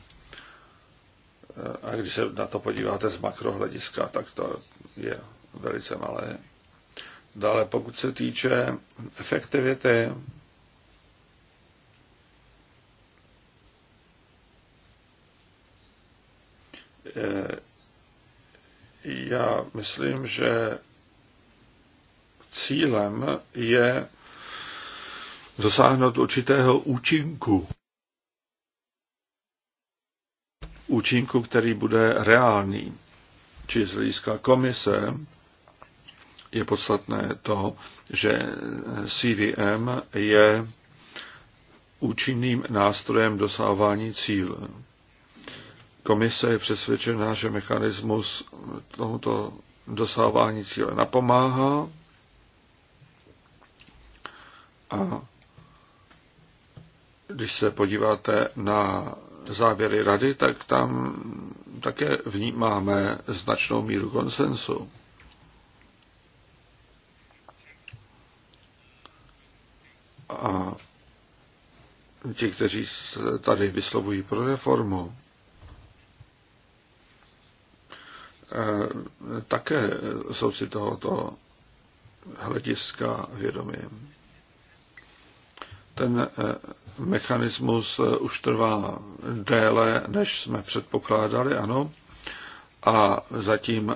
a když se na to podíváte z makrohlediska, tak to je velice malé. Dále, pokud se týče efektivity, eh, já myslím, že cílem je dosáhnout určitého účinku. účinku, který bude reálný. Či z hlediska komise je podstatné to, že CVM je účinným nástrojem dosávání cíle. Komise je přesvědčená, že mechanismus tohoto dosávání cíle napomáhá a když se podíváte na závěry rady, tak tam také vnímáme značnou míru konsensu. A ti, kteří se tady vyslovují pro reformu, eh, také jsou si tohoto hlediska vědomím. Ten eh, mechanismus eh, už trvá déle, než jsme předpokládali, ano, a zatím eh,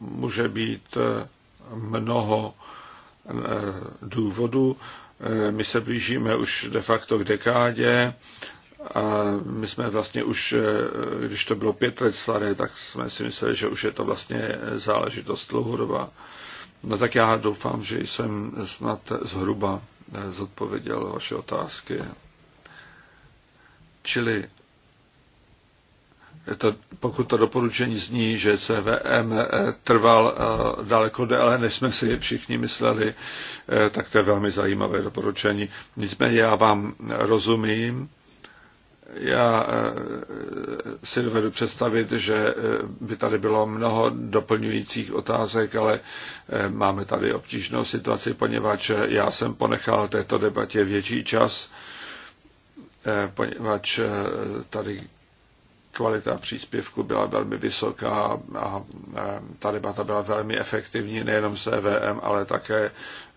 může být mnoho důvodů. My se blížíme už de facto k dekádě a my jsme vlastně už, když to bylo pět let staré, tak jsme si mysleli, že už je to vlastně záležitost dlouhodobá. No tak já doufám, že jsem snad zhruba zodpověděl vaše otázky. Čili to, pokud to doporučení zní, že CVM eh, trval eh, daleko déle, než jsme si všichni mysleli, eh, tak to je velmi zajímavé doporučení. Nicméně já vám rozumím já eh, si dovedu představit, že eh, by tady bylo mnoho doplňujících otázek, ale eh, máme tady obtížnou situaci, poněvadž já jsem ponechal této debatě větší čas, poněvadž tady kvalita příspěvku byla velmi vysoká a ta debata byla velmi efektivní nejenom s EVM, ale také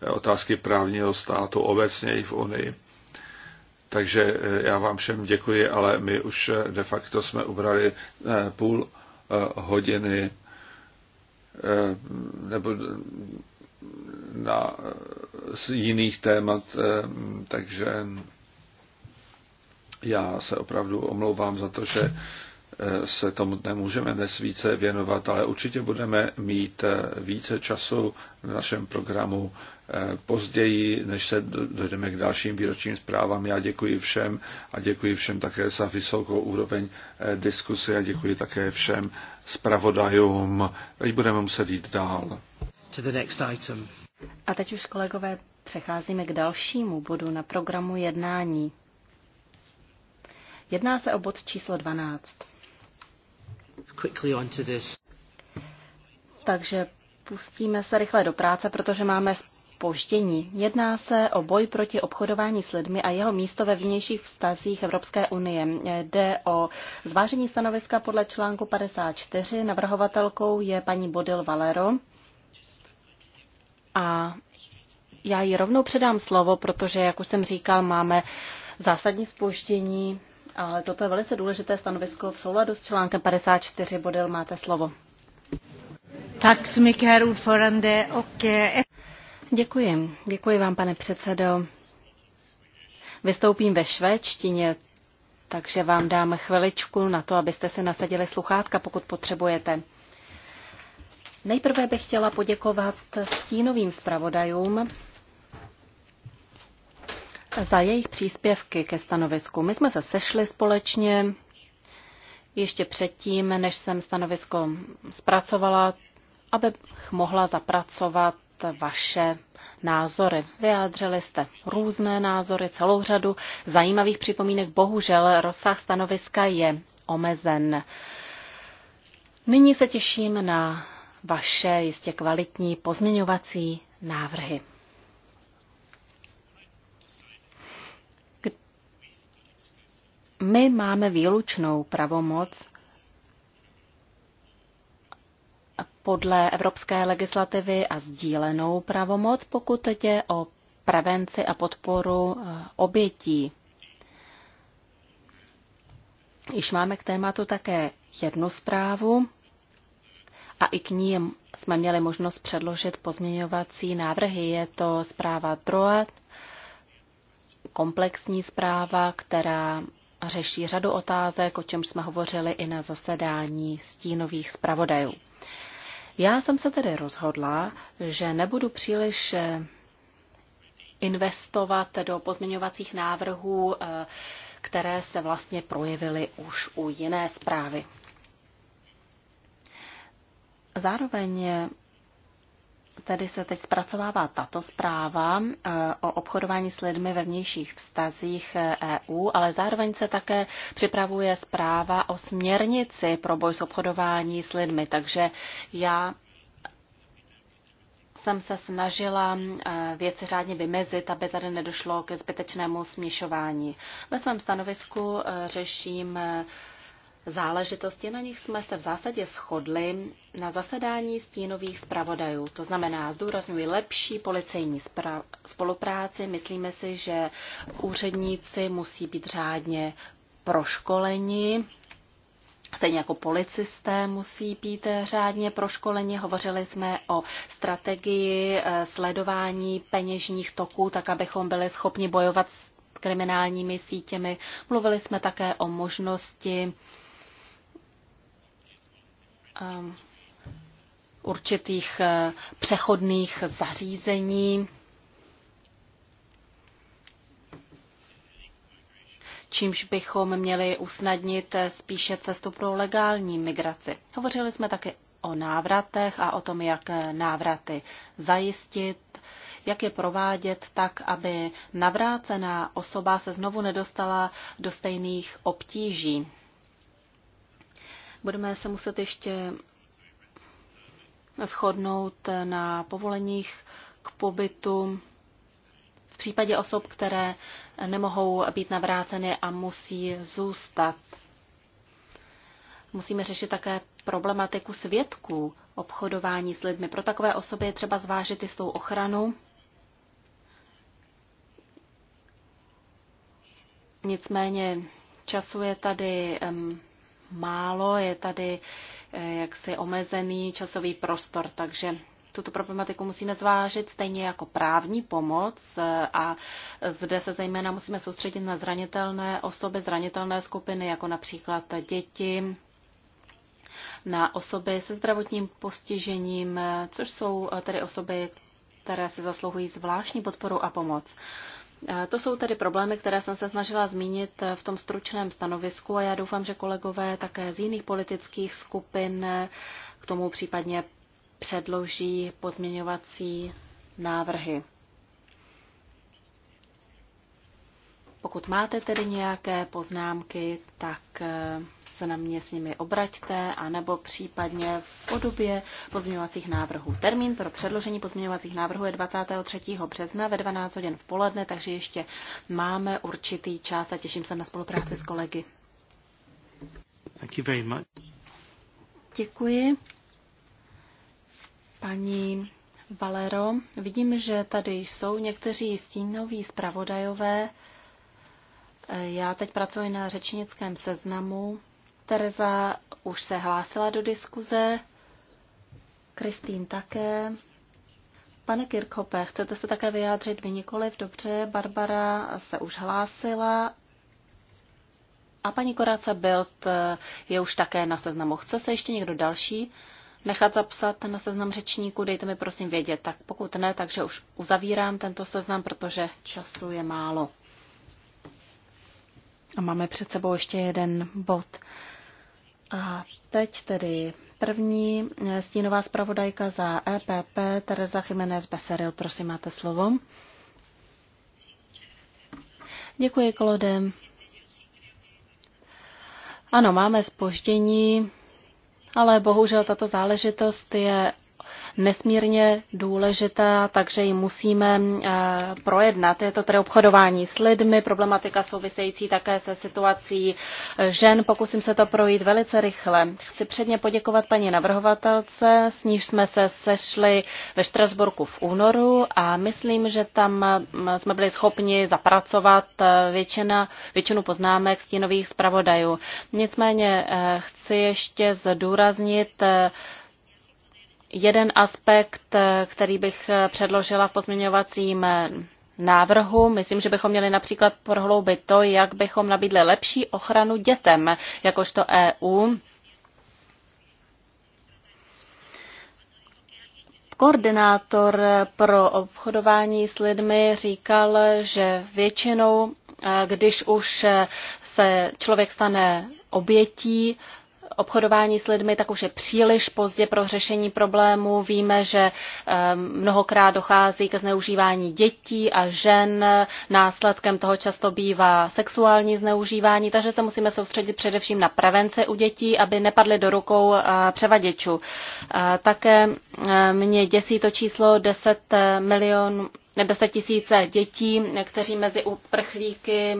otázky právního státu obecně i v Unii. Takže eh, já vám všem děkuji, ale my už eh, de facto jsme ubrali eh, půl hodiny nebo mm, na z jiných témat, takže já se opravdu omlouvám za to, že se tomu nemůžeme dnes více věnovat, ale určitě budeme mít eh, více času v našem programu eh, později, než se dojdeme k dalším výročním zprávám. Já děkuji všem a děkuji všem také za vysokou úroveň eh, diskuse a děkuji také všem zpravodajům. Teď budeme muset jít dál. To the next item. A teď už, kolegové, přecházíme k dalšímu bodu na programu jednání. Jedná se o bod číslo 12. Takže pustíme se rychle do práce, protože máme spoždění. Jedná se o boj proti obchodování s lidmi a jeho místo ve vnějších vztazích Evropské unie. Jde o zvážení stanoviska podle článku 54. Navrhovatelkou je paní Bodil Valero. A já ji rovnou předám slovo, protože, jak už jsem říkal, máme zásadní spoždění ale toto je velice důležité stanovisko v souladu s článkem 54. Bodel máte slovo. Tak eh, Děkuji. Děkuji vám, pane předsedo. Vystoupím ve švédštině, takže vám dám chviličku na to, abyste si nasadili sluchátka, pokud potřebujete. Nejprve bych chtěla poděkovat stínovým zpravodajům za jejich příspěvky ke stanovisku. My jsme se sešli společně ještě předtím, než jsem stanovisko zpracovala, abych mohla zapracovat vaše názory. Vyjádřili jste různé názory, celou řadu zajímavých připomínek. Bohužel rozsah stanoviska je omezen. Nyní se těším na vaše jistě kvalitní pozměňovací návrhy. my máme výlučnou pravomoc podle evropské legislativy a sdílenou pravomoc, pokud jde o prevenci a podporu eh, obětí. Již máme k tématu také jednu zprávu a i k ní jsme měli možnost předložit pozměňovací návrhy. Je to zpráva DROAT, komplexní zpráva, která a řeší řadu otázek, o čem jsme hovořili i na zasedání stínových zpravodajů. Já jsem se tedy rozhodla, že nebudu příliš eh, investovat do pozměňovacích návrhů, eh, které se vlastně projevily už u jiné zprávy. Zároveň eh, tedy se teď zpracovává tato zpráva eh, o obchodování s lidmi ve vnějších vztazích EU, eh, e ale zároveň se také připravuje zpráva o směrnici pro boj s obchodování s lidmi. Takže já jsem se snažila eh, věci řádně vymezit, aby tady nedošlo ke zbytečnému směšování. Ve svém stanovisku řeším záležitosti, na nich jsme se v zásadě shodli na zasedání stínových zpravodajů. To znamená, zdůrazňuji lepší policejní spolupráci. Myslíme si, že úředníci musí být řádně proškoleni, Stejně jako policisté musí být řádně proškoleni. Hovořili jsme o strategii eh, sledování peněžních toků, tak abychom byli schopni bojovat s kriminálními sítěmi. Mluvili jsme také o možnosti Um, určitých eh, přechodných zařízení. čímž bychom měli usnadnit eh, spíše cestu pro legální migraci. Hovořili jsme také o návratech a o tom, jak eh, návraty zajistit, jak je provádět tak, aby navrácená osoba se znovu nedostala do stejných obtíží. Budeme se muset ještě shodnout na povoleních k pobytu v případě osob, které nemohou být navráceny a musí zůstat. Musíme řešit také problematiku svědků obchodování s lidmi. Pro takové osoby je třeba zvážit jistou ochranu. Nicméně času je tady um, málo, je tady eh, jaksi omezený časový prostor, takže tuto problematiku musíme zvážit stejně jako právní pomoc eh, a zde se zejména musíme soustředit na zranitelné osoby, zranitelné skupiny, jako například děti, na osoby se zdravotním postižením, eh, což jsou tedy osoby, které se zasluhují zvláštní podporu a pomoc. To jsou tedy problémy, které jsem se snažila zmínit v tom stručném stanovisku a já doufám, že kolegové také z jiných politických skupin k tomu případně předloží pozměňovací návrhy. Pokud máte tedy nějaké poznámky, tak eh, se na mě s nimi obraťte, anebo případně v podobě pozměňovacích návrhů. Termín pro předložení pozměňovacích návrhů je 23. března ve 12 hodin v poledne, takže ještě máme určitý čas a těším se na spolupráci s kolegy. Thank you very much. Děkuji. Paní Valero, vidím, že tady jsou někteří stínoví zpravodajové. Já teď pracuji na řečnickém seznamu Tereza už se hlásila do diskuze, Kristýn také. Pane Kirchhope, chcete se také vyjádřit? Vy nikoliv, dobře. Barbara se už hlásila. A paní Koráca Bild je už také na seznamu. Chce se ještě někdo další nechat zapsat na seznam řečníků? Dejte mi prosím vědět. Tak pokud ne, takže už uzavírám tento seznam, protože času je málo. A máme před sebou ještě jeden bod. A teď tedy první eh, stínová zpravodajka za EPP, Teresa Jiménez Beseril. Prosím, máte slovo. Děkuji, Klode. Ano, máme spoždění, ale bohužel tato záležitost je nesmírně důležitá, takže ji musíme eh, projednat. Je to tedy obchodování s lidmi, problematika související také se situací eh, žen. Pokusím se to projít velice rychle. Chci předně poděkovat paní navrhovatelce, s níž jsme se sešli ve Štrasburku v únoru a myslím, že tam mm, jsme byli schopni zapracovat eh, většina, většinu poznámek stínových zpravodajů. Nicméně chci ještě zdůraznit, jeden aspekt, který bych předložila v pozměňovacím návrhu. Myslím, že bychom měli například prohloubit to, jak bychom nabídli lepší ochranu dětem, jakožto EU. Koordinátor pro obchodování s lidmi říkal, že většinou, eh, když už eh, se člověk stane obětí, obchodování s lidmi, tak už je příliš pozdě pro řešení problému. Víme, že eh, mnohokrát dochází ke zneužívání dětí a žen. Následkem toho často bývá sexuální zneužívání, takže se musíme soustředit především na prevence u dětí, aby nepadly do rukou eh, převaděčů. Eh, také mě děsí to číslo 10 milion 10 tisíce dětí, kteří mezi uprchlíky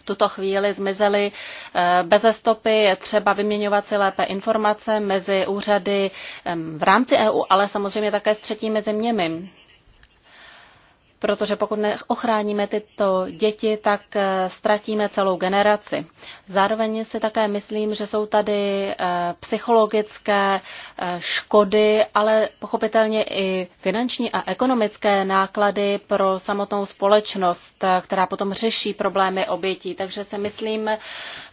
v tuto chvíli zmizely eh, bez stopy. Je třeba vyměňovat si lépe informace mezi úřady v rámci EU, ale samozřejmě také s třetími zeměmi protože pokud neochráníme tyto děti, tak eh, ztratíme celou generaci. Zároveň si také myslím, že jsou tady eh, psychologické eh, škody, ale pochopitelně i finanční a ekonomické náklady pro samotnou společnost, která potom řeší problémy obětí. Takže si myslím,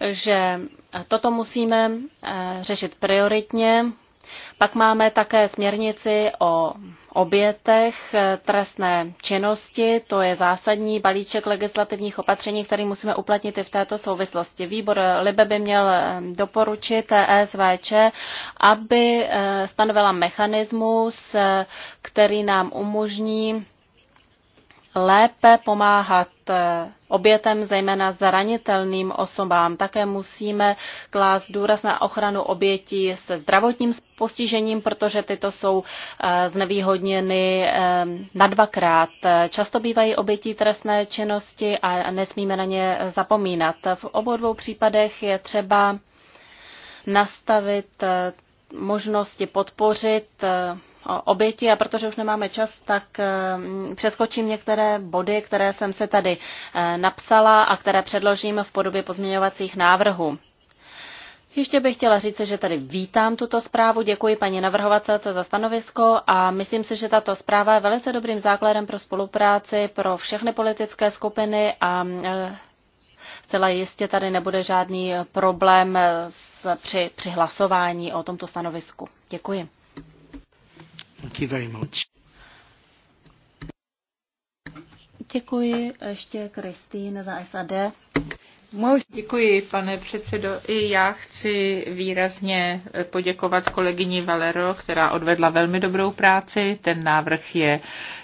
že toto musíme řešit prioritně pak máme také směrnici o obětech trestné činnosti. To je zásadní balíček legislativních opatření, který musíme uplatnit i v této souvislosti. Výbor Libe by měl eh, doporučit ESVČ, aby eh, stanovila mechanismus, eh, který nám umožní lépe pomáhat eh, obětem, zejména zranitelným osobám. Také musíme klást důraz na ochranu obětí se zdravotním postižením, protože tyto jsou eh, znevýhodněny eh, na dvakrát. Často bývají obětí trestné činnosti a nesmíme na ně zapomínat. V obou dvou případech je třeba nastavit možnosti podpořit oběti a protože už nemáme čas, tak eh, přeskočím některé body, které jsem se tady eh, napsala a které předložím v podobě pozměňovacích návrhů. Ještě bych chtěla říct, že tady vítám tuto zprávu, děkuji paní navrhovatelce za stanovisko a myslím si, že tato zpráva je velice dobrým základem pro spolupráci pro všechny politické skupiny a eh, zcela jistě tady nebude žádný problém při, při hlasování o tomto stanovisku. Děkuji. Thank you very much. Děkuji ještě Kristýn za SAD. Děkuji, pane předsedo. I já chci výrazně poděkovat kolegyni Valero, která odvedla velmi dobrou práci. Ten návrh je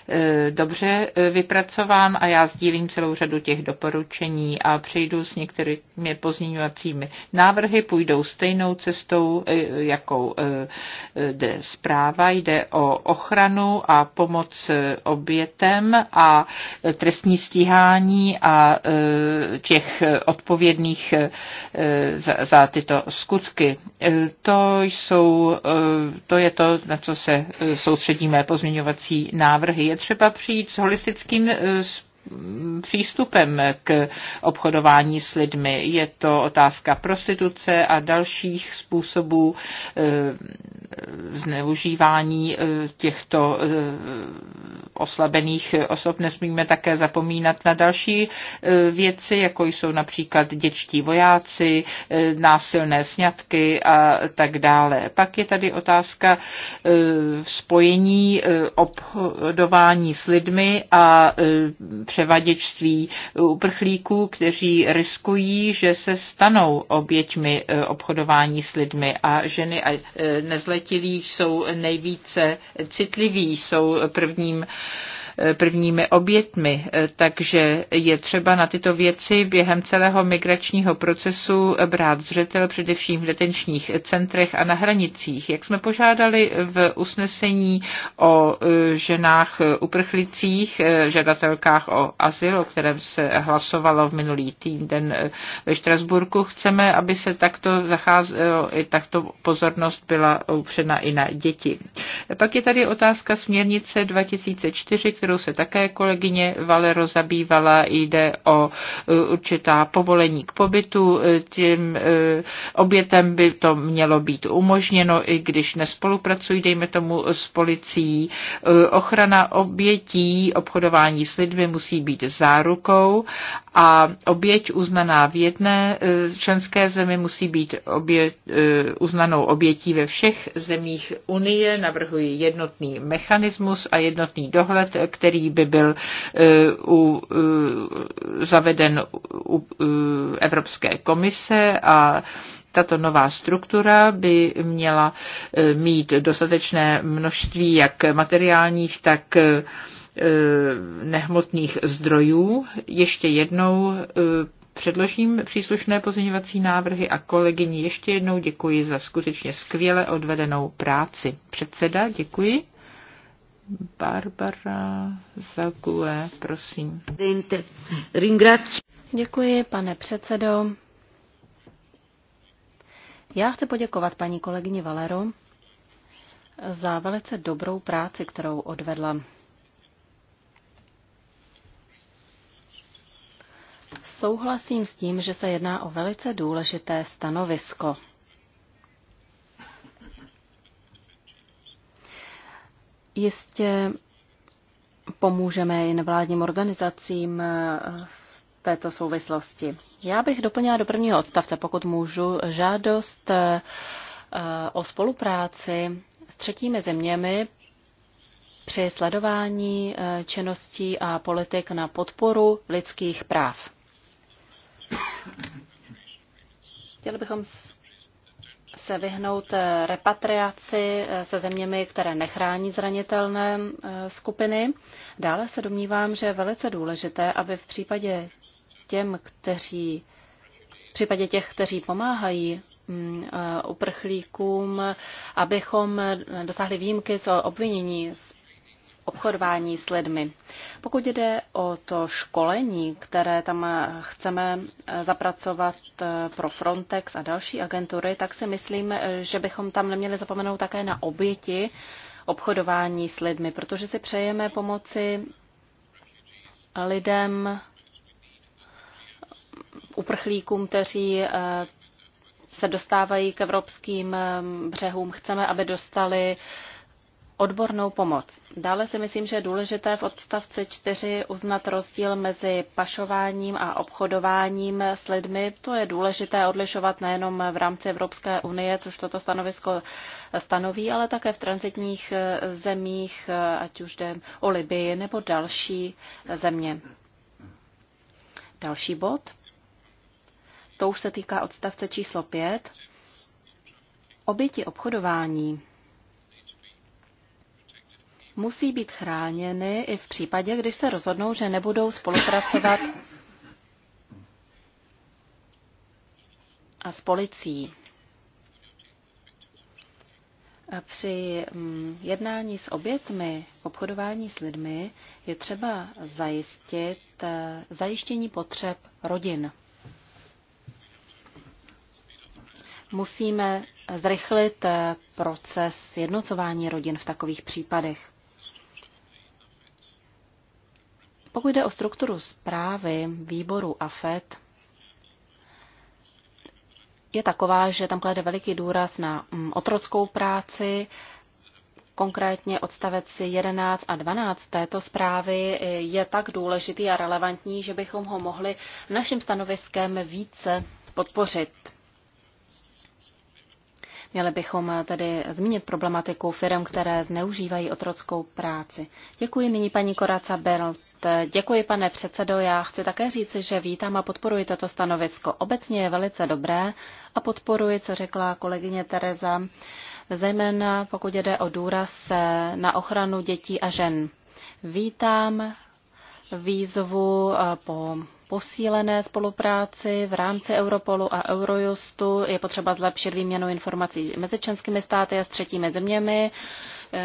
E, dobře e, vypracován a já sdílím celou řadu těch doporučení a přejdu s některými pozměňovacími návrhy, půjdou stejnou cestou, e, jakou jde zpráva. Jde o ochranu a pomoc obětem a trestní stíhání a těch odpovědných za, tyto skutky. To, jsou, to je to, na co se soustředíme pozměňovací návrhy je třeba přijít s holistickým způsobem eh, přístupem k obchodování s lidmi. Je to otázka prostituce a dalších způsobů eh, zneužívání eh, těchto eh, oslabených osob. Nesmíme také zapomínat na další věci, jako jsou například dětští vojáci, násilné sňatky a tak dále. Pak je tady otázka spojení obchodování s lidmi a převaděčství uprchlíků, kteří riskují, že se stanou oběťmi eh, obchodování s lidmi a ženy a eh, nezletilí jsou nejvíce citliví, jsou prvním prvními obětmi. Takže je třeba na tyto věci během celého migračního procesu brát zřetel především v detenčních centrech a na hranicích. Jak jsme požádali v usnesení o e, ženách uprchlicích, e, žadatelkách o azyl, o kterém se hlasovalo v minulý týden e, ve Štrasburku, chceme, aby se takto zacházelo i takto pozornost byla upřena i na děti. Pak je tady otázka směrnice 2004, kterou se také kolegyně Valero zabývala. Jde o e, určitá povolení k pobytu. E, tím e, obětem by to mělo být umožněno, i když nespolupracují, dejme tomu, s policií. Ochrana obětí obchodování s lidmi musí být zárukou a oběť uznaná v jedné členské zemi musí být obě, uznanou obětí ve všech zemích Unie. Navrhuji jednotný mechanismus a jednotný dohled, který by byl uh, zaveden u eh, Evropské komise a tato nová struktura by měla mít dostatečné množství jak materiálních, tak nehmotných zdrojů. Ještě jednou předložím příslušné pozměňovací návrhy a kolegyni ještě jednou děkuji za skutečně skvěle odvedenou práci. Předseda, děkuji. Barbara Zagué, prosím. Děkuji, pane předsedo. Já chci poděkovat paní kolegyni Valero za velice dobrou práci, kterou odvedla. Souhlasím s tím, že se jedná o velice důležité stanovisko. Jistě pomůžeme i nevládním organizacím eh, v této souvislosti. Já bych doplnila do prvního odstavce, pokud můžu, žádost eh, eh, o spolupráci s třetími zeměmi při sledování činností a politik na podporu lidských práv. Chtěli bychom se vyhnout eh, repatriaci eh, se zeměmi, které nechrání zranitelné eh, skupiny. Dále se domnívám, že je velice důležité, aby v případě těm, kteří v případě těch, kteří pomáhají mm, uprchlíkům, abychom dosáhli výjimky z obvinění z obchodování s lidmi. Pokud jde o to školení, které tam chceme eh, zapracovat eh, pro Frontex a další agentury, tak si myslím, eh, že bychom tam neměli zapomenout také na oběti obchodování s lidmi, protože si přejeme pomoci lidem, uprchlíkům, kteří se dostávají k evropským břehům. Chceme, aby dostali odbornou pomoc. Dále si myslím, že je důležité v odstavci 4 uznat rozdíl mezi pašováním a obchodováním s lidmi. To je důležité odlišovat nejenom v rámci Evropské unie, což toto stanovisko stanoví, ale také v transitních zemích, ať už jde o Libii nebo další země. Další bod. To už se týká odstavce číslo 5. Oběti obchodování musí být chráněny i v případě, když se rozhodnou, že nebudou spolupracovat a s policií. A při mm, jednání s obětmi obchodování s lidmi je třeba zajistit eh, zajištění potřeb rodin. Musíme zrychlit eh, proces jednocování rodin v takových případech. Pokud jde o strukturu zprávy výboru AFET, je taková, že tam klade veliký důraz na mm, otrockou práci, Konkrétně odstavec 11 a 12 této zprávy je tak důležitý a relevantní, že bychom ho mohli naším stanoviskem více podpořit. Měli bychom tedy zmínit problematiku firm, které zneužívají otrockou práci. Děkuji nyní paní Koraca Belt. Děkuji, pane předsedo. Já chci také říci, že vítám a podporuji toto stanovisko. Obecně je velice dobré a podporuji, co řekla kolegyně Tereza, zejména pokud jde o důraz na ochranu dětí a žen. Vítám výzvu eh, po posílené spolupráci v rámci Europolu a Eurojustu. Je potřeba zlepšit výměnu informací mezi členskými státy a s třetími zeměmi.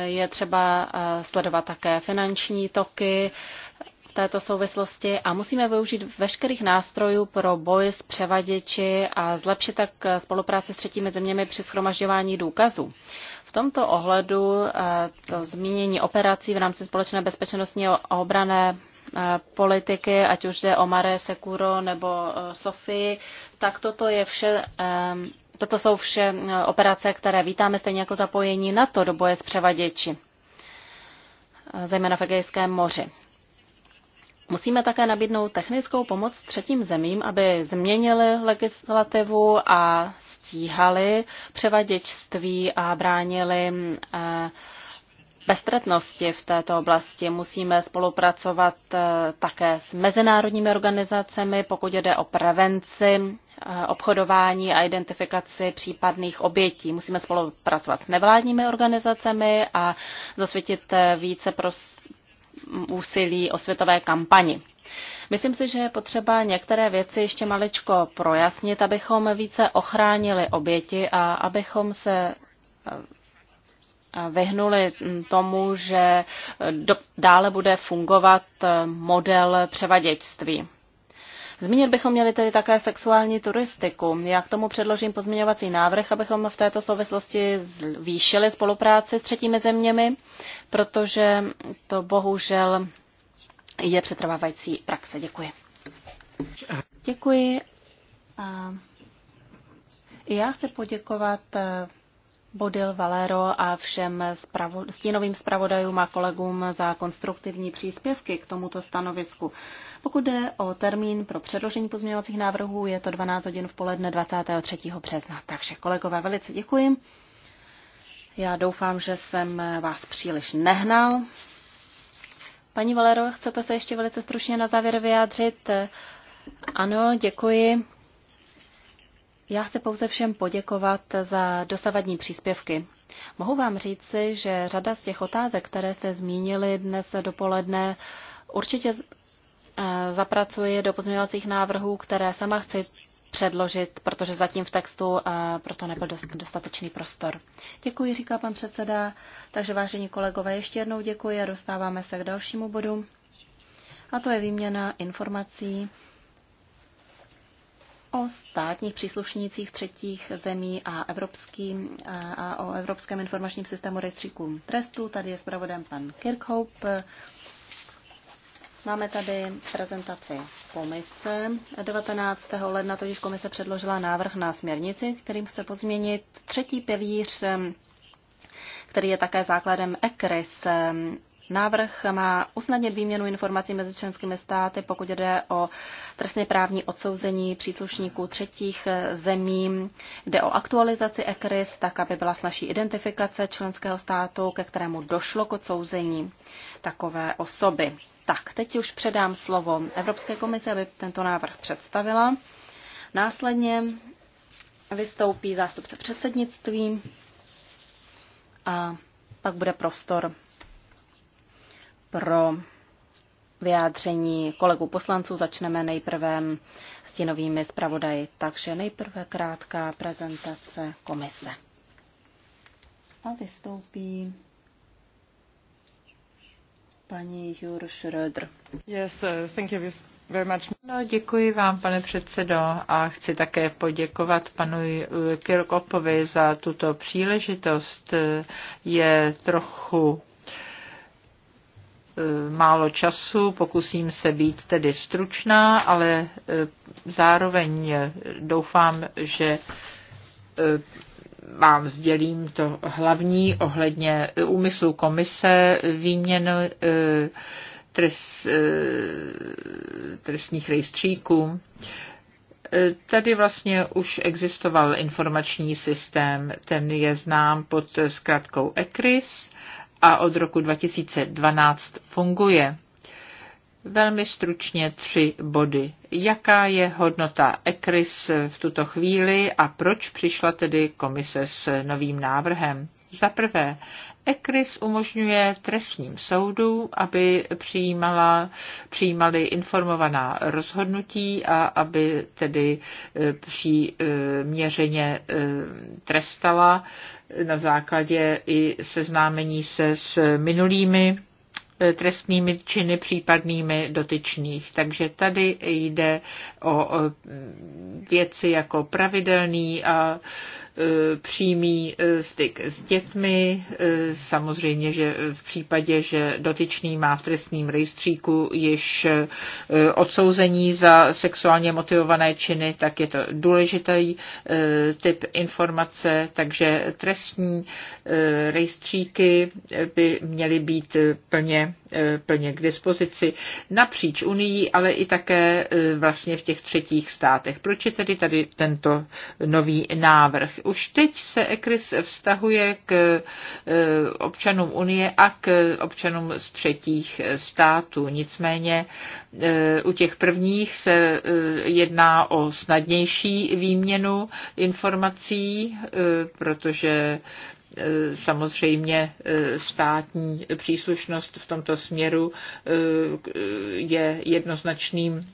Je třeba eh, sledovat také finanční toky v této souvislosti a musíme využít veškerých nástrojů pro boj s převaděči a zlepšit tak eh, spolupráci s třetími zeměmi při schromažďování důkazů. V tomto ohledu eh, to zmínění operací v rámci společné bezpečnostní a obrané politiky, ať už jde o Mare Securo nebo Sofii, tak toto je vše Toto jsou vše eh, operace, které vítáme stejně jako zapojení NATO do boje s převaděči, eh, zejména v Egejském moři. Musíme také nabídnout technickou pomoc třetím zemím, aby změnili legislativu a stíhali převaděčství a bránili eh, beztretnosti v této oblasti. Musíme spolupracovat eh, také s mezinárodními organizacemi, pokud jde o prevenci eh, obchodování a identifikaci případných obětí. Musíme spolupracovat s nevládními organizacemi a zasvětit eh, více pros- úsilí o světové kampani. Myslím si, že je potřeba některé věci ještě maličko projasnit, abychom více ochránili oběti a abychom se vyhnuli tomu, že do, dále bude fungovat model převaděčství. Zmínit bychom měli tedy také sexuální turistiku. Já k tomu předložím pozměňovací návrh, abychom v této souvislosti zvýšili spolupráci s třetími zeměmi, protože to bohužel je přetrvávající praxe. Děkuji. Děkuji. A já chci poděkovat eh, Bodil Valero a všem spravo, stínovým zpravodajům a kolegům za konstruktivní příspěvky k tomuto stanovisku. Pokud jde o termín pro předložení pozměňovacích návrhů, je to 12 hodin v poledne 23. března. Takže kolegové, velice děkuji. Já doufám, že jsem vás příliš nehnal. Paní Valero, chcete se ještě velice stručně na závěr vyjádřit? Ano, děkuji. Já chci pouze všem poděkovat za dosavadní příspěvky. Mohu vám říci, že řada z těch otázek, které jste zmínili dnes dopoledne, určitě eh, zapracuji do pozměňovacích návrhů, které sama chci předložit, protože zatím v textu a proto nebyl dostatečný prostor. Děkuji, říká pan předseda. Takže vážení kolegové, ještě jednou děkuji a dostáváme se k dalšímu bodu. A to je výměna informací o státních příslušnících třetích zemí a, evropský, a o Evropském informačním systému rejstříků trestů. Tady je zpravodajem pan Kirkhope. Máme tady prezentaci komise. 19. ledna totiž komise předložila návrh na směrnici, kterým chce pozměnit třetí pilíř který je také základem ECRIS, Návrh má usnadnit výměnu informací mezi členskými státy, pokud jde o trestně právní odsouzení příslušníků třetích eh, zemí. Jde o aktualizaci ECRIS, tak aby byla snažší identifikace členského státu, ke kterému došlo k odsouzení takové osoby. Tak, teď už předám slovo Evropské komisi, aby tento návrh představila. Následně vystoupí zástupce předsednictví a pak bude prostor pro vyjádření kolegů poslanců. Začneme nejprve s tinovými zpravodaji. Takže nejprve krátká prezentace komise. A vystoupí paní Jur Schröder. Yes, uh, thank you very much. No, děkuji vám, pane předsedo, a chci také poděkovat panu Kirkopovi za tuto příležitost. Je trochu E, málo času, pokusím se být tedy stručná, ale e, zároveň e, doufám, že vám sdělím to hlavní ohledně úmyslu komise výměny trestních rejstříků. Tady vlastně už existoval informační systém, ten je znám pod zkratkou ECRIS a od roku 2012 funguje. Velmi stručně tři body. Jaká je hodnota ECRIS v tuto chvíli a proč přišla tedy komise s novým návrhem? Za prvé, ECRIS umožňuje trestním soudu, aby přijímala, přijímali informovaná rozhodnutí a aby tedy eh, příměřeně eh, eh, trestala na základě i seznámení se s minulými trestnými činy případnými dotyčných. Takže tady jde o věci jako pravidelný a E, přímý e, styk s dětmi. E, samozřejmě, že v případě, že dotyčný má v trestním rejstříku již odsouzení za sexuálně motivované činy, tak je to důležitý typ informace, takže trestní rejstříky by měly být plně E, plně k dispozici napříč Unii, ale i také e, vlastně v těch třetích státech. Proč je tedy tady tento nový návrh? Už teď se ECRIS vztahuje k e, občanům Unie a k občanům z třetích států. Nicméně u těch prvních se jedná o snadnější výměnu informací, protože Eh, samozřejmě eh, státní příslušnost v tomto směru eh, je jednoznačným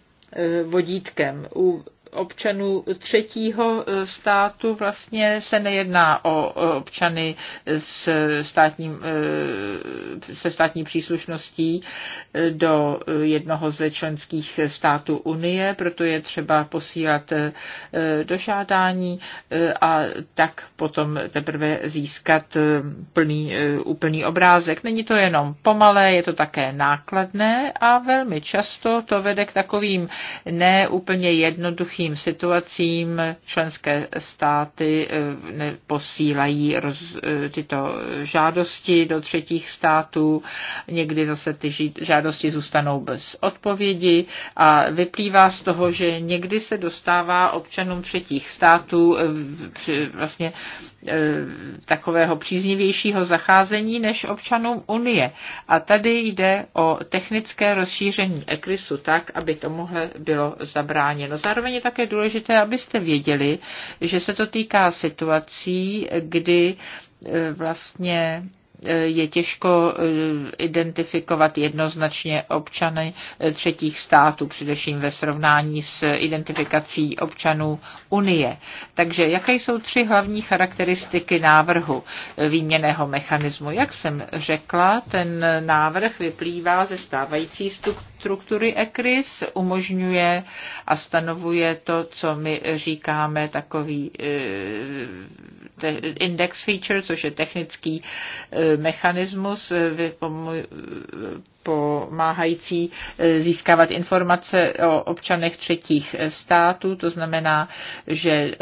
vodítkem. U občanů třetího e, státu vlastně se nejedná o občany s státním, e, se státní příslušností e, do jednoho ze členských států Unie, proto je třeba posílat dožádání a tak potom teprve získat plný, úplný obrázek. Není to jenom pomalé, je to také nákladné a velmi často to vede k takovým neúplně jednoduchým krizovým situacím členské státy eh, posílají roz, eh, tyto žádosti do třetích států, někdy zase ty žádosti zůstanou bez odpovědi a vyplývá z toho, že někdy se dostává občanům třetích států eh, vlastně takového příznivějšího zacházení než občanům Unie. A tady jde o technické rozšíření ECRISu tak, aby tomuhle bylo zabráněno. Zároveň je tak také důležité, abyste věděli, že se to týká situací, kdy eh, vlastně eh, je těžko eh, identifikovat jednoznačně občany třetích států, především ve srovnání s identifikací občanů Unie. Takže jaké jsou tři hlavní charakteristiky návrhu výměného mechanismu? Jak jsem řekla, ten návrh vyplývá ze stávající struktury struktury ECRIS, umožňuje a stanovuje to, co my říkáme takový eh, index feature, což je technický eh, mechanismus eh, pomáhající získávat informace o občanech třetích států. To znamená, že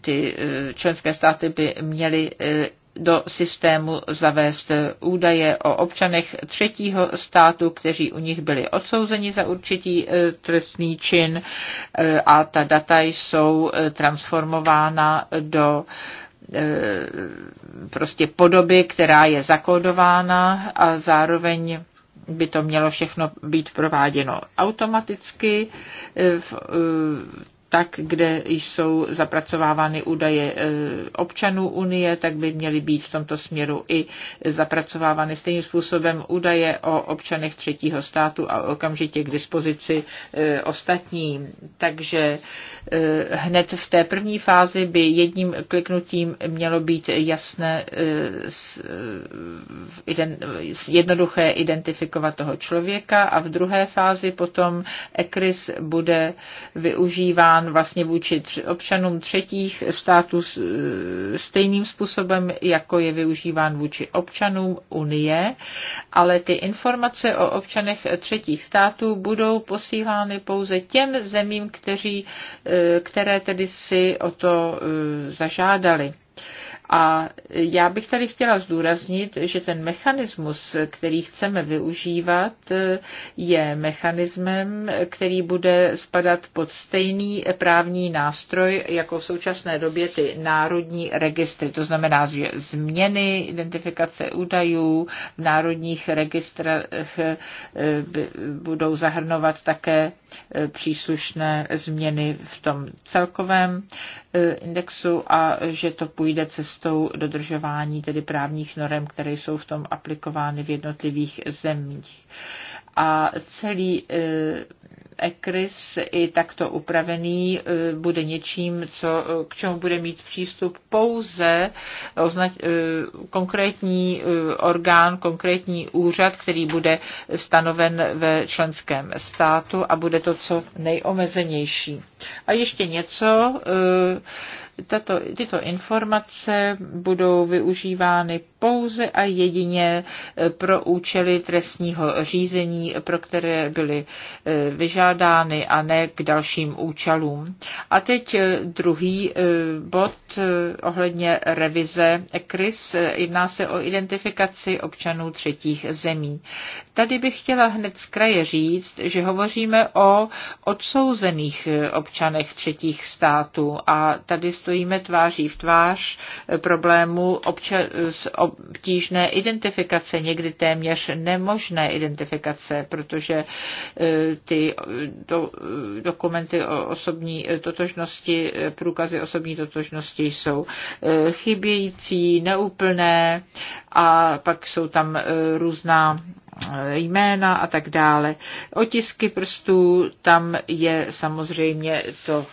ty členské státy by měly do systému zavést údaje o občanech třetího státu, kteří u nich byli odsouzeni za určitý e, trestný čin e, a ta data jsou e, transformována do prostě podoby, která je zakódována a zároveň by to mělo všechno být prováděno automaticky tak, kde jsou zapracovávány údaje e, občanů Unie, tak by měly být v tomto směru i zapracovávány stejným způsobem údaje o občanech třetího státu a okamžitě k dispozici e, ostatním. Takže e, hned v té první fázi by jedním kliknutím mělo být jasné, jednoduché identifikovat toho člověka a v druhé fázi potom ECRIS bude využíván vnímán vlastně vůči občanům třetích států stejným způsobem, jako je využíván vůči občanům Unie, ale ty informace o občanech třetích států budou posílány pouze těm zemím, kteří, e, které tedy si o to e, zažádali. A já bych tady chtěla zdůraznit, že ten mechanismus, který chceme využívat, je mechanismem, který bude spadat pod stejný právní nástroj, jako v současné době ty národní registry. To znamená, že změny identifikace údajů v národních registrech eh, budou zahrnovat také eh, příslušné změny v tom celkovém eh, indexu a že to půjde cestou cestou dodržování tedy právních norem, které jsou v tom aplikovány v jednotlivých zemích. A celý eh, ECRIS i takto upravený eh, bude něčím, co, eh, k čemu bude mít přístup pouze eh, označ, konkrétní orgán, konkrétní úřad, který bude stanoven ve členském státu a bude to co nejomezenější. A ještě něco, tato, tyto informace budou využívány pouze a jedině pro účely trestního řízení, pro které byly vyžádány vyžádány a ne k dalším účelům. A teď eh, druhý eh, bod eh, ohledně revize ECRIS. Jedná se o identifikaci občanů třetích zemí. Tady bych chtěla hned z kraje říct, že hovoříme o odsouzených občanech třetích států a tady stojíme tváří v tvář problému obča- s obtížné identifikace, někdy téměř nemožné identifikace, protože ty do, dokumenty o osobní totožnosti, průkazy osobní totožnosti jsou eh, chybějící, neúplné a pak jsou tam eh, různá eh, jména a tak dále. Otisky prstů, tam je samozřejmě to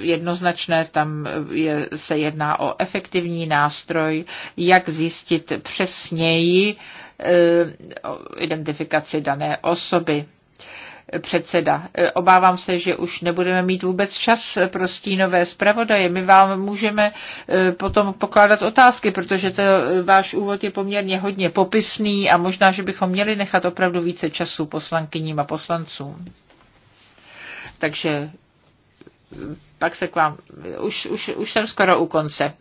jednoznačné, tam je, se jedná o efektivní nástroj, jak zjistit přesněji identifikaci dané osoby předseda. E, obávám se, že už nebudeme mít vůbec čas pro stínové zpravodaje. My vám můžeme e, potom pokládat otázky, protože to e, váš úvod je poměrně hodně popisný a možná, že bychom měli nechat opravdu více času poslankyním a poslancům. Takže pak se k vám, už, už, už jsem skoro u konce. Uh,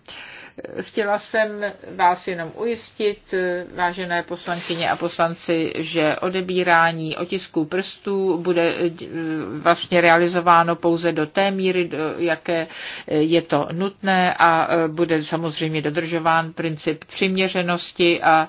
Chtěla jsem vás jenom ujistit, vážené poslankyně a poslanci, že odebírání otisků prstů bude eh, eh, vlastně realizováno pouze do té míry, do jaké eh, je to nutné a bude samozřejmě dodržován princip přiměřenosti a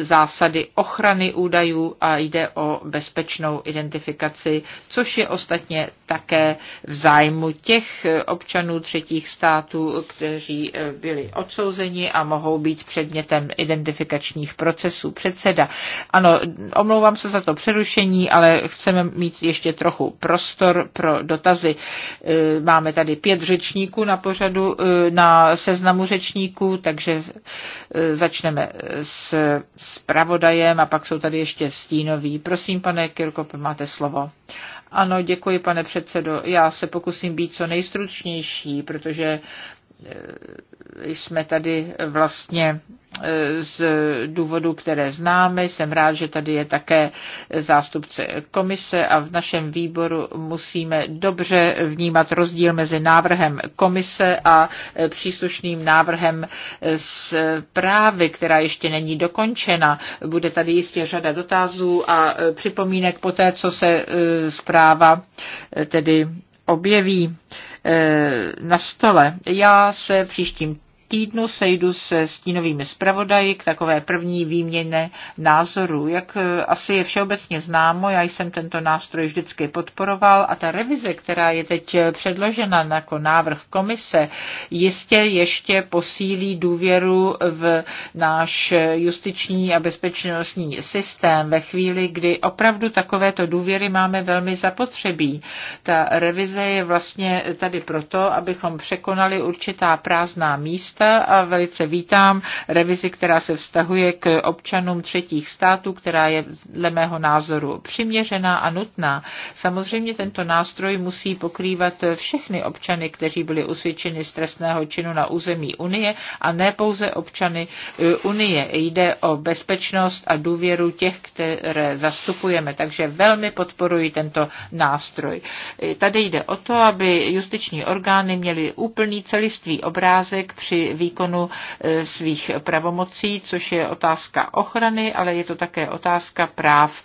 zásady ochrany údajů a jde o bezpečnou identifikaci, což je ostatně také v zájmu těch občanů třetích států, kteří byli odsouzeni a mohou být předmětem identifikačních procesů. Předseda, ano, omlouvám se za to přerušení, ale chceme mít ještě trochu prostor pro dotazy. E, máme tady pět řečníků na pořadu, e, na seznamu řečníků, takže e, začneme s zpravodajem a pak jsou tady ještě stínoví. Prosím, pane Kirkop, máte slovo. Ano, děkuji, pane předsedo. Já se pokusím být co nejstručnější, protože Eh, jsme tady vlastně eh, z důvodu, které známe. Jsem rád, že tady je také zástupce komise a v našem výboru musíme dobře vnímat rozdíl mezi návrhem komise a eh, příslušným návrhem z právy, která ještě není dokončena. Bude tady jistě řada dotazů a připomínek po té, co se zpráva tedy objeví. Eh, na stole. Já se příštím týdnu sejdu se stínovými zpravodaji k takové první výměně názorů. Jak eh, asi je všeobecně známo, já jsem tento nástroj vždycky podporoval a ta revize, která je teď eh, předložena jako návrh komise, jistě ještě posílí důvěru v náš eh, justiční a bezpečnostní systém ve chvíli, kdy opravdu takovéto důvěry máme velmi zapotřebí. Ta revize je vlastně tady proto, abychom překonali určitá prázdná místa, místa a velice vítám revizi, která se vztahuje k občanům třetích států, která je dle mého názoru přiměřená a nutná. Samozřejmě tento nástroj musí pokrývat všechny občany, kteří byli usvědčeni z trestného činu na území Unie a ne pouze občany eh, Unie. Jde o bezpečnost a důvěru těch, které zastupujeme, takže velmi podporuji tento nástroj. Eh, tady jde o to, aby justiční orgány měly úplný celistvý obrázek při výkonu e, svých pravomocí, což je otázka ochrany, ale je to také otázka práv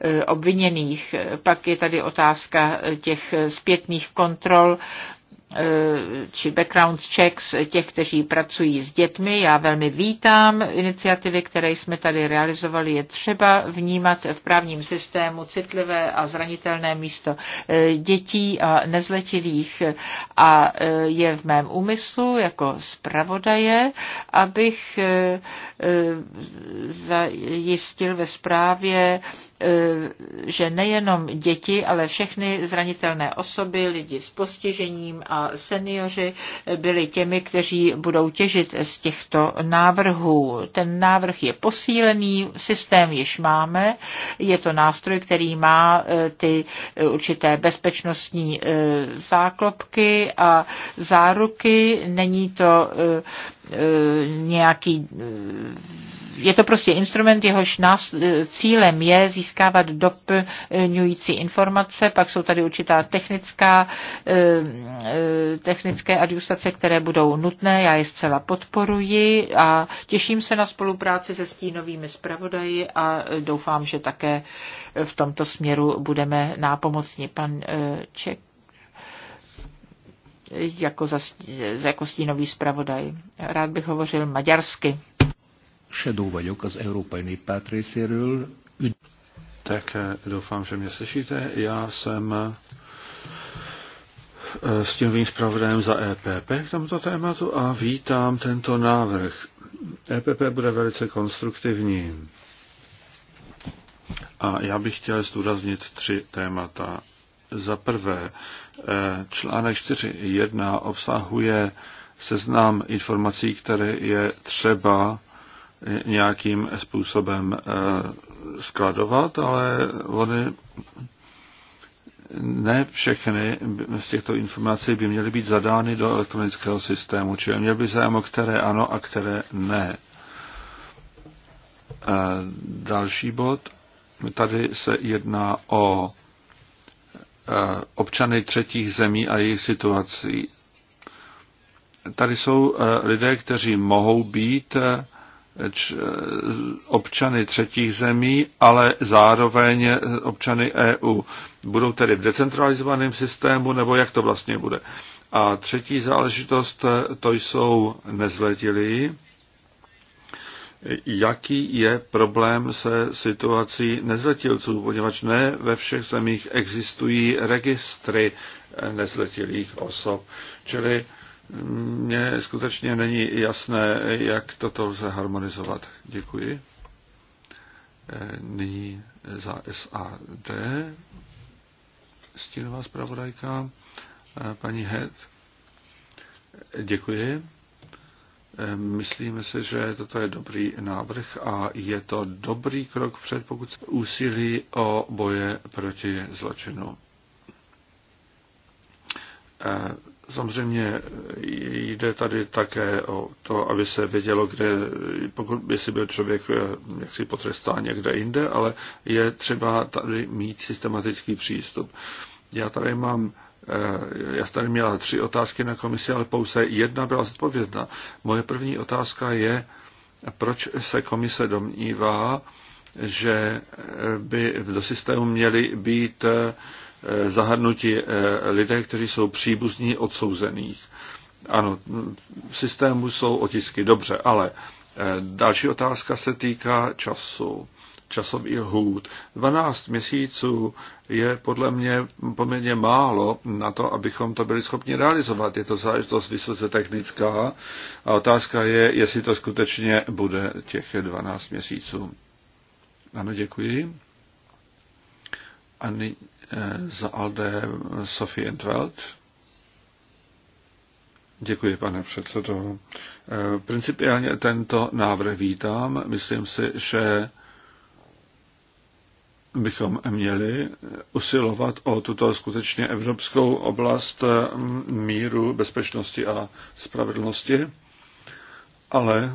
e, obviněných. Pak je tady otázka e, těch zpětných kontrol Eh, či background checks těch, kteří pracují s dětmi. Já velmi vítám iniciativy, které jsme tady realizovali. Je třeba vnímat v právním systému citlivé a zranitelné místo eh, dětí a nezletilých a eh, je v mém úmyslu jako zpravodaje, abych zajistil ve zprávě že nejenom děti, ale všechny zranitelné osoby, lidi s postižením a seniori byli těmi, kteří budou těžit z těchto návrhů. Ten návrh je posílený, systém již máme, je to nástroj, který má e, ty e, určité bezpečnostní e, záklopky a záruky, není to Eh, nějaký eh, je to prostě instrument, jehož nás, eh, cílem je získávat doplňující informace, pak jsou tady určitá technická, technické adjustace, které budou nutné, já je zcela podporuji a těším se na spolupráci se stínovými zpravodaji a doufám, že také v tomto směru budeme nápomocni. Pan Ček jako, za, jako stínový zpravodaj. Rád bych hovořil maďarsky. Shadow vagyok az Európai Néppárt részéről. Tak eh, doufám, že mě slyšíte. Já jsem eh, s tím zpravodajem za EPP k tomuto tématu a vítám tento návrh. EPP bude velice konstruktivní. A já bych chtěl zdůraznit tři témata. Za prvé, eh, článek 4.1 obsahuje seznam informací, které je třeba eh, nějakým způsobem eh, skladovat, ale ony ne všechny z těchto informací by měly být zadány do elektronického systému, čili měl by zájem o které ano a které ne. Další bod. Tady se jedná o občany třetích zemí a jejich situací. Tady jsou lidé, kteří mohou být občany třetích zemí, ale zároveň občany EU. Budou tedy v decentralizovaném systému, nebo jak to vlastně bude? A třetí záležitost, to jsou nezletilí, jaký je problém se situací nezletilců, poněvadž ne ve všech zemích existují registry nezletilých osob. Čili mně skutečně není jasné, jak toto lze harmonizovat. Děkuji. Nyní za SAD stínová zpravodajka paní Head. Děkuji. Ehm, myslíme si, že toto je dobrý návrh a je to dobrý krok před, pokud úsilí o boje proti zločinu. Ehm, samozřejmě jde tady také o to, aby se vědělo, kde, pokud, by si byl člověk eh, jaksi potrestán někde jinde, ale je třeba tady mít systematický přístup. Já tady mám Eh, já tady měla tři otázky na komisi, ale pouze jedna byla zodpovědná. Moje první otázka je, proč se komise domnívá, že eh, by do systému měli být eh, zahrnuti lidé, kteří jsou příbuzní odsouzených. Ano, v systému jsou otisky, dobře, ale další otázka se týká času časových hůd. 12 měsíců je podle mě poměrně málo na to, abychom to byli schopni realizovat. Je to záležitost vysoce technická a otázka je, jestli to skutečně bude těch 12 měsíců. Ano, děkuji. A nyní, eh, za Alde Sophie Entwelt. Děkuji, pane předsedo. Eh, principiálně tento návrh vítám. Myslím si, že bychom měli usilovat o tuto skutečně evropskou oblast mm, míru, bezpečnosti a spravedlnosti, ale e,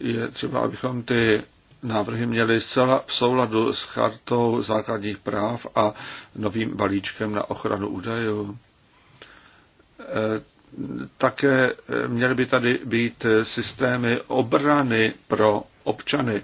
je třeba, abychom ty návrhy měly zcela v souladu s chartou základních práv a novým balíčkem na ochranu údajů. E, také e, měly by tady být systémy obrany pro občany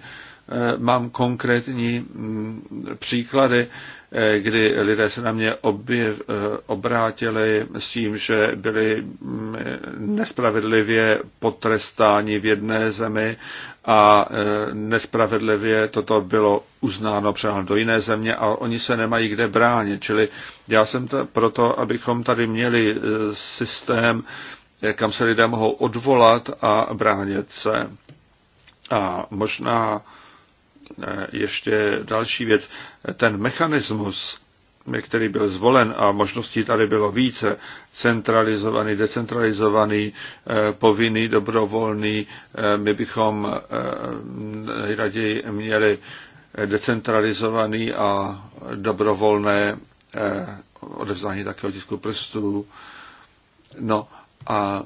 Eh, mám konkrétní mm, příklady, eh, kdy lidé se na mě objev, eh, obrátili s tím, že byli mm, nespravedlivě potrestáni v jedné zemi a nespravedlivě toto bylo uznáno přeháno do jiné země a oni se nemají kde bránit. Čili já jsem to proto, abychom tady měli systém, kam se lidé mohou odvolat a bránit se. A možná Eh, ještě další věc. Ten mechanismus, eh, který byl zvolen a možností tady bylo více, centralizovaný, decentralizovaný, eh, povinný, dobrovolný, my bychom nejraději měli decentralizovaný a dobrovolné odevzdání takového tisku prstů. No a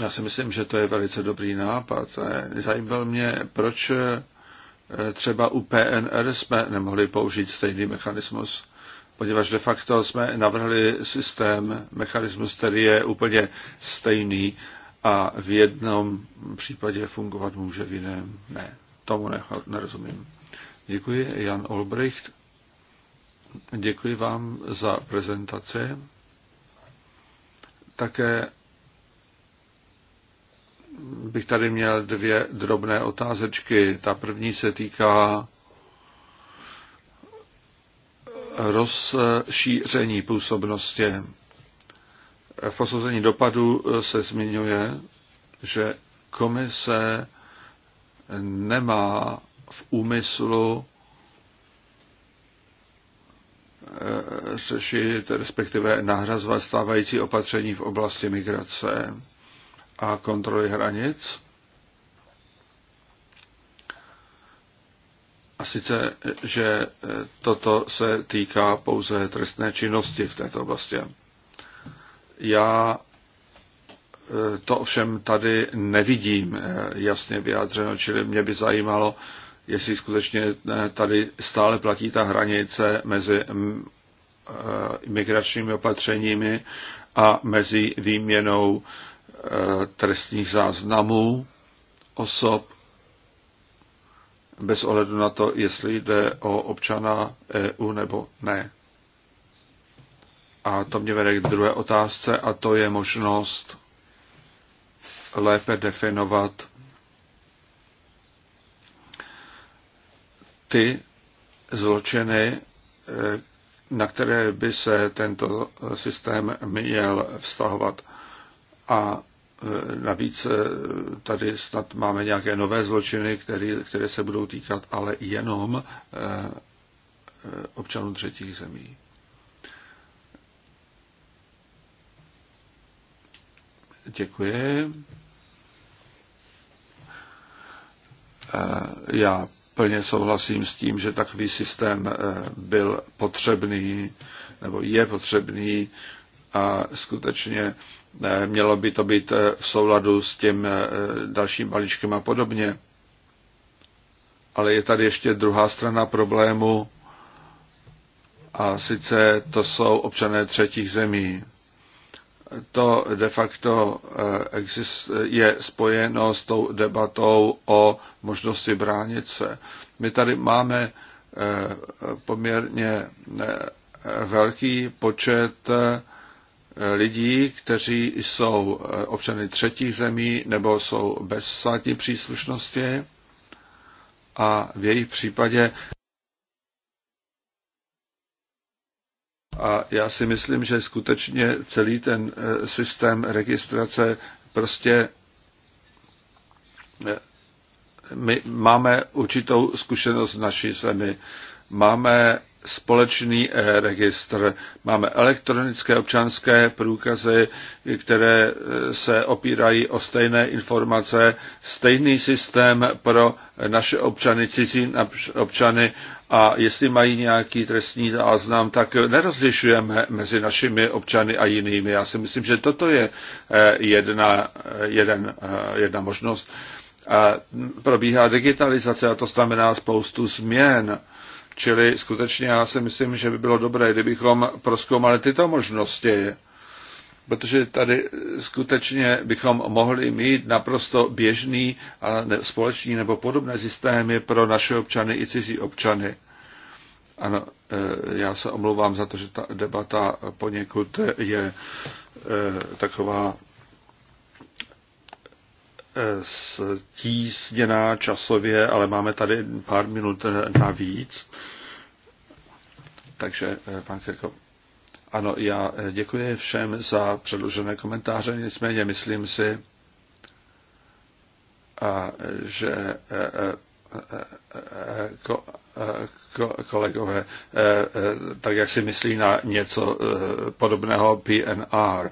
já si myslím, že to je velice dobrý nápad. Zajímal mě, proč eh, třeba u PNR jsme nemohli použít stejný mechanismus, poněvadž de facto jsme navrhli systém, mechanismus, který je úplně stejný a v jednom případě fungovat může, v jiném ne. Tomu nerozumím. Děkuji, Jan Olbricht. Děkuji vám za prezentaci. Také bych tady měl dvě drobné otázečky. Ta první se týká rozšíření působnosti. V posouzení dopadu se zmiňuje, že komise nemá v úmyslu eh, řešit, respektive nahrazovat stávající opatření v oblasti migrace a kontroly hranic. A sice, že eh, toto se týká pouze trestné činnosti v této oblasti. Já eh, to ovšem tady nevidím eh, jasně vyjádřeno, čili mě by zajímalo, jestli skutečně tady stále platí ta hranice mezi imigračními mm, opatřeními a mezi výměnou Eh, trestních záznamů osob, bez ohledu na to, jestli jde o občana EU nebo ne. A to mě vede k druhé otázce, a to je možnost lépe definovat ty zločiny, eh, na které by se tento systém měl vztahovat. A Navíc eh, tady snad máme nějaké nové zločiny, které, které se budou týkat ale jenom eh, občanů třetích zemí. Děkuji. Eh, já plně souhlasím s tím, že takový systém byl potřebný, nebo je potřebný a skutečně eh, mělo by to být eh, v souladu s tím eh, dalším balíčkem a podobně. Ale je tady ještě druhá strana problému a sice to jsou občané třetích zemí. To de facto je spojeno s tou debatou o možnosti bránit se. My tady máme poměrně velký počet lidí, kteří jsou eh, občany třetích zemí nebo jsou bez státní příslušnosti a v jejich případě A já si myslím, že skutečně celý ten eh, systém registrace prostě eh, my máme určitou zkušenost v naší zemi. Máme společný registr. Máme elektronické občanské průkazy, které e, se opírají o stejné informace, stejný systém pro naše občany, cizí občany a jestli mají nějaký trestní záznam, tak nerozlišujeme mezi našimi občany a jinými. Já si myslím, že toto je e, jedna, e, jeden, jedna možnost. A probíhá digitalizace a to znamená spoustu změn Čili skutečně já si myslím, že by bylo dobré, kdybychom proskoumali tyto možnosti, protože tady skutečně bychom mohli mít naprosto běžný a společný nebo podobné systémy pro naše občany i cizí občany. Ano, e, já se omlouvám za to, že ta debata poněkud je e, taková stísněná časově, ale máme tady pár minut navíc. Takže, eh, pan Kirko, ano, já eh, děkuji všem za předložené komentáře, nicméně myslím si, a, že eh, ko, ko, kolegové, tak jak si myslí na něco podobného PNR.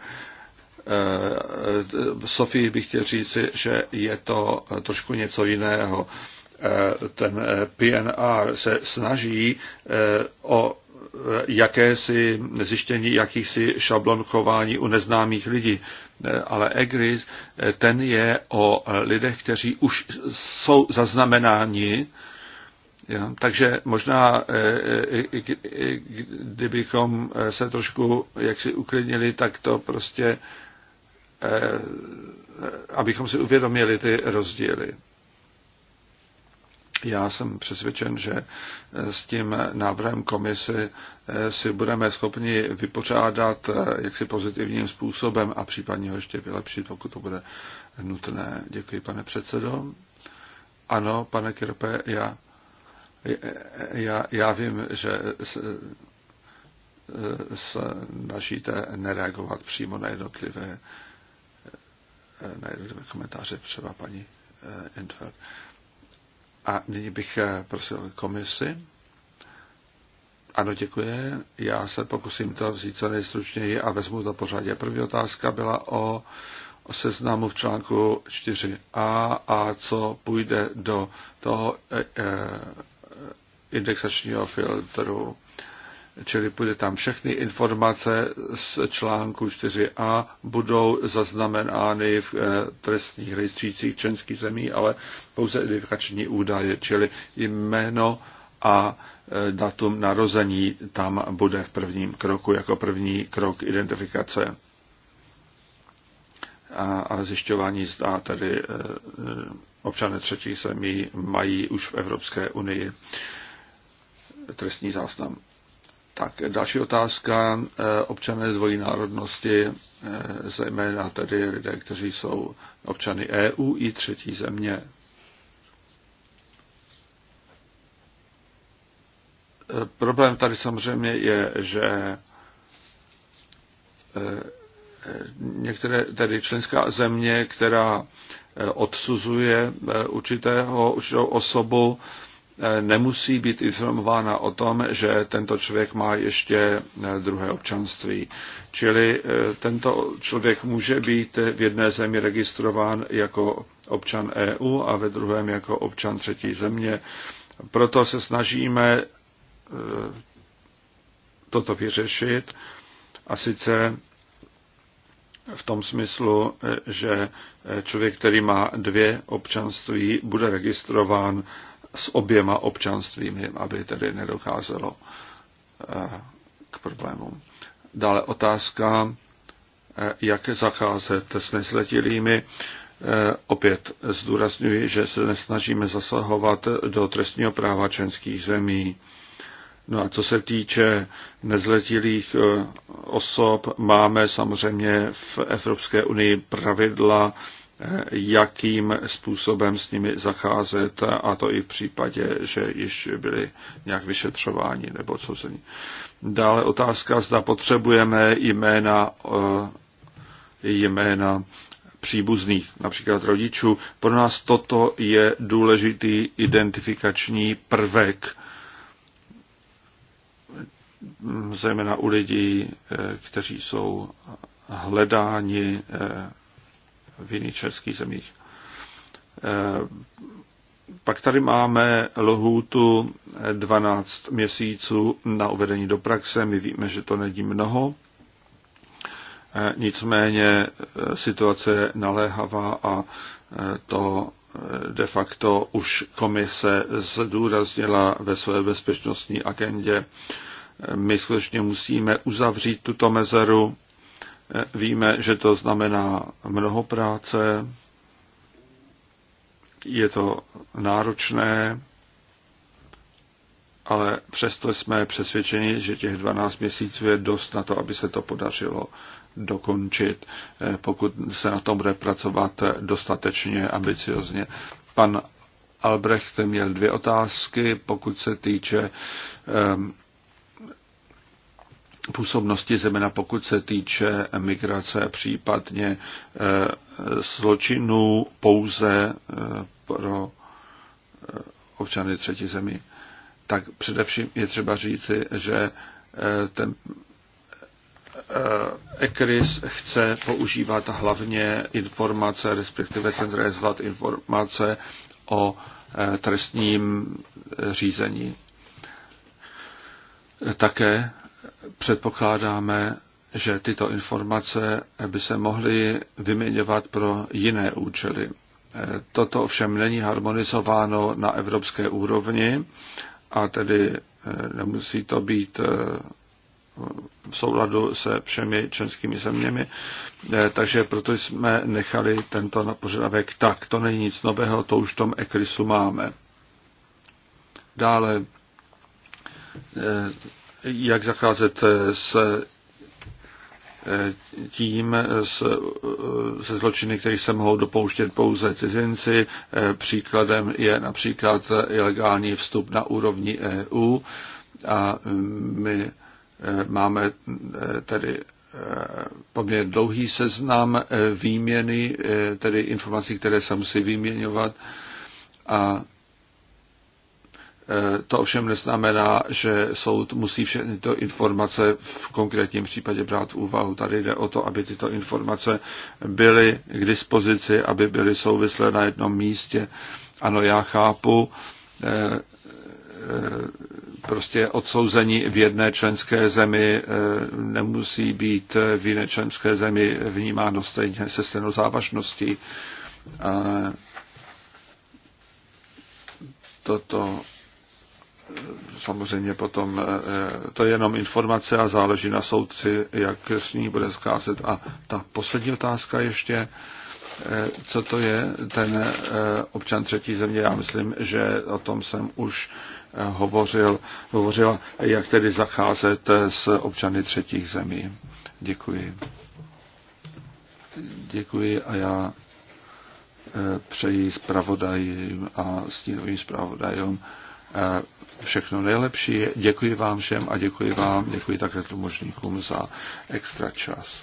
Eh, Sofii bych chtěl říct, že je to trošku něco jiného. Eh, ten eh, PNR se snaží o jakési zjištění jakýchsi šablon chování u neznámých lidí. Ale EGRIS, ten je o lidech, kteří už jsou zaznamenáni, Ja, Takže možná, kdybychom se trošku jaksi uklidnili, tak to prostě Eh, abychom si uvědomili ty rozdíly. Já jsem přesvědčen, že eh, s tím návrhem komisy eh, si budeme schopni vypořádat jaksi pozitivním způsobem a případně ho ještě vylepšit, pokud to bude nutné. Děkuji, pane předsedo. Ano, pane Kirpe, já, já, já vím, že snažíte nereagovat přímo na jednotlivé najdu dva komentáře třeba paní eh, Entfeld. A nyní bych eh, prosil komisi. Ano, děkuji. Já se pokusím to vzít co nejstručněji a vezmu to pořadě. První otázka byla o seznamu v článku 4a a co půjde do toho eh, indexačního filtru. E, čili bude tam všechny informace z článku 4a, budou zaznamenány v eh, trestních rejstřících členských zemí, ale pouze identifikační údaje, čili jméno a eh, datum narození tam bude v prvním kroku jako první krok identifikace a, a zjišťování zda tedy eh, občané třetích zemí mají už v Evropské unii trestní záznam. Tak další otázka. Eh, občané z dvojí národnosti, eh, zejména tedy lidé, kteří jsou občany EU i třetí země. Eh, problém tady samozřejmě je, že některé tedy členská země, která odsuzuje určitého, určitou osobu, nemusí být informována o tom, že tento člověk má ještě eh, druhé občanství. Čili eh, tento člověk může být v jedné zemi registrován jako občan EU a ve druhém jako občan třetí země. Proto se snažíme eh, toto vyřešit a sice v tom smyslu, že člověk, který má dvě občanství, bude registrován s oběma občanstvími, aby tedy nedocházelo eh, k problémům. Dále otázka, eh, jak zacházet s nezletilými. Eh, opět zdůrazňuji, že se nesnažíme zasahovat do trestního práva členských zemí. No a co se týče nezletilých osob, máme samozřejmě v Evropské unii pravidla jakým způsobem s nimi zacházet, a to i v případě, že již byli nějak vyšetřováni nebo odsouzeni. Dále otázka, zda potřebujeme jména, eh, jména příbuzných, například rodičů. Pro nás toto je důležitý identifikační prvek, zejména u lidí, eh, kteří jsou hledáni eh, v jiných českých zemích. Eh, pak tady máme lhůtu 12 měsíců na uvedení do praxe. My víme, že to není mnoho. Eh, nicméně eh, situace je naléhavá a to de facto už komise zdůraznila ve své bezpečnostní agendě. My skutečně musíme uzavřít tuto mezeru Víme, že to znamená mnoho práce, je to náročné, ale přesto jsme přesvědčeni, že těch 12 měsíců je dost na to, aby se to podařilo dokončit, eh, pokud se na tom bude pracovat dostatečně ambiciozně. Pan Albrecht měl dvě otázky, pokud se týče um, působnosti, zejména pokud se týče migrace, případně eh, zločinů pouze eh, pro eh, občany třetí zemí. Tak především je třeba říci, že ten ECRIS chce používat hlavně informace, respektive centralizovat informace o trestním řízení. Také předpokládáme, že tyto informace by se mohly vyměňovat pro jiné účely. Eh, toto ovšem není harmonizováno na evropské úrovni a tedy eh, nemusí to být eh, v souladu se všemi členskými zeměmi, takže proto jsme nechali tento požadavek tak. To není nic nového, to už v tom ECRISu máme. Dále jak zacházet eh, s tím eh, se zločiny, které se mohou dopouštět pouze cizinci. Eh, příkladem je například ilegální vstup na úrovni EU a my máme tedy poměrně dlouhý seznam výměny, tedy informací, které se musí vyměňovat a to ovšem neznamená, že soud musí všechny tyto informace v konkrétním případě brát v úvahu. Tady jde o to, aby tyto informace byly k dispozici, aby byly souvislé na jednom místě. Ano, já chápu, eh, eh, prostě odsouzení v jedné členské zemi eh, nemusí být v jiné členské zemi vnímáno stejně se stejnou závažností. Toto samozřejmě potom eh, eh, to je jenom informace a záleží na soudci, jak s ní bude zkázet. A ta poslední otázka ještě, eh, co to je ten občan třetí země? Já myslím, že o tom jsem už hovořil, hovořila, jak tedy zacházet s občany třetích zemí. Děkuji. Děkuji a já přeji zpravodajím a stínovým zpravodajům všechno nejlepší. Děkuji vám všem a děkuji vám, děkuji také tlumočníkům za extra čas.